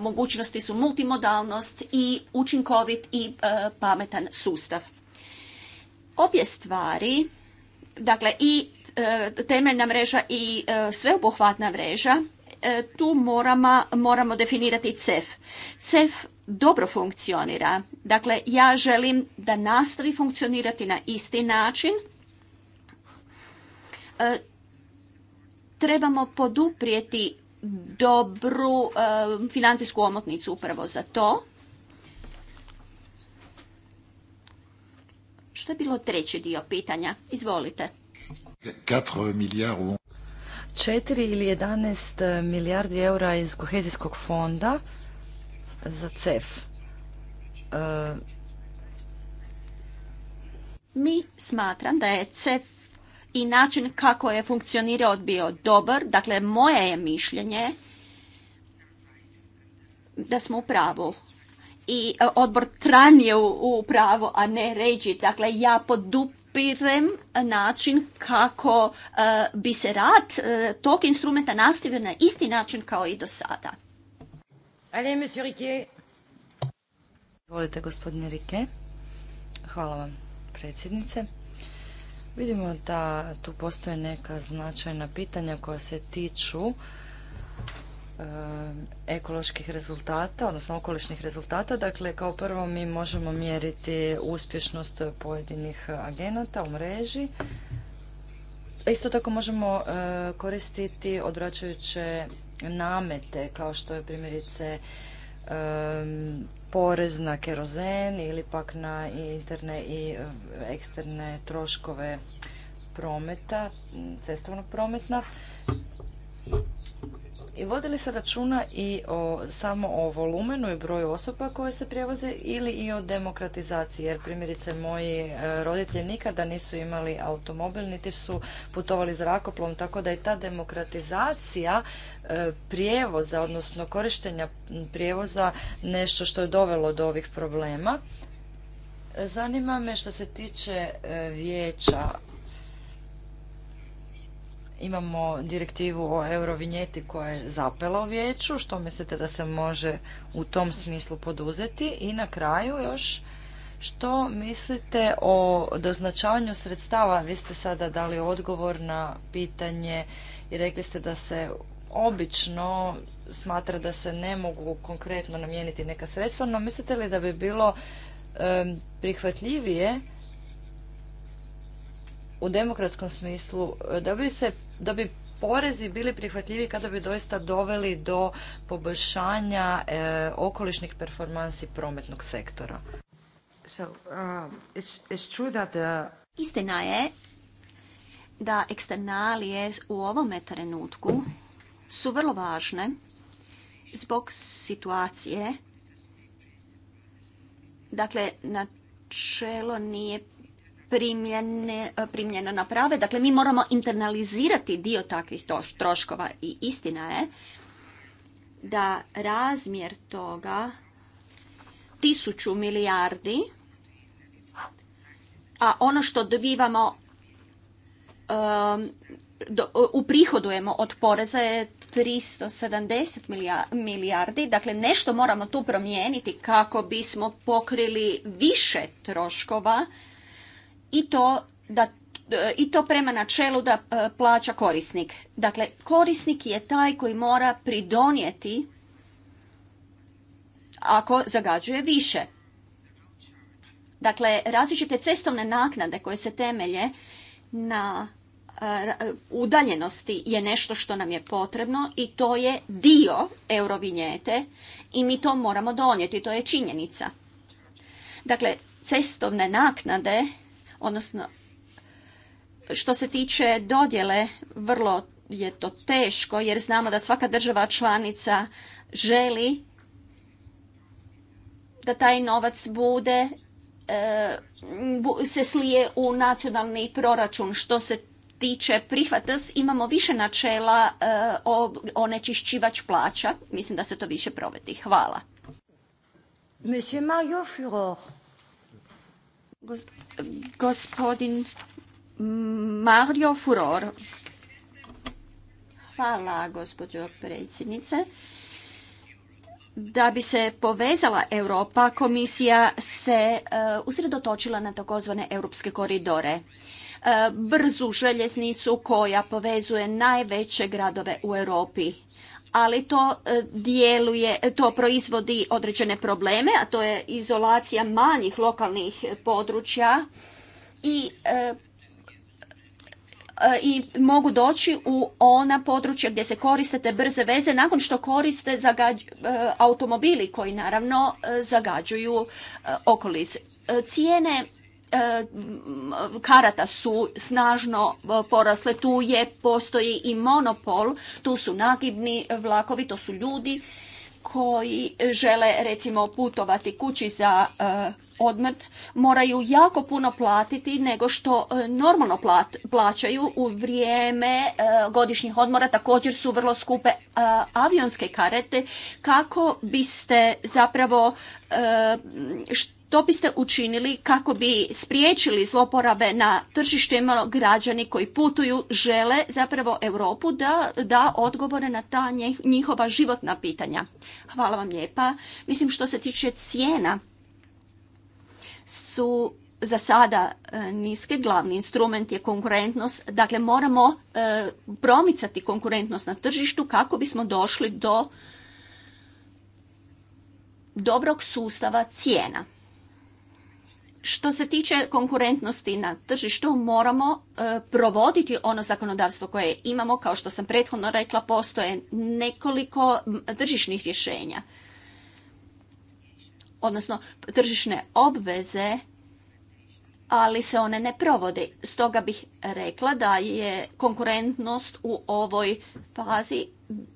S4: mogućnosti su multimodalnost i učinkovit i pametan sustav. Obje stvari, dakle i e, temeljna mreža i e, sveobuhvatna mreža, e, tu moramo, definirati CEF. CEF dobro funkcionira. Dakle, ja želim da nastavi funkcionirati na isti način. trebamo poduprijeti dobru financijsku omotnicu upravo za to. To je bilo treći dio pitanja? Izvolite.
S2: 4 milijardi
S1: 4 ili 11 milijardi eura iz kohezijskog fonda za CEF. E,
S4: Mi smatram da je CEF i način kako je funkcionirao bio dobar. Dakle, moje je mišljenje da smo u pravu i e, odbor tran u, pravo, a ne ređi. Dakle, ja podupirem način kako e, bi se rad e, tog instrumenta nastavio na isti način kao i do sada.
S1: Ali, monsieur Volite, gospodine Riquet. Hvala vam, predsjednice. Vidimo da tu postoje neka značajna pitanja koja se tiču Eh, ekoloških rezultata, odnosno okolišnih rezultata. Dakle, kao prvo mi možemo mjeriti uspješnost pojedinih agenata u mreži. Isto tako možemo eh, koristiti odvraćajuće namete, kao što je primjerice porez na kerozen ili pak na interne i eh, eksterne troškove prometa, cestovnog prometa. I vodi li se računa i o, samo o volumenu i broju osoba koje se prijevoze ili i o demokratizaciji? Jer primjerice moji e, roditelji nikada nisu imali automobil, niti su putovali zrakoplom, tako da je ta demokratizacija e, prijevoza, odnosno korištenja prijevoza nešto što je dovelo do ovih problema. Zanima me što se tiče e, vijeća, imamo direktivu o eurovinjeti koja je zapela u vijeću, što mislite da se može u tom smislu poduzeti i na kraju još što mislite o doznačavanju sredstava? Vi ste sada dali odgovor na pitanje i rekli ste da se obično smatra da se ne mogu konkretno namijeniti neka sredstva, no mislite li da bi bilo prihvatljivije u demokratskom smislu, e, da bi, se, da bi porezi bili prihvatljivi kada bi doista doveli do poboljšanja e, okolišnih performansi prometnog sektora. So, uh, it's, it's true that uh,
S4: Istina je da eksternalije u ovome trenutku su vrlo važne zbog situacije. Dakle, načelo nije primjene, e, primljeno na prave. Dakle, mi moramo internalizirati dio takvih troškova i istina je da razmjer toga tisuću milijardi, a ono što dobivamo e, uprihodujemo od poreza je 370 milijardi, dakle nešto moramo tu promijeniti kako bismo pokrili više troškova i to da e, i to prema načelu da e, plaća korisnik. Dakle, korisnik je taj koji mora pridonijeti ako zagađuje više. Dakle, različite cestovne naknade koje se temelje na e, udaljenosti je nešto što nam je potrebno i to je dio eurovinjete i mi to moramo donijeti, to je činjenica. Dakle, cestovne naknade odnosno što se tiče dodjele, vrlo je to teško jer znamo da svaka država članica želi da taj novac bude e, se slije u nacionalni proračun. Što se tiče prihvatnost, imamo više načela e, o onečišćivač plaća. Mislim da se to više provedi. Hvala. Monsieur Mario gospodin Mario Furor. Hvala, gospođo predsjednice. Da bi se povezala Europa, komisija se e, usredotočila na takozvane europske koridore e, brzu željeznicu koja povezuje najveće gradove u Europi ali to e, djeluje, to proizvodi određene probleme, a to je izolacija manjih lokalnih područja i e, e, i mogu doći u ona područja gdje se koriste te brze veze nakon što koriste automobili koji naravno zagađuju okolice. Cijene E, karata su snažno e, porasle, tu je, postoji i monopol, tu su nagibni vlakovi, to su ljudi koji žele recimo putovati kući za e, odmrt moraju jako puno platiti nego što normalno plaćaju u vrijeme godišnjih odmora također su vrlo skupe avionske karete kako biste zapravo to biste učinili kako bi spriječili zloporabe na tržištima građani koji putuju, žele zapravo Europu da da odgovore na ta njihova životna pitanja. Hvala vam lijepa. Mislim što se tiče cijena su za sada e, niske, glavni instrument je konkurentnost, dakle moramo e, promicati konkurentnost na tržištu kako bismo došli do dobrog sustava cijena. Što se tiče konkurentnosti na tržištu, moramo e, provoditi ono zakonodavstvo koje imamo. Kao što sam prethodno rekla, postoje nekoliko tržišnih rješenja. Odnosno, tržišne obveze, ali se one ne provode. Stoga bih rekla da je konkurentnost u ovoj fazi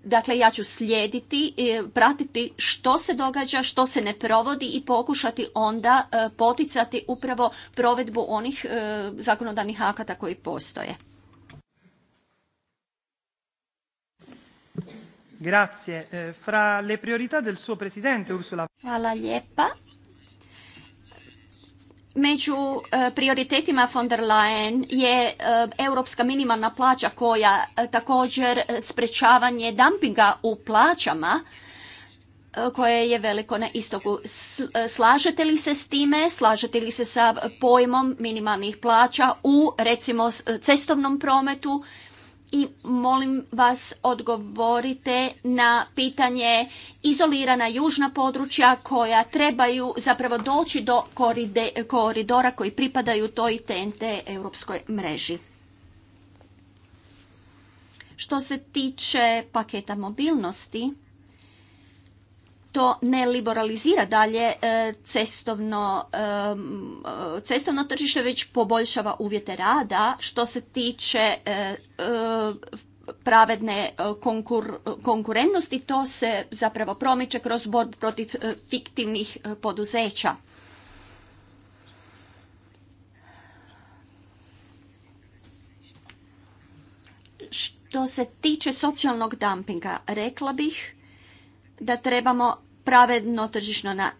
S4: Dakle, ja ću slijediti, e, pratiti što se događa, što se ne provodi i pokušati onda e, poticati upravo provedbu onih e, zakonodavnih akata koji postoje.
S2: Grazie. Fra le priorità del suo presidente Ursula Hvala lijepa.
S4: Među e, prioritetima von der Leyen je e, europska minimalna plaća koja e, također sprečavanje dumpinga u plaćama koje je veliko na istoku. Slažete li se s time? Slažete li se sa pojmom minimalnih plaća u recimo cestovnom prometu? i molim vas odgovorite na pitanje izolirana južna područja koja trebaju zapravo doći do koridora koji pripadaju toj TNT europskoj mreži. Što se tiče paketa mobilnosti, to ne liberalizira dalje e, cestovno, e, e, cestovno tržište, već poboljšava uvjete rada što se tiče pravedne konkur, konkurentnosti, to se zapravo promiče kroz borbu protiv fiktivnih poduzeća. Što se tiče socijalnog dumpinga, rekla bih da trebamo pravedno tržišno na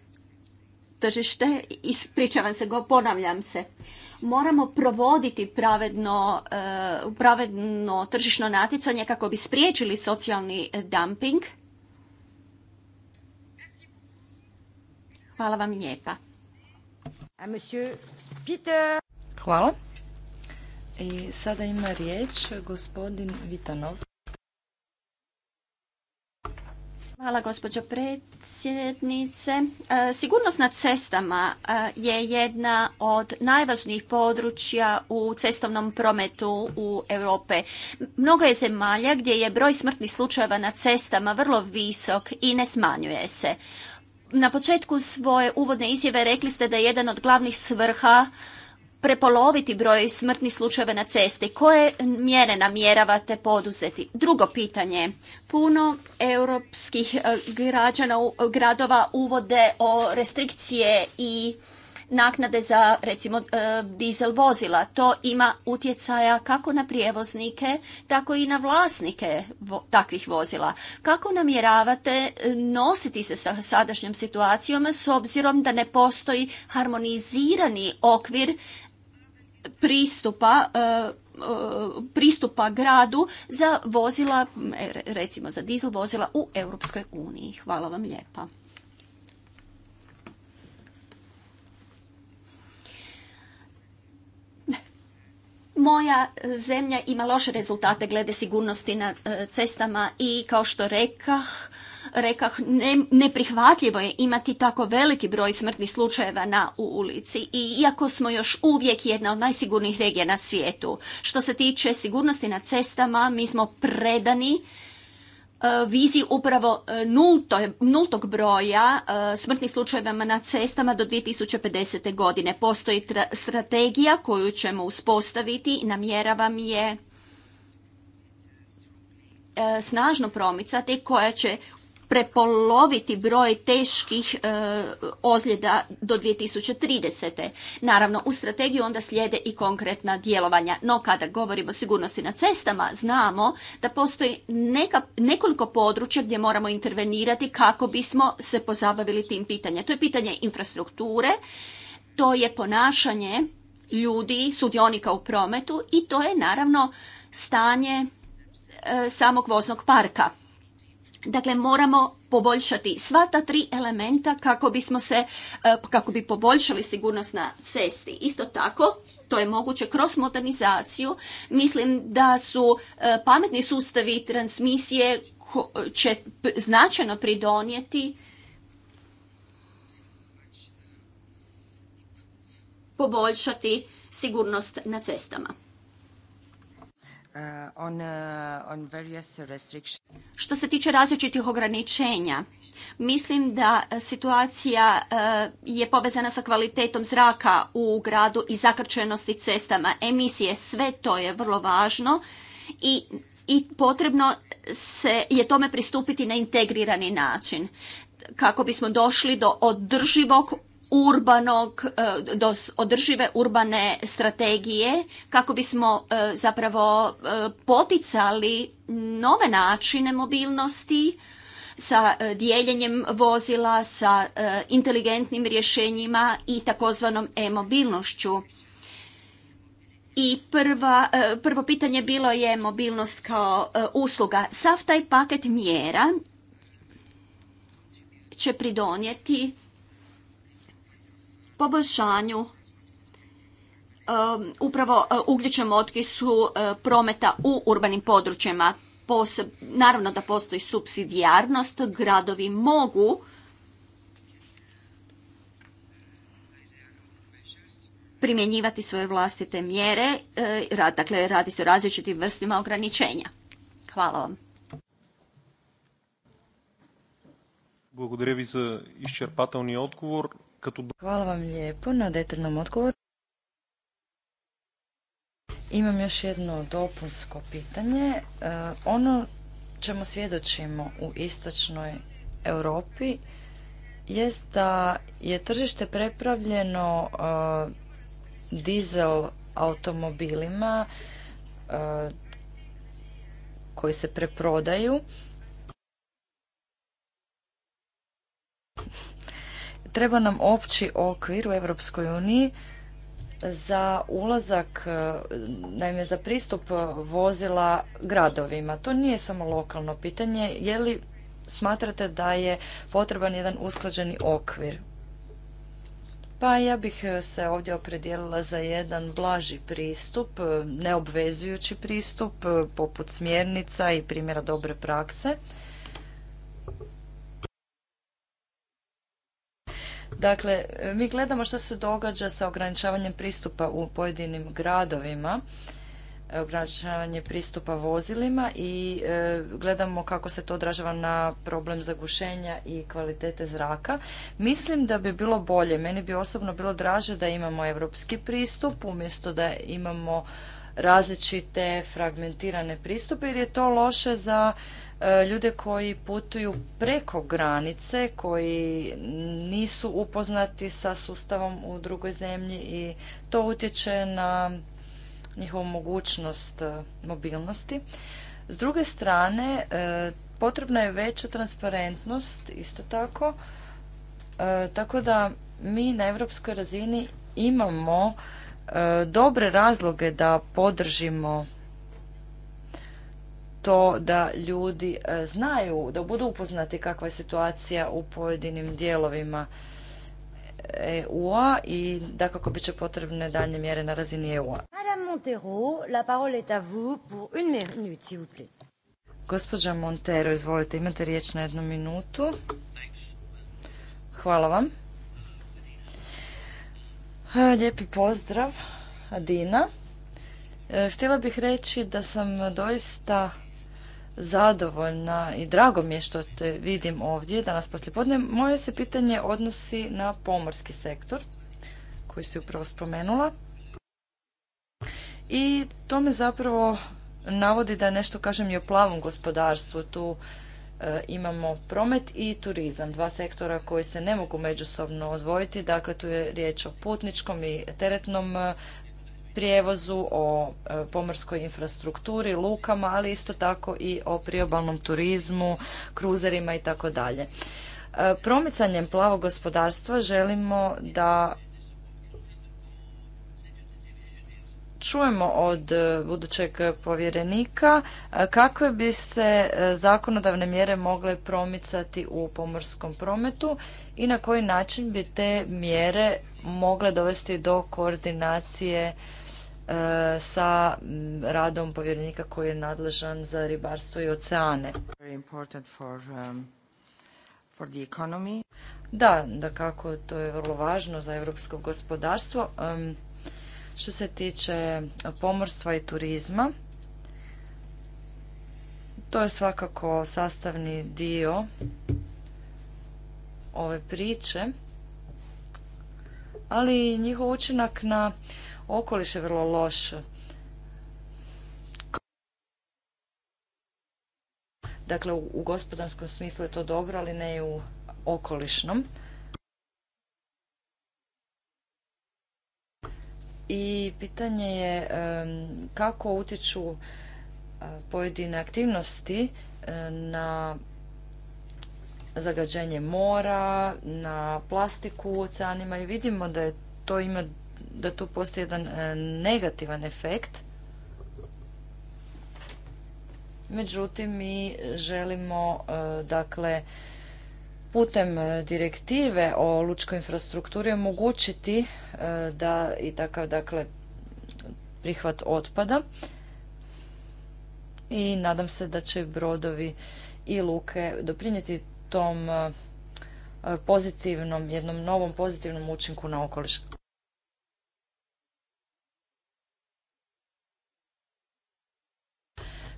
S4: tržište, ispričavam se, go ponavljam se, moramo provoditi pravedno, eh, pravedno tržišno natjecanje kako bi spriječili socijalni eh, dumping.
S1: Hvala vam lijepa. Hvala. I sada ima riječ gospodin Vitanov. Hvala gospođo
S4: predsjednice. E, Sigurnost na cestama e, je jedna od najvažnijih područja u cestovnom prometu u Europe. Mnogo je zemalja gdje je broj smrtnih slučajeva na cestama vrlo visok i ne smanjuje se. Na početku svoje uvodne izjave rekli ste da je jedan od glavnih svrha prepoloviti broj smrtnih slučajeva na cesti. Koje mjere namjeravate poduzeti? Drugo pitanje. Puno europskih e, građana, gradova uvode o restrikcije i naknade za recimo e, dizel vozila. To ima utjecaja kako na prijevoznike, tako i na vlasnike takvih vozila. Kako namjeravate e, nositi se sa sadašnjom situacijom s obzirom da ne postoji harmonizirani okvir pristupa, e, e, pristupa gradu za vozila, e, recimo za dizel vozila u Europskoj uniji. Hvala vam lijepa. Moja zemlja ima loše rezultate glede sigurnosti na cestama i kao što rekah, rekah ne, neprihvatljivo je imati tako veliki broj smrtnih slučajeva na u ulici i iako smo još uvijek jedna od najsigurnijih regija na svijetu. Što se tiče sigurnosti na cestama, mi smo predani e, vizi upravo e, nulto, nultog broja e, smrtnih slučajeva na cestama do 2050. godine. Postoji strategija koju ćemo uspostaviti i namjeravam je snažno promicati koja će prepoloviti broj teških e, ozljeda do 2030. Naravno, u strategiju onda slijede i konkretna djelovanja. No, kada govorimo o sigurnosti na cestama, znamo da postoji neka, nekoliko područja gdje moramo intervenirati kako bismo se pozabavili tim pitanjem. To je pitanje infrastrukture, to je ponašanje ljudi, sudionika u prometu i to je naravno stanje e, samog voznog parka. Dakle, moramo poboljšati sva ta tri elementa kako bismo se, e, kako bi poboljšali sigurnost na cesti. Isto tako, to je moguće kroz modernizaciju. Mislim da su e, pametni sustavi transmisije će značajno pridonijeti poboljšati sigurnost na cestama.
S3: Uh, uh, Što
S4: se tiče različitih ograničenja, mislim da situacija uh, je povezana sa kvalitetom zraka u gradu i zakrčenosti cestama, emisije, sve to je vrlo važno i i potrebno se je tome pristupiti na integrirani način kako bismo došli do održivog urbanog, e, do održive urbane strategije kako bismo e, zapravo e, poticali nove načine mobilnosti sa dijeljenjem vozila, sa inteligentnim rješenjima i takozvanom e-mobilnošću. I prva, prvo pitanje bilo je mobilnost kao usluga. Sav taj paket mjera će pridonijeti poboljšanju e, upravo e, ugljičem otkisu e, prometa u urbanim područjima. naravno da postoji subsidijarnost, gradovi mogu primjenjivati svoje vlastite mjere, dakle radi se o različitim vrstima ograničenja.
S1: Hvala vam.
S2: Благодаря ви за изчерпателния
S1: Hvala vam lijepo na detaljnom odgovoru. Imam još jedno dopunsko pitanje. E, ono čemu svjedočimo u istočnoj Europi jest da je tržište prepravljeno e, dizel automobilima e, koji se preprodaju treba nam opći okvir u Europskoj uniji za ulazak, e, naime za pristup e, vozila gradovima. To nije samo lokalno pitanje. Je li smatrate da je potreban jedan usklađeni okvir? Pa ja bih e, se ovdje opredijelila za jedan blaži pristup, neobvezujući pristup, poput smjernica i primjera dobre prakse. Dakle, mi gledamo što se događa sa ograničavanjem pristupa u pojedinim gradovima, ograničavanje pristupa vozilima i e, gledamo kako se to odražava na problem zagušenja i kvalitete zraka. Mislim da bi bilo bolje, meni bi osobno bilo draže da imamo europski pristup umjesto da imamo različite fragmentirane pristupe jer je to loše za e, ljude koji putuju preko granice, koji nisu upoznati sa sustavom u drugoj zemlji i to utječe na njihovu mogućnost e, mobilnosti. S druge strane, e, potrebna je veća transparentnost isto tako, tako da mi na europskoj razini imamo dobre razloge da podržimo to da ljudi e, znaju, da budu upoznati kakva je situacija u pojedinim dijelovima EU-a i da kako bit će potrebne daljnje mjere na razini EU-a. Gospođa Montero, izvolite, imate riječ na jednu minutu. Hvala vam. Lijepi pozdrav, Adina. E, htjela bih reći da sam doista zadovoljna i drago mi je što te vidim ovdje danas poslijepodne. Moje se pitanje odnosi na pomorski sektor koji si upravo spomenula. I to me zapravo navodi da nešto kažem i o plavom gospodarstvu. Tu E, imamo promet i turizam, dva sektora koji se ne mogu međusobno odvojiti. Dakle, tu je riječ o putničkom i teretnom e, prijevozu, o e, pomorskoj infrastrukturi, lukama, ali isto tako i o priobalnom turizmu, kruzerima i tako dalje. Promicanjem plavog gospodarstva želimo da čujemo od e, budućeg povjerenika e, kakve bi se e, zakonodavne mjere mogle promicati u pomorskom prometu i na koji način bi te mjere mogle dovesti do koordinacije sa radom povjerenika koji je nadležan za ribarstvo i oceane. Um, da, da kako to je vrlo važno za europsko gospodarstvo. Što se tiče pomorstva i turizma, to je svakako sastavni dio ove priče, ali njihov učinak na okoliš je vrlo loš. Dakle, u gospodarskom smislu je to dobro, ali ne i u okolišnom. i pitanje je kako utječu eh, pojedine aktivnosti eh, na zagađenje mora, na plastiku u oceanima i vidimo da je to ima da tu postoji jedan eh, negativan efekt. Međutim, mi želimo dakle putem e, direktive o lučkoj infrastrukturi omogućiti e, da i takav dakle prihvat otpada i nadam se da će brodovi i luke doprinijeti tom e, pozitivnom, jednom novom pozitivnom učinku na okoliš.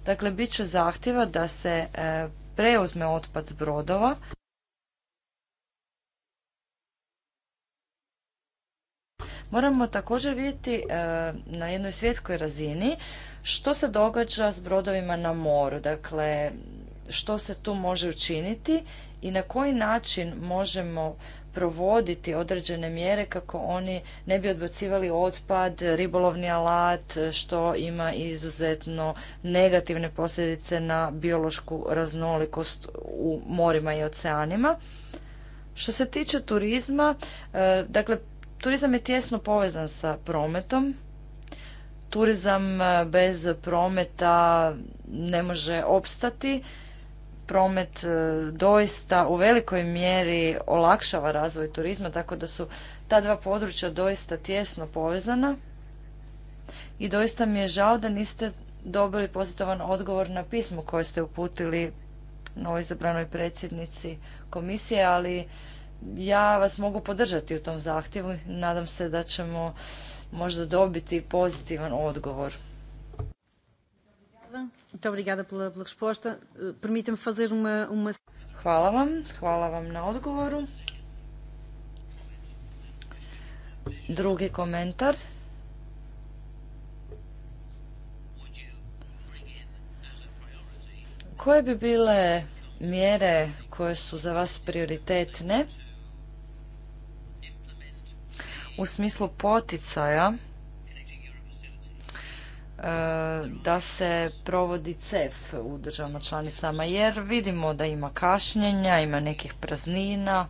S1: Dakle, bit će zahtjeva da se preuzme otpad s brodova. Moramo također vidjeti e, na jednoj svjetskoj razini što se događa s brodovima na moru, dakle što se tu može učiniti i na koji način možemo provoditi određene mjere kako oni ne bi odbacivali otpad, ribolovni alat, što ima izuzetno negativne posljedice na biološku raznolikost u morima i oceanima. Što se tiče turizma, e, dakle Turizam je tjesno povezan sa prometom. Turizam e, bez prometa ne može opstati. Promet e, doista u velikoj mjeri olakšava razvoj turizma, tako da su ta dva područja doista tjesno povezana. I doista mi je žao da niste dobili pozitovan odgovor na pismo koje ste uputili novoizabranoj predsjednici komisije, ali ja vas mogu podržati u tom zahtjevu. Nadam se da ćemo možda dobiti pozitivan odgovor. Hvala vam, hvala vam na odgovoru. Drugi komentar. Koje bi bile mjere koje su za vas prioritetne u smislu poticaja e, da se provodi CEF u državama članicama jer vidimo da ima kašnjenja, ima nekih praznina.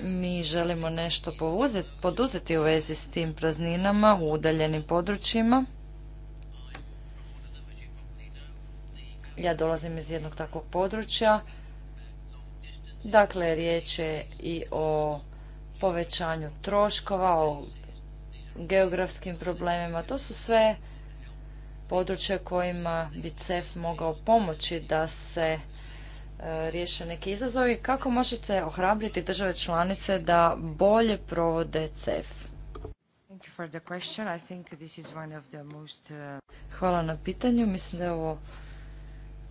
S1: Mi želimo nešto poduzeti u vezi s tim prazninama u udaljenim područjima. Ja dolazim iz jednog takvog područja Dakle, riječ je i o povećanju troškova, o geografskim problemima. To su sve područja kojima bi CEF mogao pomoći da se e, riješe neki izazovi. Kako možete ohrabriti države članice da bolje provode CEF? Uh, Hvala na pitanju. Mislim da je ovo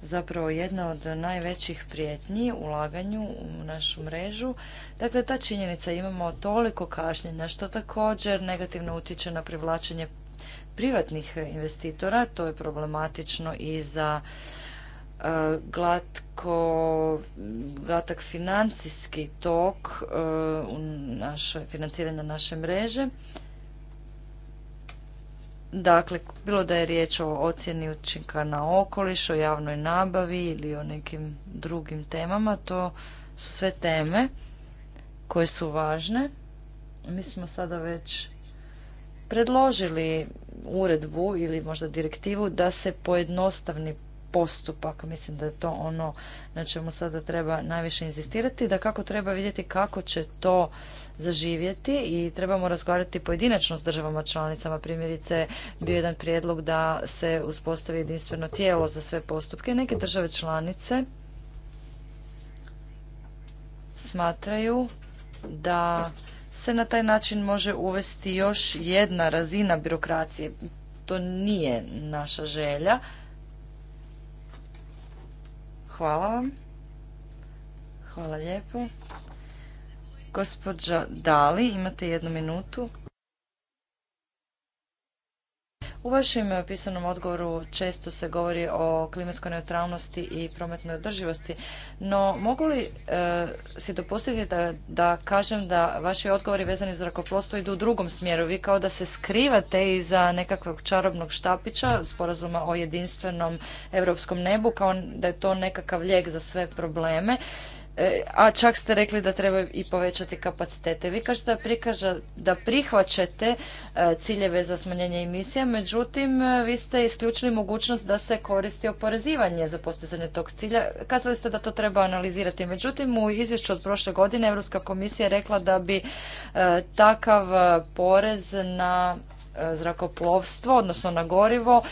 S1: zapravo jedna od najvećih prijetnji ulaganju u našu mrežu. Dakle, ta činjenica imamo toliko kašnjenja što također negativno utječe na privlačenje privatnih investitora. To je problematično i za e, glatko, glatak financijski tok e, naše, financiranja naše mreže. Dakle, bilo da je riječ o ocjeni učinka na okoliš, o javnoj nabavi ili o nekim drugim temama, to su sve teme koje su važne. Mi smo sada već predložili uredbu ili možda direktivu da se pojednostavni postupak. Mislim da je to ono na čemu sada treba najviše inzistirati, da kako treba vidjeti kako će to zaživjeti i trebamo razgovarati pojedinačno s državama članicama. Primjerice, bio jedan prijedlog da se uspostavi jedinstveno tijelo za sve postupke. Neke države članice smatraju da se na taj način može uvesti još jedna razina birokracije. To nije naša želja. Hvala vam. Hvala lijepo. Gospodža Dali, imate jednu minutu. U vašem pisanom odgovoru često se govori o klimatskoj neutralnosti i prometnoj održivosti, no mogu li se si dopustiti da, kažem da vaši odgovori vezani za zrakoplovstvo idu u drugom smjeru? Vi kao da se skrivate iza nekakvog čarobnog štapića, sporazuma o jedinstvenom europskom nebu, kao da je to nekakav lijek za sve probleme. E, a čak ste rekli da treba i povećati kapacitete. Vi kažete da, da prihvaćate e, ciljeve za smanjenje emisija, međutim e, vi ste isključili mogućnost da se koristi oporezivanje za postizanje tog cilja. Kazali ste da to treba analizirati, međutim u izvješću od prošle godine Europska komisija rekla da bi takav porez na zrakoplovstvo, odnosno na gorivo,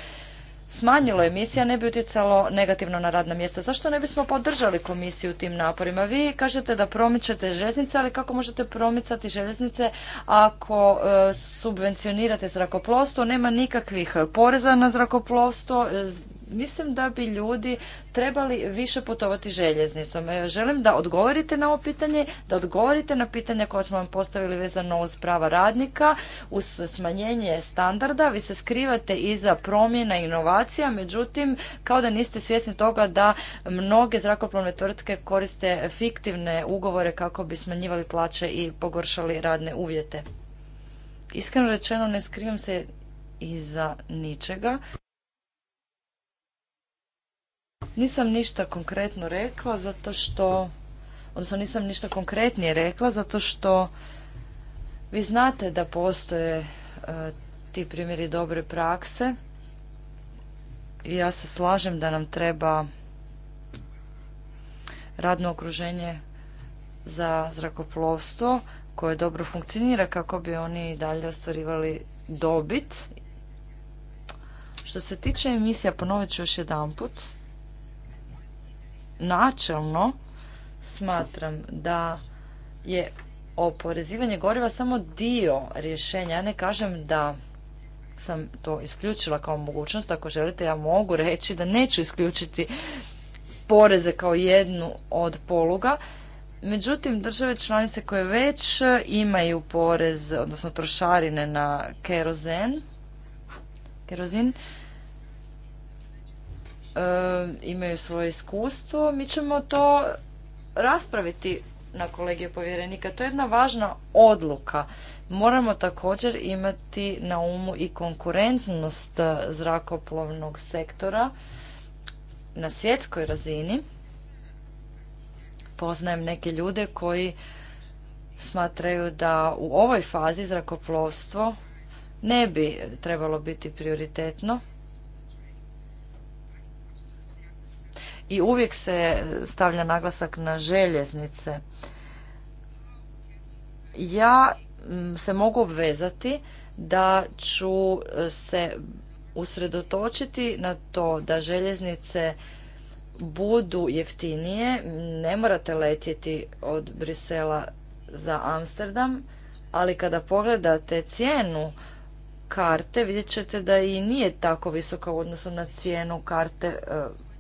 S1: smanjilo emisija ne bi utjecalo negativno na radna mjesta. Zašto ne bismo podržali komisiju u tim naporima? Vi kažete da promičete željeznice, ali kako možete promicati željeznice ako e, subvencionirate zrakoplovstvo? Nema nikakvih poreza na zrakoplovstvo, e, mislim da bi ljudi trebali više putovati željeznicom. E, želim da odgovorite na ovo pitanje, da odgovorite na pitanja koja smo vam postavili vezano uz prava radnika, uz smanjenje standarda. Vi se skrivate iza promjena inovacija, međutim, kao da niste svjesni toga da mnoge zrakoplovne tvrtke koriste fiktivne ugovore kako bi smanjivali plaće i pogoršali radne uvjete. Iskreno rečeno, ne skrivam se iza ničega. Nisam ništa konkretno rekla zato što, odnosno nisam ništa konkretnije rekla zato što vi znate da postoje e, ti primjeri dobre prakse i ja se slažem da nam treba radno okruženje za zrakoplovstvo koje dobro funkcionira kako bi oni dalje ostvarivali dobit. Što se tiče emisija, ponovit ću još jedan put načelno smatram da je oporezivanje goriva samo dio rješenja. Ja ne kažem da sam to isključila kao mogućnost. Ako želite, ja mogu reći da neću isključiti poreze kao jednu od poluga. Međutim, države članice koje već imaju porez, odnosno trošarine na kerozen, kerozin, E, imaju svoje iskustvo, mi ćemo to raspraviti na kolegije povjerenika. To je jedna važna odluka. Moramo također imati na umu i konkurentnost e, zrakoplovnog sektora na svjetskoj razini. Poznajem neke ljude koji smatraju da u ovoj fazi zrakoplovstvo ne bi trebalo biti prioritetno i uvijek se stavlja naglasak na željeznice. Ja se mogu obvezati da ću se usredotočiti na to da željeznice budu jeftinije, ne morate letjeti od Brisela za Amsterdam, ali kada pogledate cijenu karte vidjet ćete da i nije tako visoka u odnosu na cijenu karte e,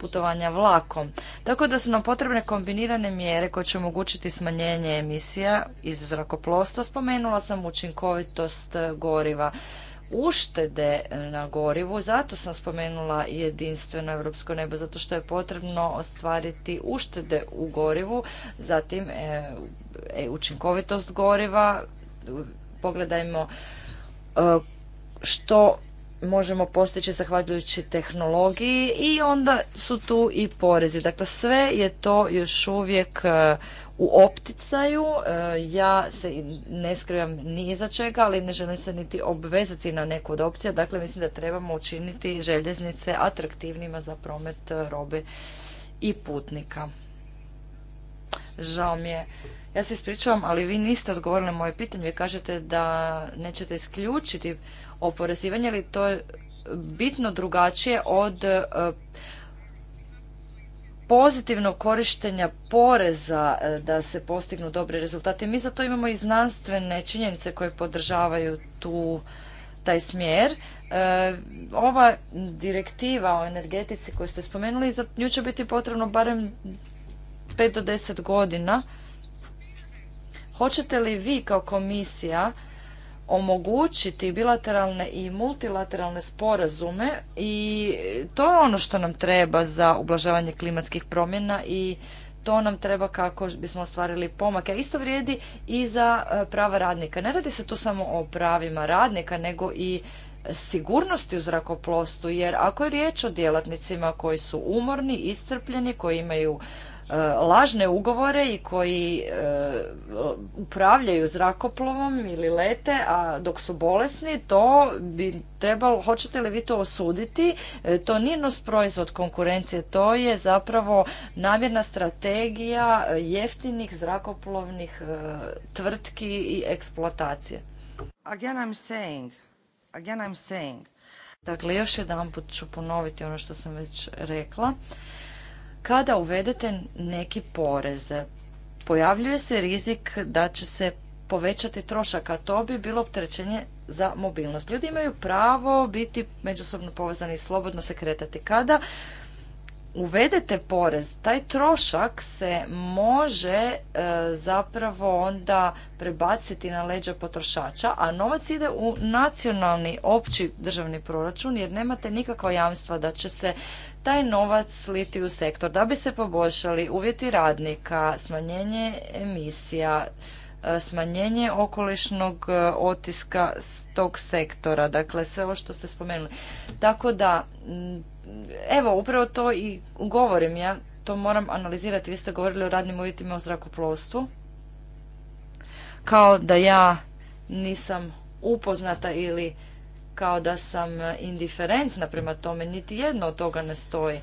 S1: putovanja vlakom. Tako da su nam potrebne kombinirane mjere koje će omogućiti smanjenje emisija iz zrakoplovstva. Spomenula sam učinkovitost eh, goriva uštede eh, na gorivu, zato sam spomenula jedinstveno europsko nebo, zato što je potrebno ostvariti uštede u gorivu, zatim eh, e, učinkovitost goriva, pogledajmo što možemo postići zahvaljujući tehnologiji i onda su tu i porezi. Dakle, sve je to još uvijek e, u opticaju. E, ja se ne skrivam ni iza čega, ali ne želim se niti obvezati na neku od opcija. Dakle, mislim da trebamo učiniti željeznice atraktivnima za promet e, robe i putnika. Žao mi je ja se ispričavam, ali vi niste odgovorili na moje pitanje. Vi kažete da nećete isključiti oporezivanje, ali to je bitno drugačije od e, pozitivnog korištenja poreza e, da se postignu dobri rezultati. Mi za to imamo i znanstvene činjenice koje podržavaju tu taj smjer. E, ova direktiva o energetici koju ste spomenuli, za nju će biti potrebno barem 5 do 10 godina Hoćete li vi kao komisija omogućiti bilateralne i multilateralne sporazume i to je ono što nam treba za ublažavanje klimatskih promjena i to nam treba kako bismo ostvarili pomake. Isto vrijedi i za e, prava radnika. Ne radi se tu samo o pravima radnika, nego i sigurnosti u zrakoplostu, jer ako je riječ o djelatnicima koji su umorni, iscrpljeni, koji imaju E, lažne ugovore i koji e, upravljaju zrakoplovom ili lete, a dok su bolesni, to bi trebalo, hoćete li vi to osuditi? E, to nije nos proizvod konkurencije, to je zapravo namjerna strategija jeftinih zrakoplovnih tvrtki i eksploatacije. Again I'm saying, again I'm saying. Dakle, još jedan put ću ponoviti ono što sam već rekla. Kada uvedete neki porez, pojavljuje se rizik da će se povećati trošak, a to bi bilo opterećenje za mobilnost. Ljudi imaju pravo biti međusobno povezani i slobodno se kretati. Kada uvedete porez, taj trošak se može e, zapravo onda prebaciti na leđa potrošača, a novac ide u nacionalni opći državni proračun jer nemate nikakva jamstva da će se taj novac sliti u sektor da bi se poboljšali uvjeti radnika, smanjenje emisija, e, smanjenje okolišnog e, otiska s tog sektora, dakle sve ovo što ste spomenuli. Tako da, evo, upravo to i govorim ja, to moram analizirati, vi ste govorili o radnim uvjetima u zrakoplovstvu, kao da ja nisam upoznata ili kao da sam indiferentna prema tome, niti jedno od toga ne stoji.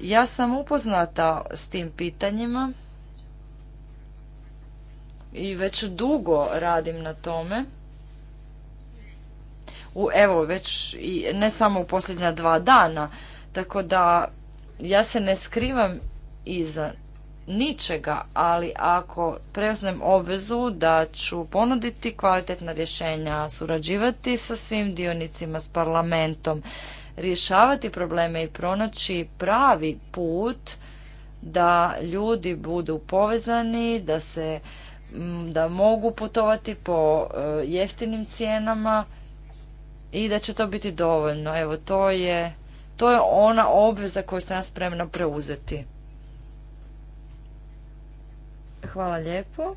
S1: Ja sam upoznata s tim pitanjima i već dugo radim na tome. U, evo, već i ne samo u posljednja dva dana. Tako da ja se ne skrivam iza ničega, ali ako preuzmem obvezu da ću ponuditi kvalitetna rješenja, surađivati sa svim dionicima, s parlamentom, rješavati probleme i pronaći pravi put da ljudi budu povezani, da se da mogu putovati po e, jeftinim cijenama i da će to biti dovoljno. Evo to je to je ona obveza koju sam ja spremna preuzeti. Hvala lijepo.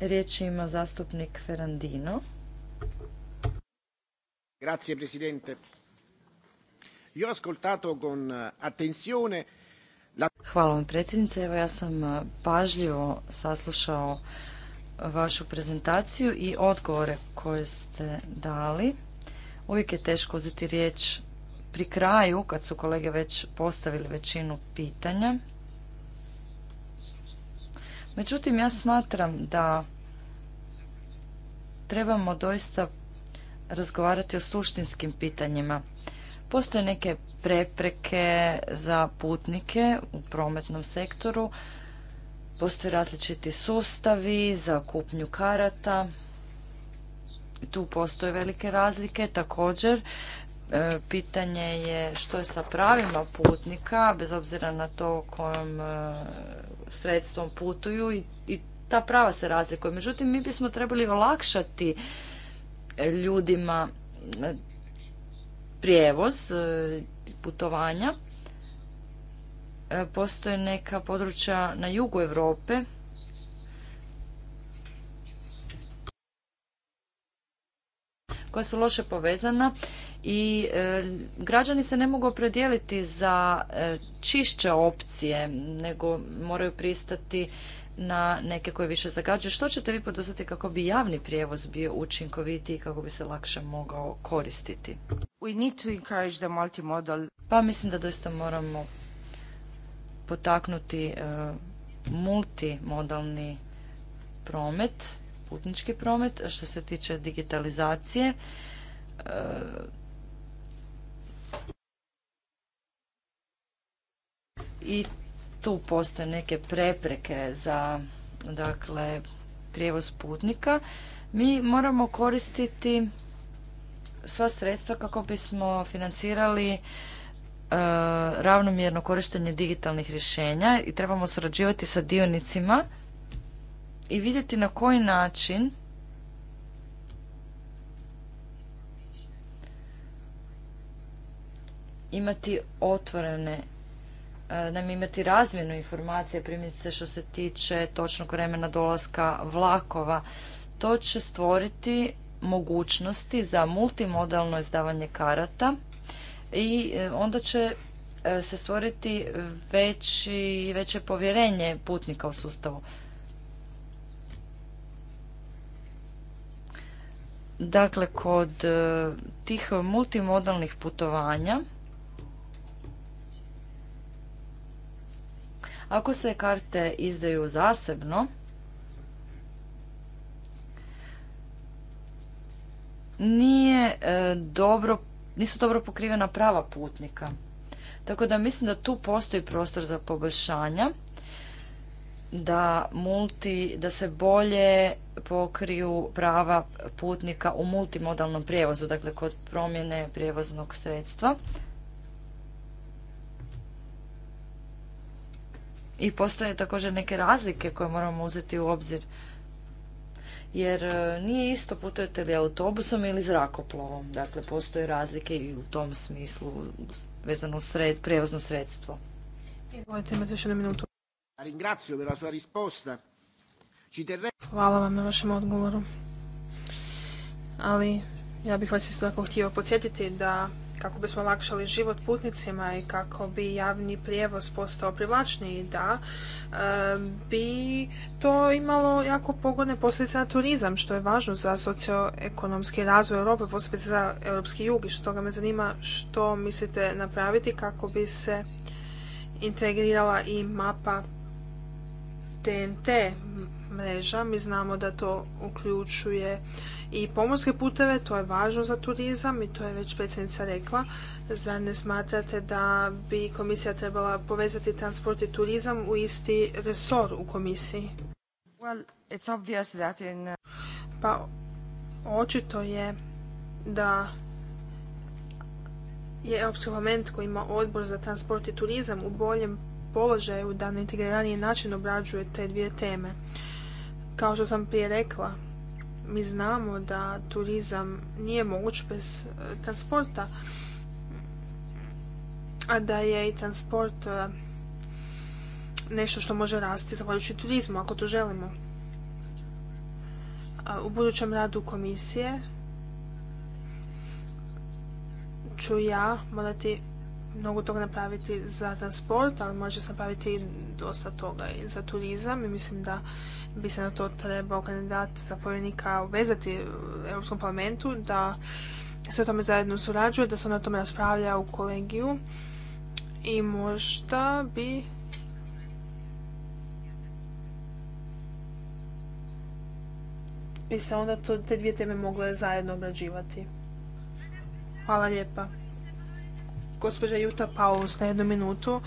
S1: Riječ ima zastupnik Ferandino.
S4: Grazie presidente. Io ho ascoltato con eh, attenzione
S1: Hvala vam predsjednice. Evo ja sam eh, pažljivo saslušao vašu prezentaciju i odgovore koje ste dali. Uvijek je teško uzeti riječ pri kraju kad su kolege već postavili većinu pitanja. Međutim, ja smatram da trebamo doista razgovarati o suštinskim pitanjima. Postoje neke prepreke za putnike u prometnom sektoru, postoje različiti sustavi za kupnju karata, tu postoje velike razlike. Također, e, pitanje je što je sa pravima putnika, bez obzira na to kojom, e, sredstvom putuju i, ta prava se razlikuju. Međutim, mi bismo trebali olakšati ljudima e, prijevoz, e, putovanja. E, postoje neka područja na jugu Europe koja su loše povezana i e, građani se ne mogu opredijeliti za e, čišće opcije nego moraju pristati na neke koje više zagađuje. Što ćete vi poduzeti kako bi javni prijevoz bio učinkovitiji i kako bi se lakše mogao koristiti? We need to encourage the multimodal. Pa mislim da doista moramo potaknuti e, multimodalni promet putnički promet. Što se tiče digitalizacije, e, i tu postoje neke prepreke za dakle prijevoz putnika. Mi moramo koristiti sva sredstva kako bismo financirali e, ravnomjerno korištenje digitalnih rješenja i trebamo surađivati sa dionicima i vidjeti na koji način imati otvorene nam e, imati razvijenu informacije, primjerice što se tiče točnog vremena dolaska vlakova. To će stvoriti mogućnosti za multimodalno izdavanje karata i e, onda će e, se stvoriti veće povjerenje putnika u sustavu. Dakle, kod e, tih multimodalnih putovanja, ako se karte izdaju zasebno, nije e, dobro, nisu dobro pokrivena prava putnika. Tako da mislim da tu postoji prostor za poboljšanja, da da se bolje pokriju prava putnika u multimodalnom prijevozu, dakle kod promjene prijevoznog sredstva. I postoje također neke razlike koje moramo uzeti u obzir. Jer e, nije isto putujete li autobusom ili zrakoplovom. Dakle, postoje razlike i u tom smislu vezano uz prijevozno sredstvo.
S2: Izvolite, imate još jednu minutu. Ringrazio per la sua risposta. Hvala vam na vašem odgovoru. Ali ja bih vas isto tako htio podsjetiti da kako bismo olakšali život putnicima i kako bi javni prijevoz postao privlačniji, da bi to imalo jako pogodne posljedice na turizam, što je važno za socioekonomski razvoj Europe, posebice za europski jug i što ga me zanima što mislite napraviti kako bi se integrirala i mapa TNT, mreža. Mi znamo da to uključuje i pomorske puteve, to je važno za turizam i to je već predsjednica rekla. Zar ne smatrate da bi komisija trebala povezati transport i turizam u isti resor u komisiji? Uh, pa očito je da je Europski parlament koji ima odbor za transport i turizam u boljem položaju da na integrirani način obrađuje te dvije teme. Kao što sam prije rekla, mi znamo da turizam nije moguć bez e, transporta, a da je i transport e, nešto što može rasti zahvaljujući turizmu, ako to želimo. U budućem radu komisije ću ja morati mnogo toga napraviti za transport, ali može se napraviti i dosta toga i za turizam i mislim da bi se na to trebao kandidat za povjerenika obvezati Europskom parlamentu da se o tome zajedno surađuje, da se na tome raspravlja u kolegiju i možda bi bi se onda to, te dvije teme mogle zajedno obrađivati. Hvala lijepa. Gospođa Juta Paulus na jednu minutu.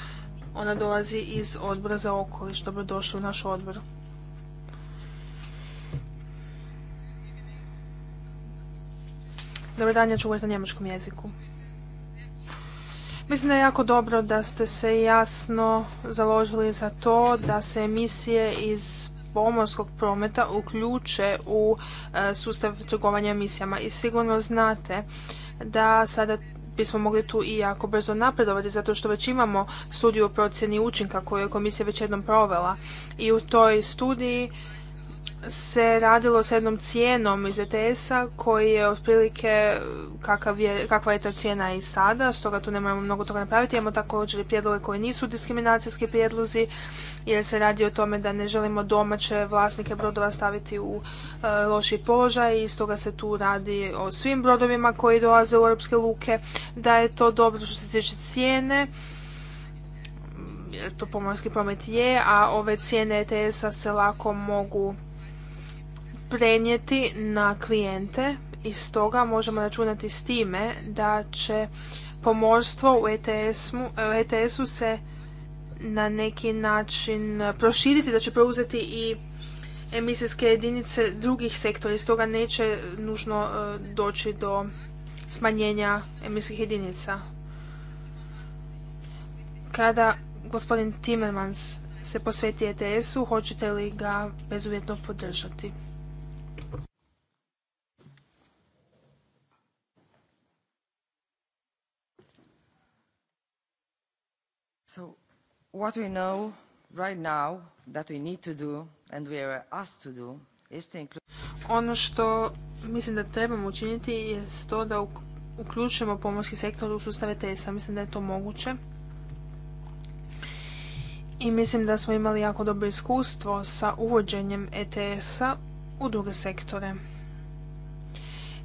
S2: Ona dolazi iz odbora za okoliš. Dobrodošli u naš odbor. Dobar dan, ja ću na njemačkom jeziku. Mislim da je jako dobro da ste se jasno založili za to da se emisije iz pomorskog prometa uključe u e, sustav trgovanja emisijama i sigurno znate da sada bismo mogli tu i jako brzo napredovati zato što već imamo studiju o procjeni učinka koju je komisija već jednom provela i u toj studiji se radilo s jednom cijenom iz ETS-a koji je otprilike kakva je ta cijena i sada, stoga tu nemamo mnogo toga napraviti. Imamo također i prijedloge koji nisu diskriminacijski prijedlozi jer se radi o tome da ne želimo domaće vlasnike brodova staviti u e, loši položaj i stoga se tu radi o svim brodovima koji dolaze u europske luke, da je to dobro što se tiče cijene jer to pomorski promet je, a ove cijene ETS-a se lako mogu prenijeti na klijente i stoga možemo računati s time da će pomorstvo u ETS-u e se na neki način proširiti, da će preuzeti i emisijske jedinice drugih sektora i stoga neće nužno e, doći do smanjenja emisijskih jedinica. Kada gospodin Timmermans se posveti ETS-u, hoćete li ga bezuvjetno podržati?
S3: What we know right now that we need to do and we are asked to do is
S2: to include... Ono što mislim da trebamo učiniti je to da uključimo pomorski sektor u sustave TESA. Mislim da je to moguće. I mislim da smo imali jako dobro iskustvo sa uvođenjem ETS-a u druge sektore.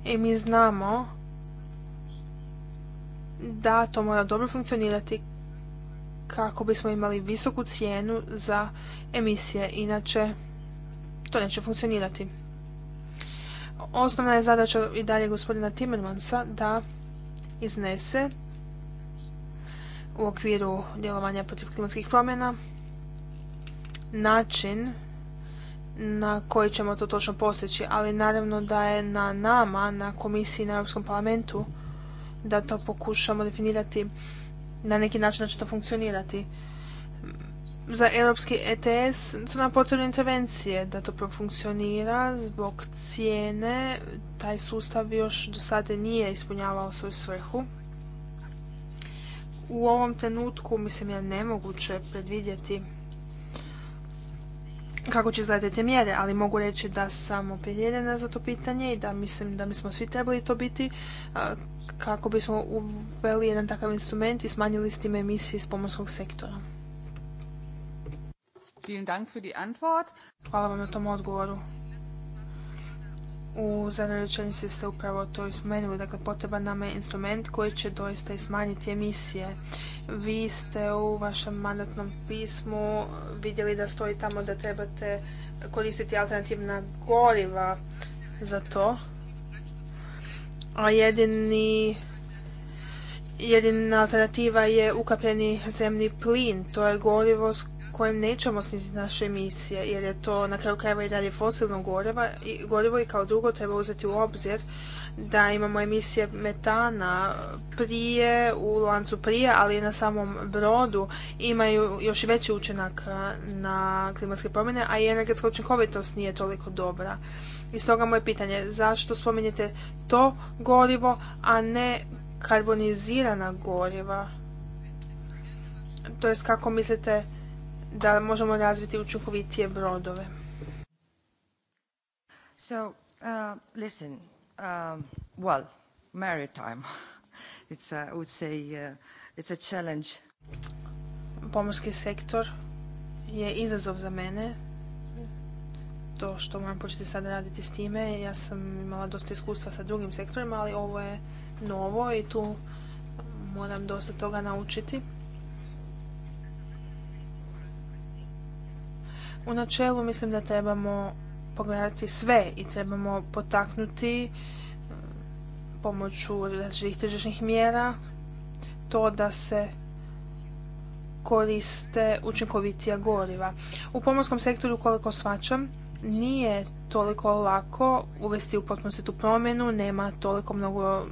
S2: I mi znamo da to mora dobro funkcionirati kako bismo imali visoku cijenu za emisije, inače to neće funkcionirati. Osnovna je zadaća i dalje gospodina Timmermansa da iznese u okviru djelovanja protiv klimatskih promjena način na koji ćemo to točno postići, ali naravno da je na nama, na komisiji, na Europskom parlamentu da to pokušamo definirati na neki način da će to funkcionirati. Za europski ETS su nam potrebne intervencije da to profunkcionira zbog cijene. Taj sustav još do sada nije ispunjavao svoju svrhu. U ovom trenutku mislim je nemoguće predvidjeti kako će izgledati te mjere, ali mogu reći da sam opredjeljena za to pitanje i da mislim da mi smo svi trebali to biti kako bismo uveli jedan takav instrument i smanjili s time emisije iz pomorskog sektora. Hvala vam na tom odgovoru. U zadnjoj rečenici ste upravo to ispomenuli, dakle potreban nam je instrument koji će doista i smanjiti emisije. Vi ste u vašem mandatnom pismu vidjeli da stoji tamo da trebate koristiti alternativna goriva za to a jedina alternativa je ukapljeni zemni plin. To je gorivo s kojim nećemo sniziti naše emisije, jer je to na kraju krajeva i dalje fosilno gorivo i, gorivo i kao drugo treba uzeti u obzir da imamo emisije metana prije, u lancu prije, ali i na samom brodu imaju još veći učinak na klimatske promjene, a i energetska učinkovitost nije toliko dobra. I stoga moje pitanje, zašto spominjete to gorivo, a ne karbonizirana goriva? To jest kako mislite da možemo razviti učinkovitije brodove?
S3: So, uh, listen, um, well, maritime.
S2: It's I would say, uh, it's a challenge. Pomorski sektor je izazov za mene to što moram početi sad raditi s time. Ja sam imala dosta iskustva sa drugim sektorima, ali ovo je novo i tu moram dosta toga naučiti. U načelu mislim da trebamo pogledati sve i trebamo potaknuti e, pomoću različitih tržišnih mjera to da se koriste učinkovitija goriva. U pomorskom sektoru, koliko svačam, nije toliko lako uvesti u potpunosti tu promjenu, nema toliko mnogo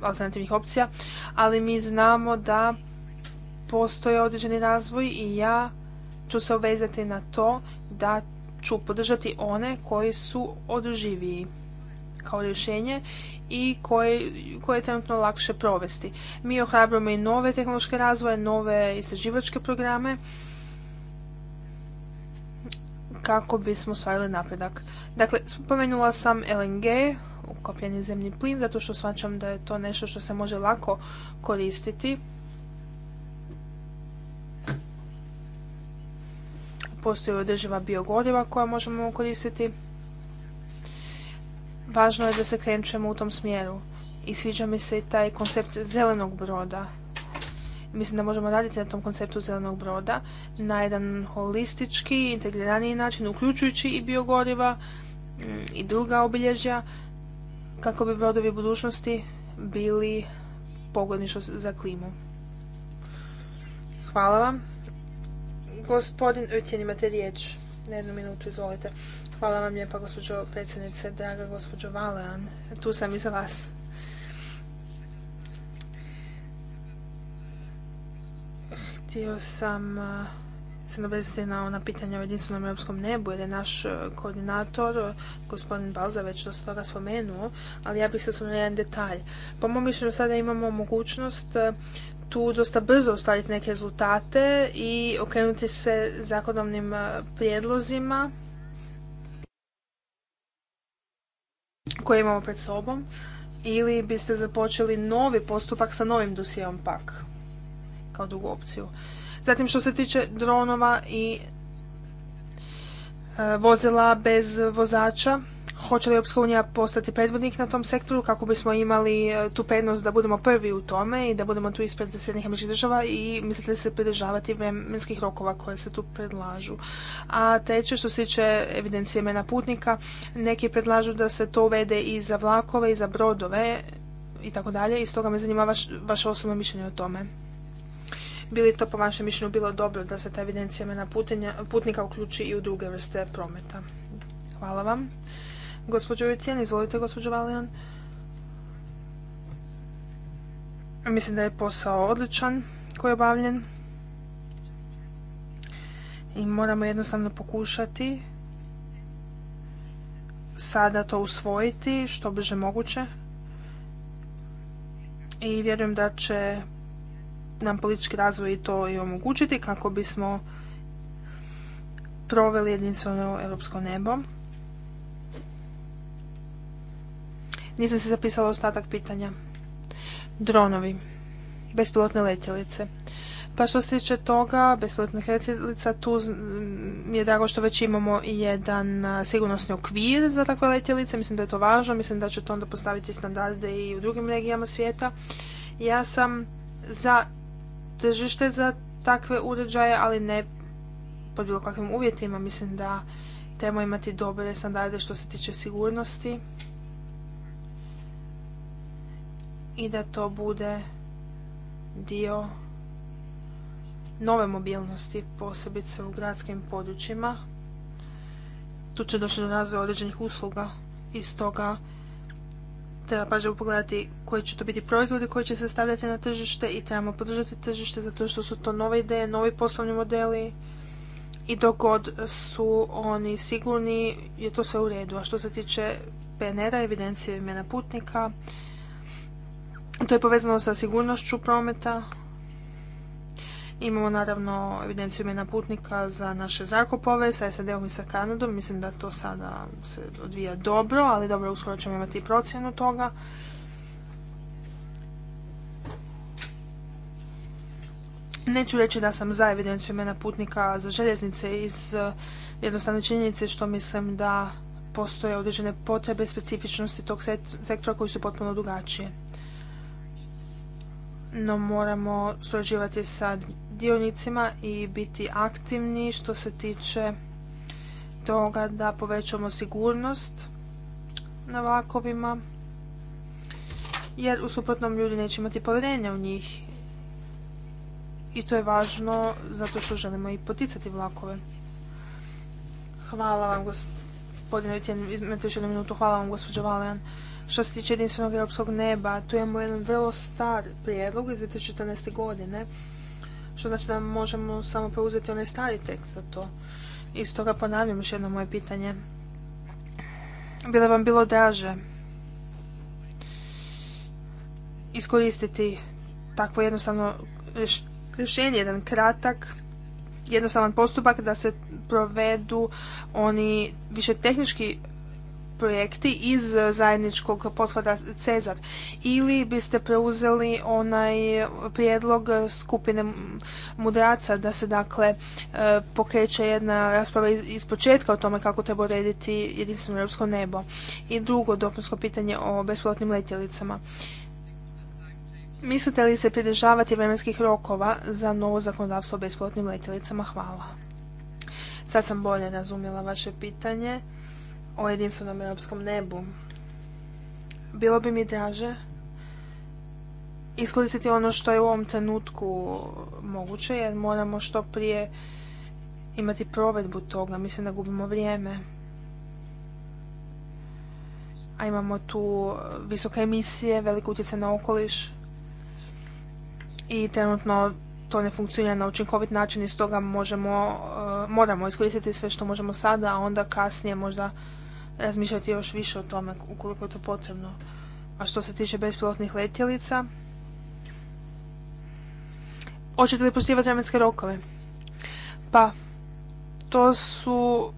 S2: alternativnih opcija, ali mi znamo da postoje određeni razvoj i ja ću se obvezati na to da ću podržati one koji su održiviji kao rješenje i koje, koje je trenutno lakše provesti. Mi ohrabrujemo i nove tehnološke razvoje, nove istraživačke programe kako bismo osvajali napredak. Dakle, spomenula sam LNG, ukopljeni zemlji plin, zato što svačam da je to nešto što se može lako koristiti. Postoji održiva biogoriva koja možemo koristiti. Važno je da se krenčemo u tom smjeru. I sviđa mi se i taj koncept zelenog broda. Mislim da možemo raditi na tom konceptu zelenog broda na jedan holistički, integriraniji način, uključujući i biogoriva mm, i druga obilježja, kako bi brodovi budućnosti bili pogodni za klimu. Hvala vam. Gospodin Ötjen, imate riječ. Na jednu minutu, izvolite. Hvala vam lijepa, gospođo predsjednice, draga gospođo Valean. Tu sam i za vas. Htio sam e, se navezati na ona pitanja o jedinstvenom europskom nebu, jer je naš e, koordinator, e, gospodin Balza, već do toga spomenuo, ali ja bih se osvrnula jedan detalj. Po mom mišljenju sada imamo mogućnost tu dosta brzo ostaviti neke rezultate i okrenuti se zakonovnim prijedlozima koje imamo pred sobom ili biste započeli novi postupak sa novim dosijevom pak kao drugu opciju. Zatim što se tiče dronova i e, vozila bez vozača, hoće li Europska postati predvodnik na tom sektoru kako bismo imali e, tu prednost da budemo prvi u tome i da budemo tu ispred Sjednih američkih država i mislite li se pridržavati vremenskih rokova koje se tu predlažu. A treće, što se tiče evidencije imena putnika, neki predlažu da se to uvede i za vlakove i za brodove i tako dalje i stoga me zanima vaše osobno mišljenje o tome. Bili to po vašem mišljenju bilo dobro da se ta evidencija imena putnika uključi i u druge vrste prometa? Hvala vam. Gospođo izvolite gospođo Valijan. Mislim da je posao odličan koji je obavljen. I moramo jednostavno pokušati sada to usvojiti što brže moguće. I vjerujem da će nam politički razvoj i to i omogućiti kako bismo proveli jedinstveno europsko nebo. Nisam se zapisala ostatak pitanja. Dronovi. Bespilotne letjelice. Pa što se tiče toga, bespilotnih letjelica, tu je drago što već imamo jedan sigurnosni okvir za takve letjelice. Mislim da je to važno, mislim da će to onda postaviti standarde i u drugim regijama svijeta. Ja sam za tržište za takve uređaje, ali ne pod bilo kakvim uvjetima. Mislim da trebamo imati dobre standarde što se tiče sigurnosti i da to bude dio nove mobilnosti, posebice u gradskim područjima. Tu će doći do razvoja određenih usluga i stoga treba pažljivo pogledati koji će to biti proizvodi koji će se stavljati na tržište i trebamo podržati tržište zato što su to nove ideje, novi poslovni modeli i dok god su oni sigurni je to sve u redu. A što se tiče PNR-a, evidencije imena putnika, to je povezano sa sigurnošću prometa Imamo naravno evidenciju imena putnika za naše zakupove sa SAD-om i sa Kanadom. Mislim da to sada se odvija dobro, ali dobro, uskoro ćemo imati procjenu toga. Neću reći da sam za evidenciju imena putnika za željeznice iz eh, jednostavne činjenice što mislim da postoje određene potrebe specifičnosti tog sektora koji su potpuno drugačije. No moramo surađivati sa dionicima i biti aktivni što se tiče toga da povećamo sigurnost na vlakovima, jer u suprotnom ljudi neće imati povjerenja u njih. I to je važno zato što želimo i poticati vlakove. Hvala vam, gospodine Vitjen, imate još jednu minutu, hvala vam, gospođo Valejan. Što se tiče jedinstvenog europskog neba, tu imamo jedan vrlo star prijedlog iz 2014. godine što znači da možemo samo preuzeti onaj stari tekst za to. I stoga ponavljam još jedno moje pitanje. Bilo vam bilo draže iskoristiti takvo jednostavno rješenje, jedan kratak, jednostavan postupak da se provedu oni više tehnički projekti iz zajedničkog pothvata Cezar ili biste preuzeli onaj prijedlog skupine mudraca da se dakle e, pokreće jedna rasprava iz početka o tome kako treba urediti jedinstveno europsko nebo. I drugo dopunsko pitanje o besplatnim letjelicama. Mislite li se pridržavati vremenskih rokova za novo zakonodavstvo o besplatnim letjelicama? Hvala. Sad sam bolje razumjela vaše pitanje o jedinstvenom europskom nebu. Bilo bi mi draže iskoristiti ono što je u ovom trenutku moguće, jer moramo što prije imati provedbu toga. Mislim da gubimo vrijeme. A imamo tu visoke emisije, velike utjecaj na okoliš i trenutno to ne funkcionira na učinkovit način i stoga možemo, eh, moramo iskoristiti sve što možemo sada, a onda kasnije možda razmišljati još više o tome ukoliko je to potrebno. A što se tiče bespilotnih letjelica, hoćete li poštivati vremenske rokove? Pa, to su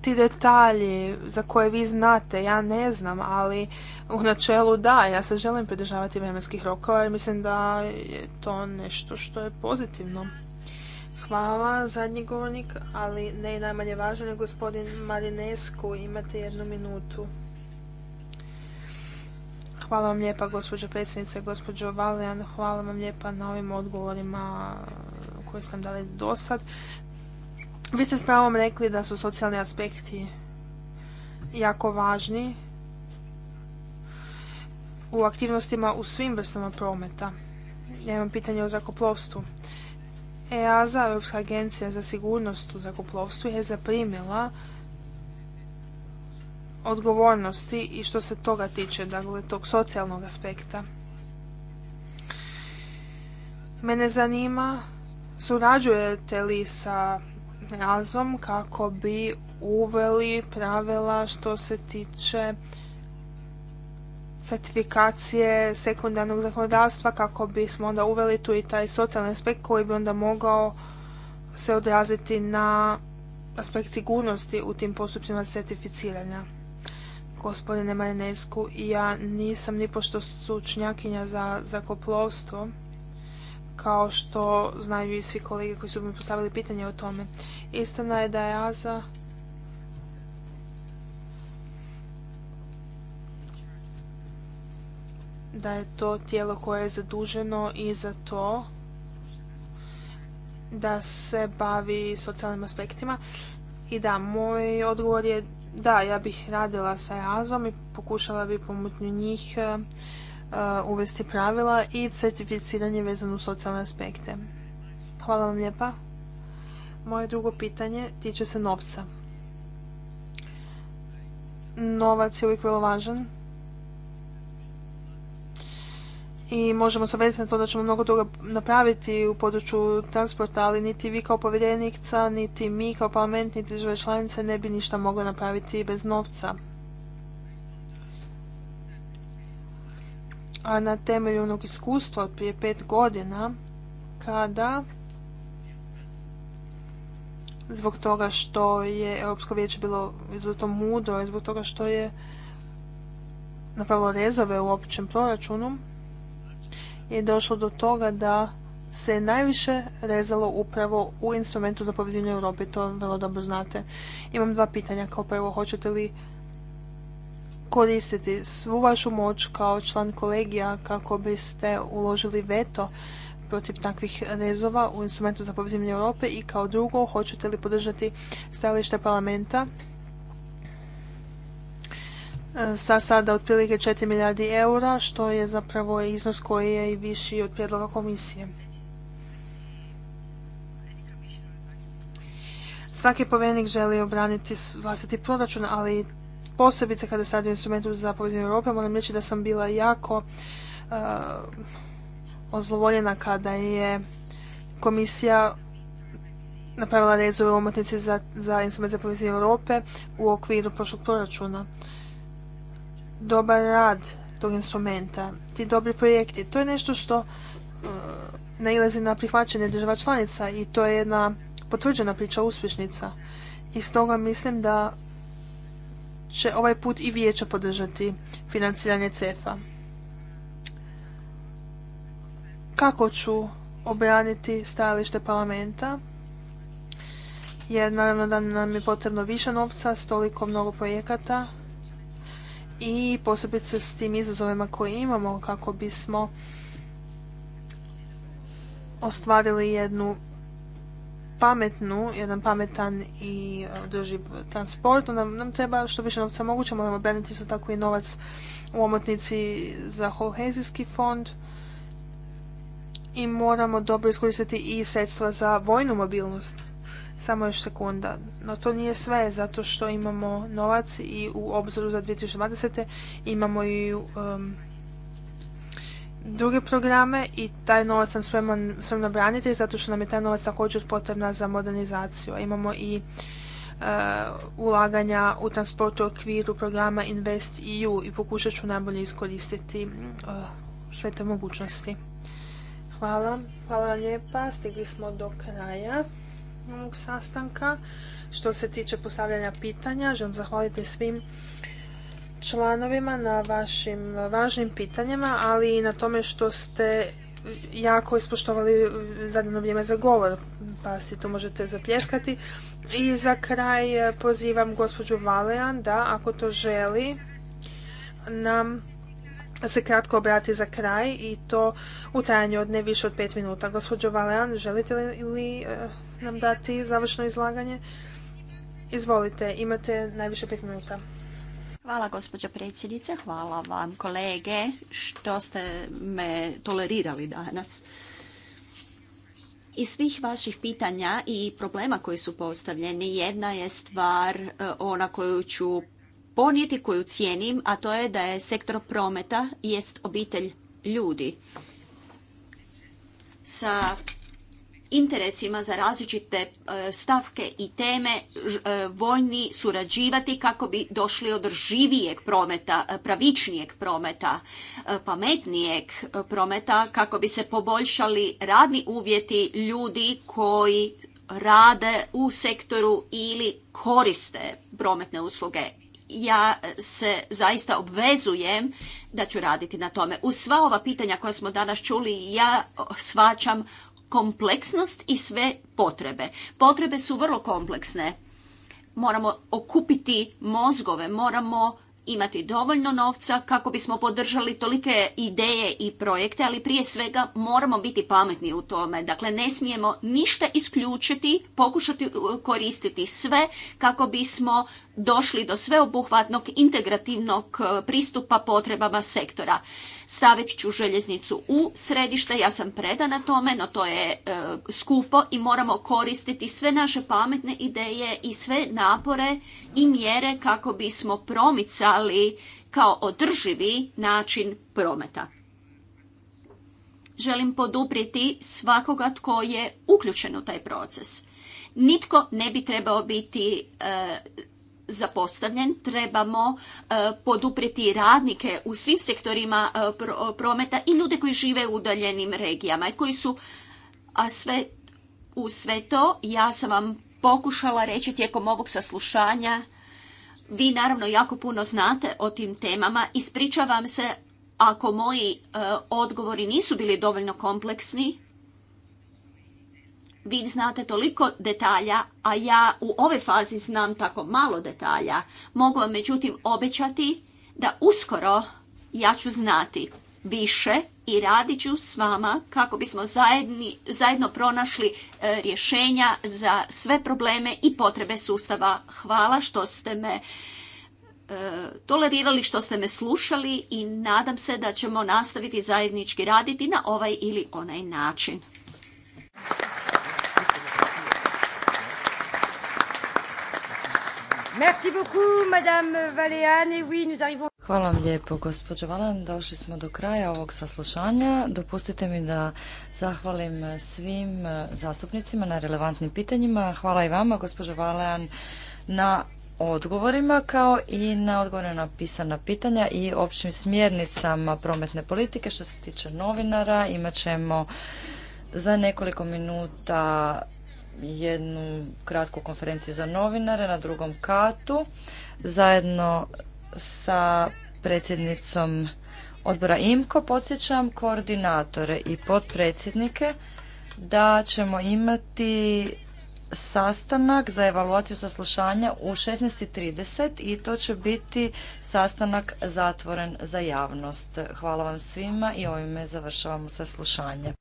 S2: ti detalji za koje vi znate, ja ne znam, ali u načelu da, ja se želim pridržavati vremenskih rokova i mislim da je to nešto što je pozitivno. Hvala, zadnji govornik, ali ne i najmanje važan je gospodin Marinesku. Imate jednu minutu. Hvala vam lijepa, gospođo predsjednice, gospođo Valijan. Hvala vam lijepa na ovim odgovorima koje ste nam dali do sad. Vi ste s pravom rekli da su socijalni aspekti jako važni u aktivnostima u svim vrstama prometa. Ja imam pitanje o zakoplovstvu. EASA, Europska agencija za sigurnost u zrakoplovstvu, je zaprimila odgovornosti i što se toga tiče, dakle, tog socijalnog aspekta. Mene zanima, surađujete li sa EASom kako bi uveli pravila što se tiče certifikacije sekundarnog zakonodavstva kako bismo onda uveli tu i taj socijalni aspekt koji bi onda mogao se odraziti na aspekt sigurnosti u tim postupcima certificiranja. Gospodine Marinesku, ja nisam pošto stručnjakinja za zakoplovstvo, kao što znaju i svi kolege koji su mi postavili pitanje o tome. Istina je da je AZA da je to tijelo koje je zaduženo i za to da se bavi socijalnim aspektima. I da, moj odgovor je da, ja bih radila sa e azom i pokušala bi pomutnju njih e, e, uvesti pravila i certificiranje vezano u socijalne aspekte. Hvala vam lijepa. Moje drugo pitanje tiče se novca. Novac je uvijek vrlo važan i možemo se obvezati na to da ćemo mnogo toga napraviti u području transporta, ali niti vi kao povjerenica, niti mi kao parlament, niti države članice ne bi ništa mogli napraviti bez novca. A na temelju onog iskustva od prije pet godina, kada zbog toga što je Europsko vijeće bilo izuzetno mudro i zbog toga što je napravilo rezove u općem proračunu, je došlo do toga da se najviše rezalo upravo u instrumentu za povezivanje Europe, to vrlo dobro znate. Imam dva pitanja. Kao prvo, hoćete li koristiti svu vašu moć kao član kolegija kako biste uložili veto protiv takvih rezova u instrumentu za povezivanje Europe i kao drugo, hoćete li podržati stajalište parlamenta sa sada otprilike 4 milijardi eura, što je zapravo iznos koji je i viši od prijedloga komisije. Svaki povjerenik želi obraniti vlastiti proračun, ali posebice kada sad u instrumentu za povezanje Europe, moram reći da sam bila jako eh, ozlovoljena kada je komisija napravila rezove u omotnici za, instrument za povezanje Europe u okviru prošlog proračuna dobar rad tog instrumenta, ti dobri projekti, to je nešto što ne uh, nailazi na prihvaćanje država članica i to je jedna potvrđena priča uspješnica. I stoga mislim da će ovaj put i vijeće podržati financiranje CEFA. Kako ću obraniti stajalište parlamenta? Jer naravno da nam je potrebno više novca, stoliko mnogo projekata i posebice s tim izazovima koje imamo kako bismo ostvarili jednu pametnu, jedan pametan i e, drživ transport, onda nam treba što više novca moguće, moramo braniti isto tako i novac u omotnici za Holhezijski fond i moramo dobro iskoristiti i sredstva za vojnu mobilnost. Samo još sekunda. No to nije sve, zato što imamo novac i u obzoru za 2020. imamo i um, druge programe i taj novac sam spreman, braniti zato što nam je taj novac također potrebna za modernizaciju. imamo i uh, ulaganja u transportu u okviru programa Invest EU i pokušat ću najbolje iskoristiti uh, sve te mogućnosti. Hvala, hvala lijepa, stigli smo do kraja ovog sastanka. Što se tiče postavljanja pitanja, želim zahvaliti svim članovima na vašim važnim pitanjima, ali i na tome što ste jako ispoštovali zadano vrijeme za govor, pa si to možete zapljeskati. I za kraj pozivam gospođu Valejan da, ako to želi, nam se kratko obrati za kraj i to u trajanju od ne više od pet minuta. Gospođo Valejan, želite li nam dati završno izlaganje? Izvolite, imate najviše pet minuta. Hvala
S4: gospođo predsjednice, hvala vam kolege što ste me tolerirali danas. Iz svih vaših pitanja i problema koji su postavljeni, jedna je stvar e, ona koju ću ponijeti, koju cijenim, a to je da je sektor prometa jest obitelj ljudi. Sa interesima za različite e, stavke i teme e, voljni surađivati kako bi došli održivijeg prometa, e, pravičnijeg prometa, pametnijeg prometa kako bi se poboljšali radni uvjeti ljudi koji rade u sektoru ili koriste prometne usluge ja se zaista obvezujem da ću raditi na tome. U sva ova pitanja koja smo danas čuli ja shvaćam kompleksnost i sve potrebe. Potrebe su vrlo kompleksne. Moramo okupiti mozgove, moramo imati dovoljno novca kako bismo podržali tolike ideje i projekte, ali prije svega moramo biti pametni u tome. Dakle, ne smijemo ništa isključiti, pokušati uh, koristiti sve kako bismo došli do sveobuhvatnog integrativnog uh, pristupa potrebama sektora. Stavit ću željeznicu u središte, ja sam predana tome, no to je e, skupo i moramo koristiti sve naše pametne ideje i sve napore i mjere kako bismo promicali kao održivi način prometa. Želim poduprijeti svakoga tko je uključen u taj proces. Nitko ne bi trebao biti e, zapostavljen, trebamo e, poduprijeti radnike u svim sektorima e, prometa i ljude koji žive u udaljenim regijama i koji su, a sve u sve to ja sam vam pokušala reći tijekom ovog saslušanja, vi naravno jako puno znate o tim temama, ispričavam se ako moji e, odgovori nisu bili dovoljno kompleksni, vi znate toliko detalja, a ja u ove fazi znam tako malo detalja. Mogu vam međutim obećati da uskoro ja ću znati više i radit ću s vama kako bismo zajedno pronašli e, rješenja za sve probleme i potrebe sustava. Hvala što ste me e, tolerirali, što ste me slušali i nadam se da ćemo nastaviti zajednički raditi na ovaj ili onaj način.
S3: Merci beaucoup, madame Et
S1: Hvala vam lijepo, gospođo Valan. Došli smo do kraja ovog saslušanja. Dopustite mi da zahvalim svim zastupnicima na relevantnim pitanjima. Hvala i vama, gospođo Valan, na odgovorima kao i na odgovore na pisana pitanja i općim smjernicama prometne politike što se tiče novinara. Imaćemo ćemo za nekoliko minuta jednu kratku konferenciju za novinare na drugom katu zajedno sa predsjednicom odbora IMKO. Podsjećam koordinatore i potpredsjednike da ćemo imati sastanak za evaluaciju saslušanja u 16.30 i to će biti sastanak zatvoren za javnost. Hvala vam svima i ovime završavamo saslušanje.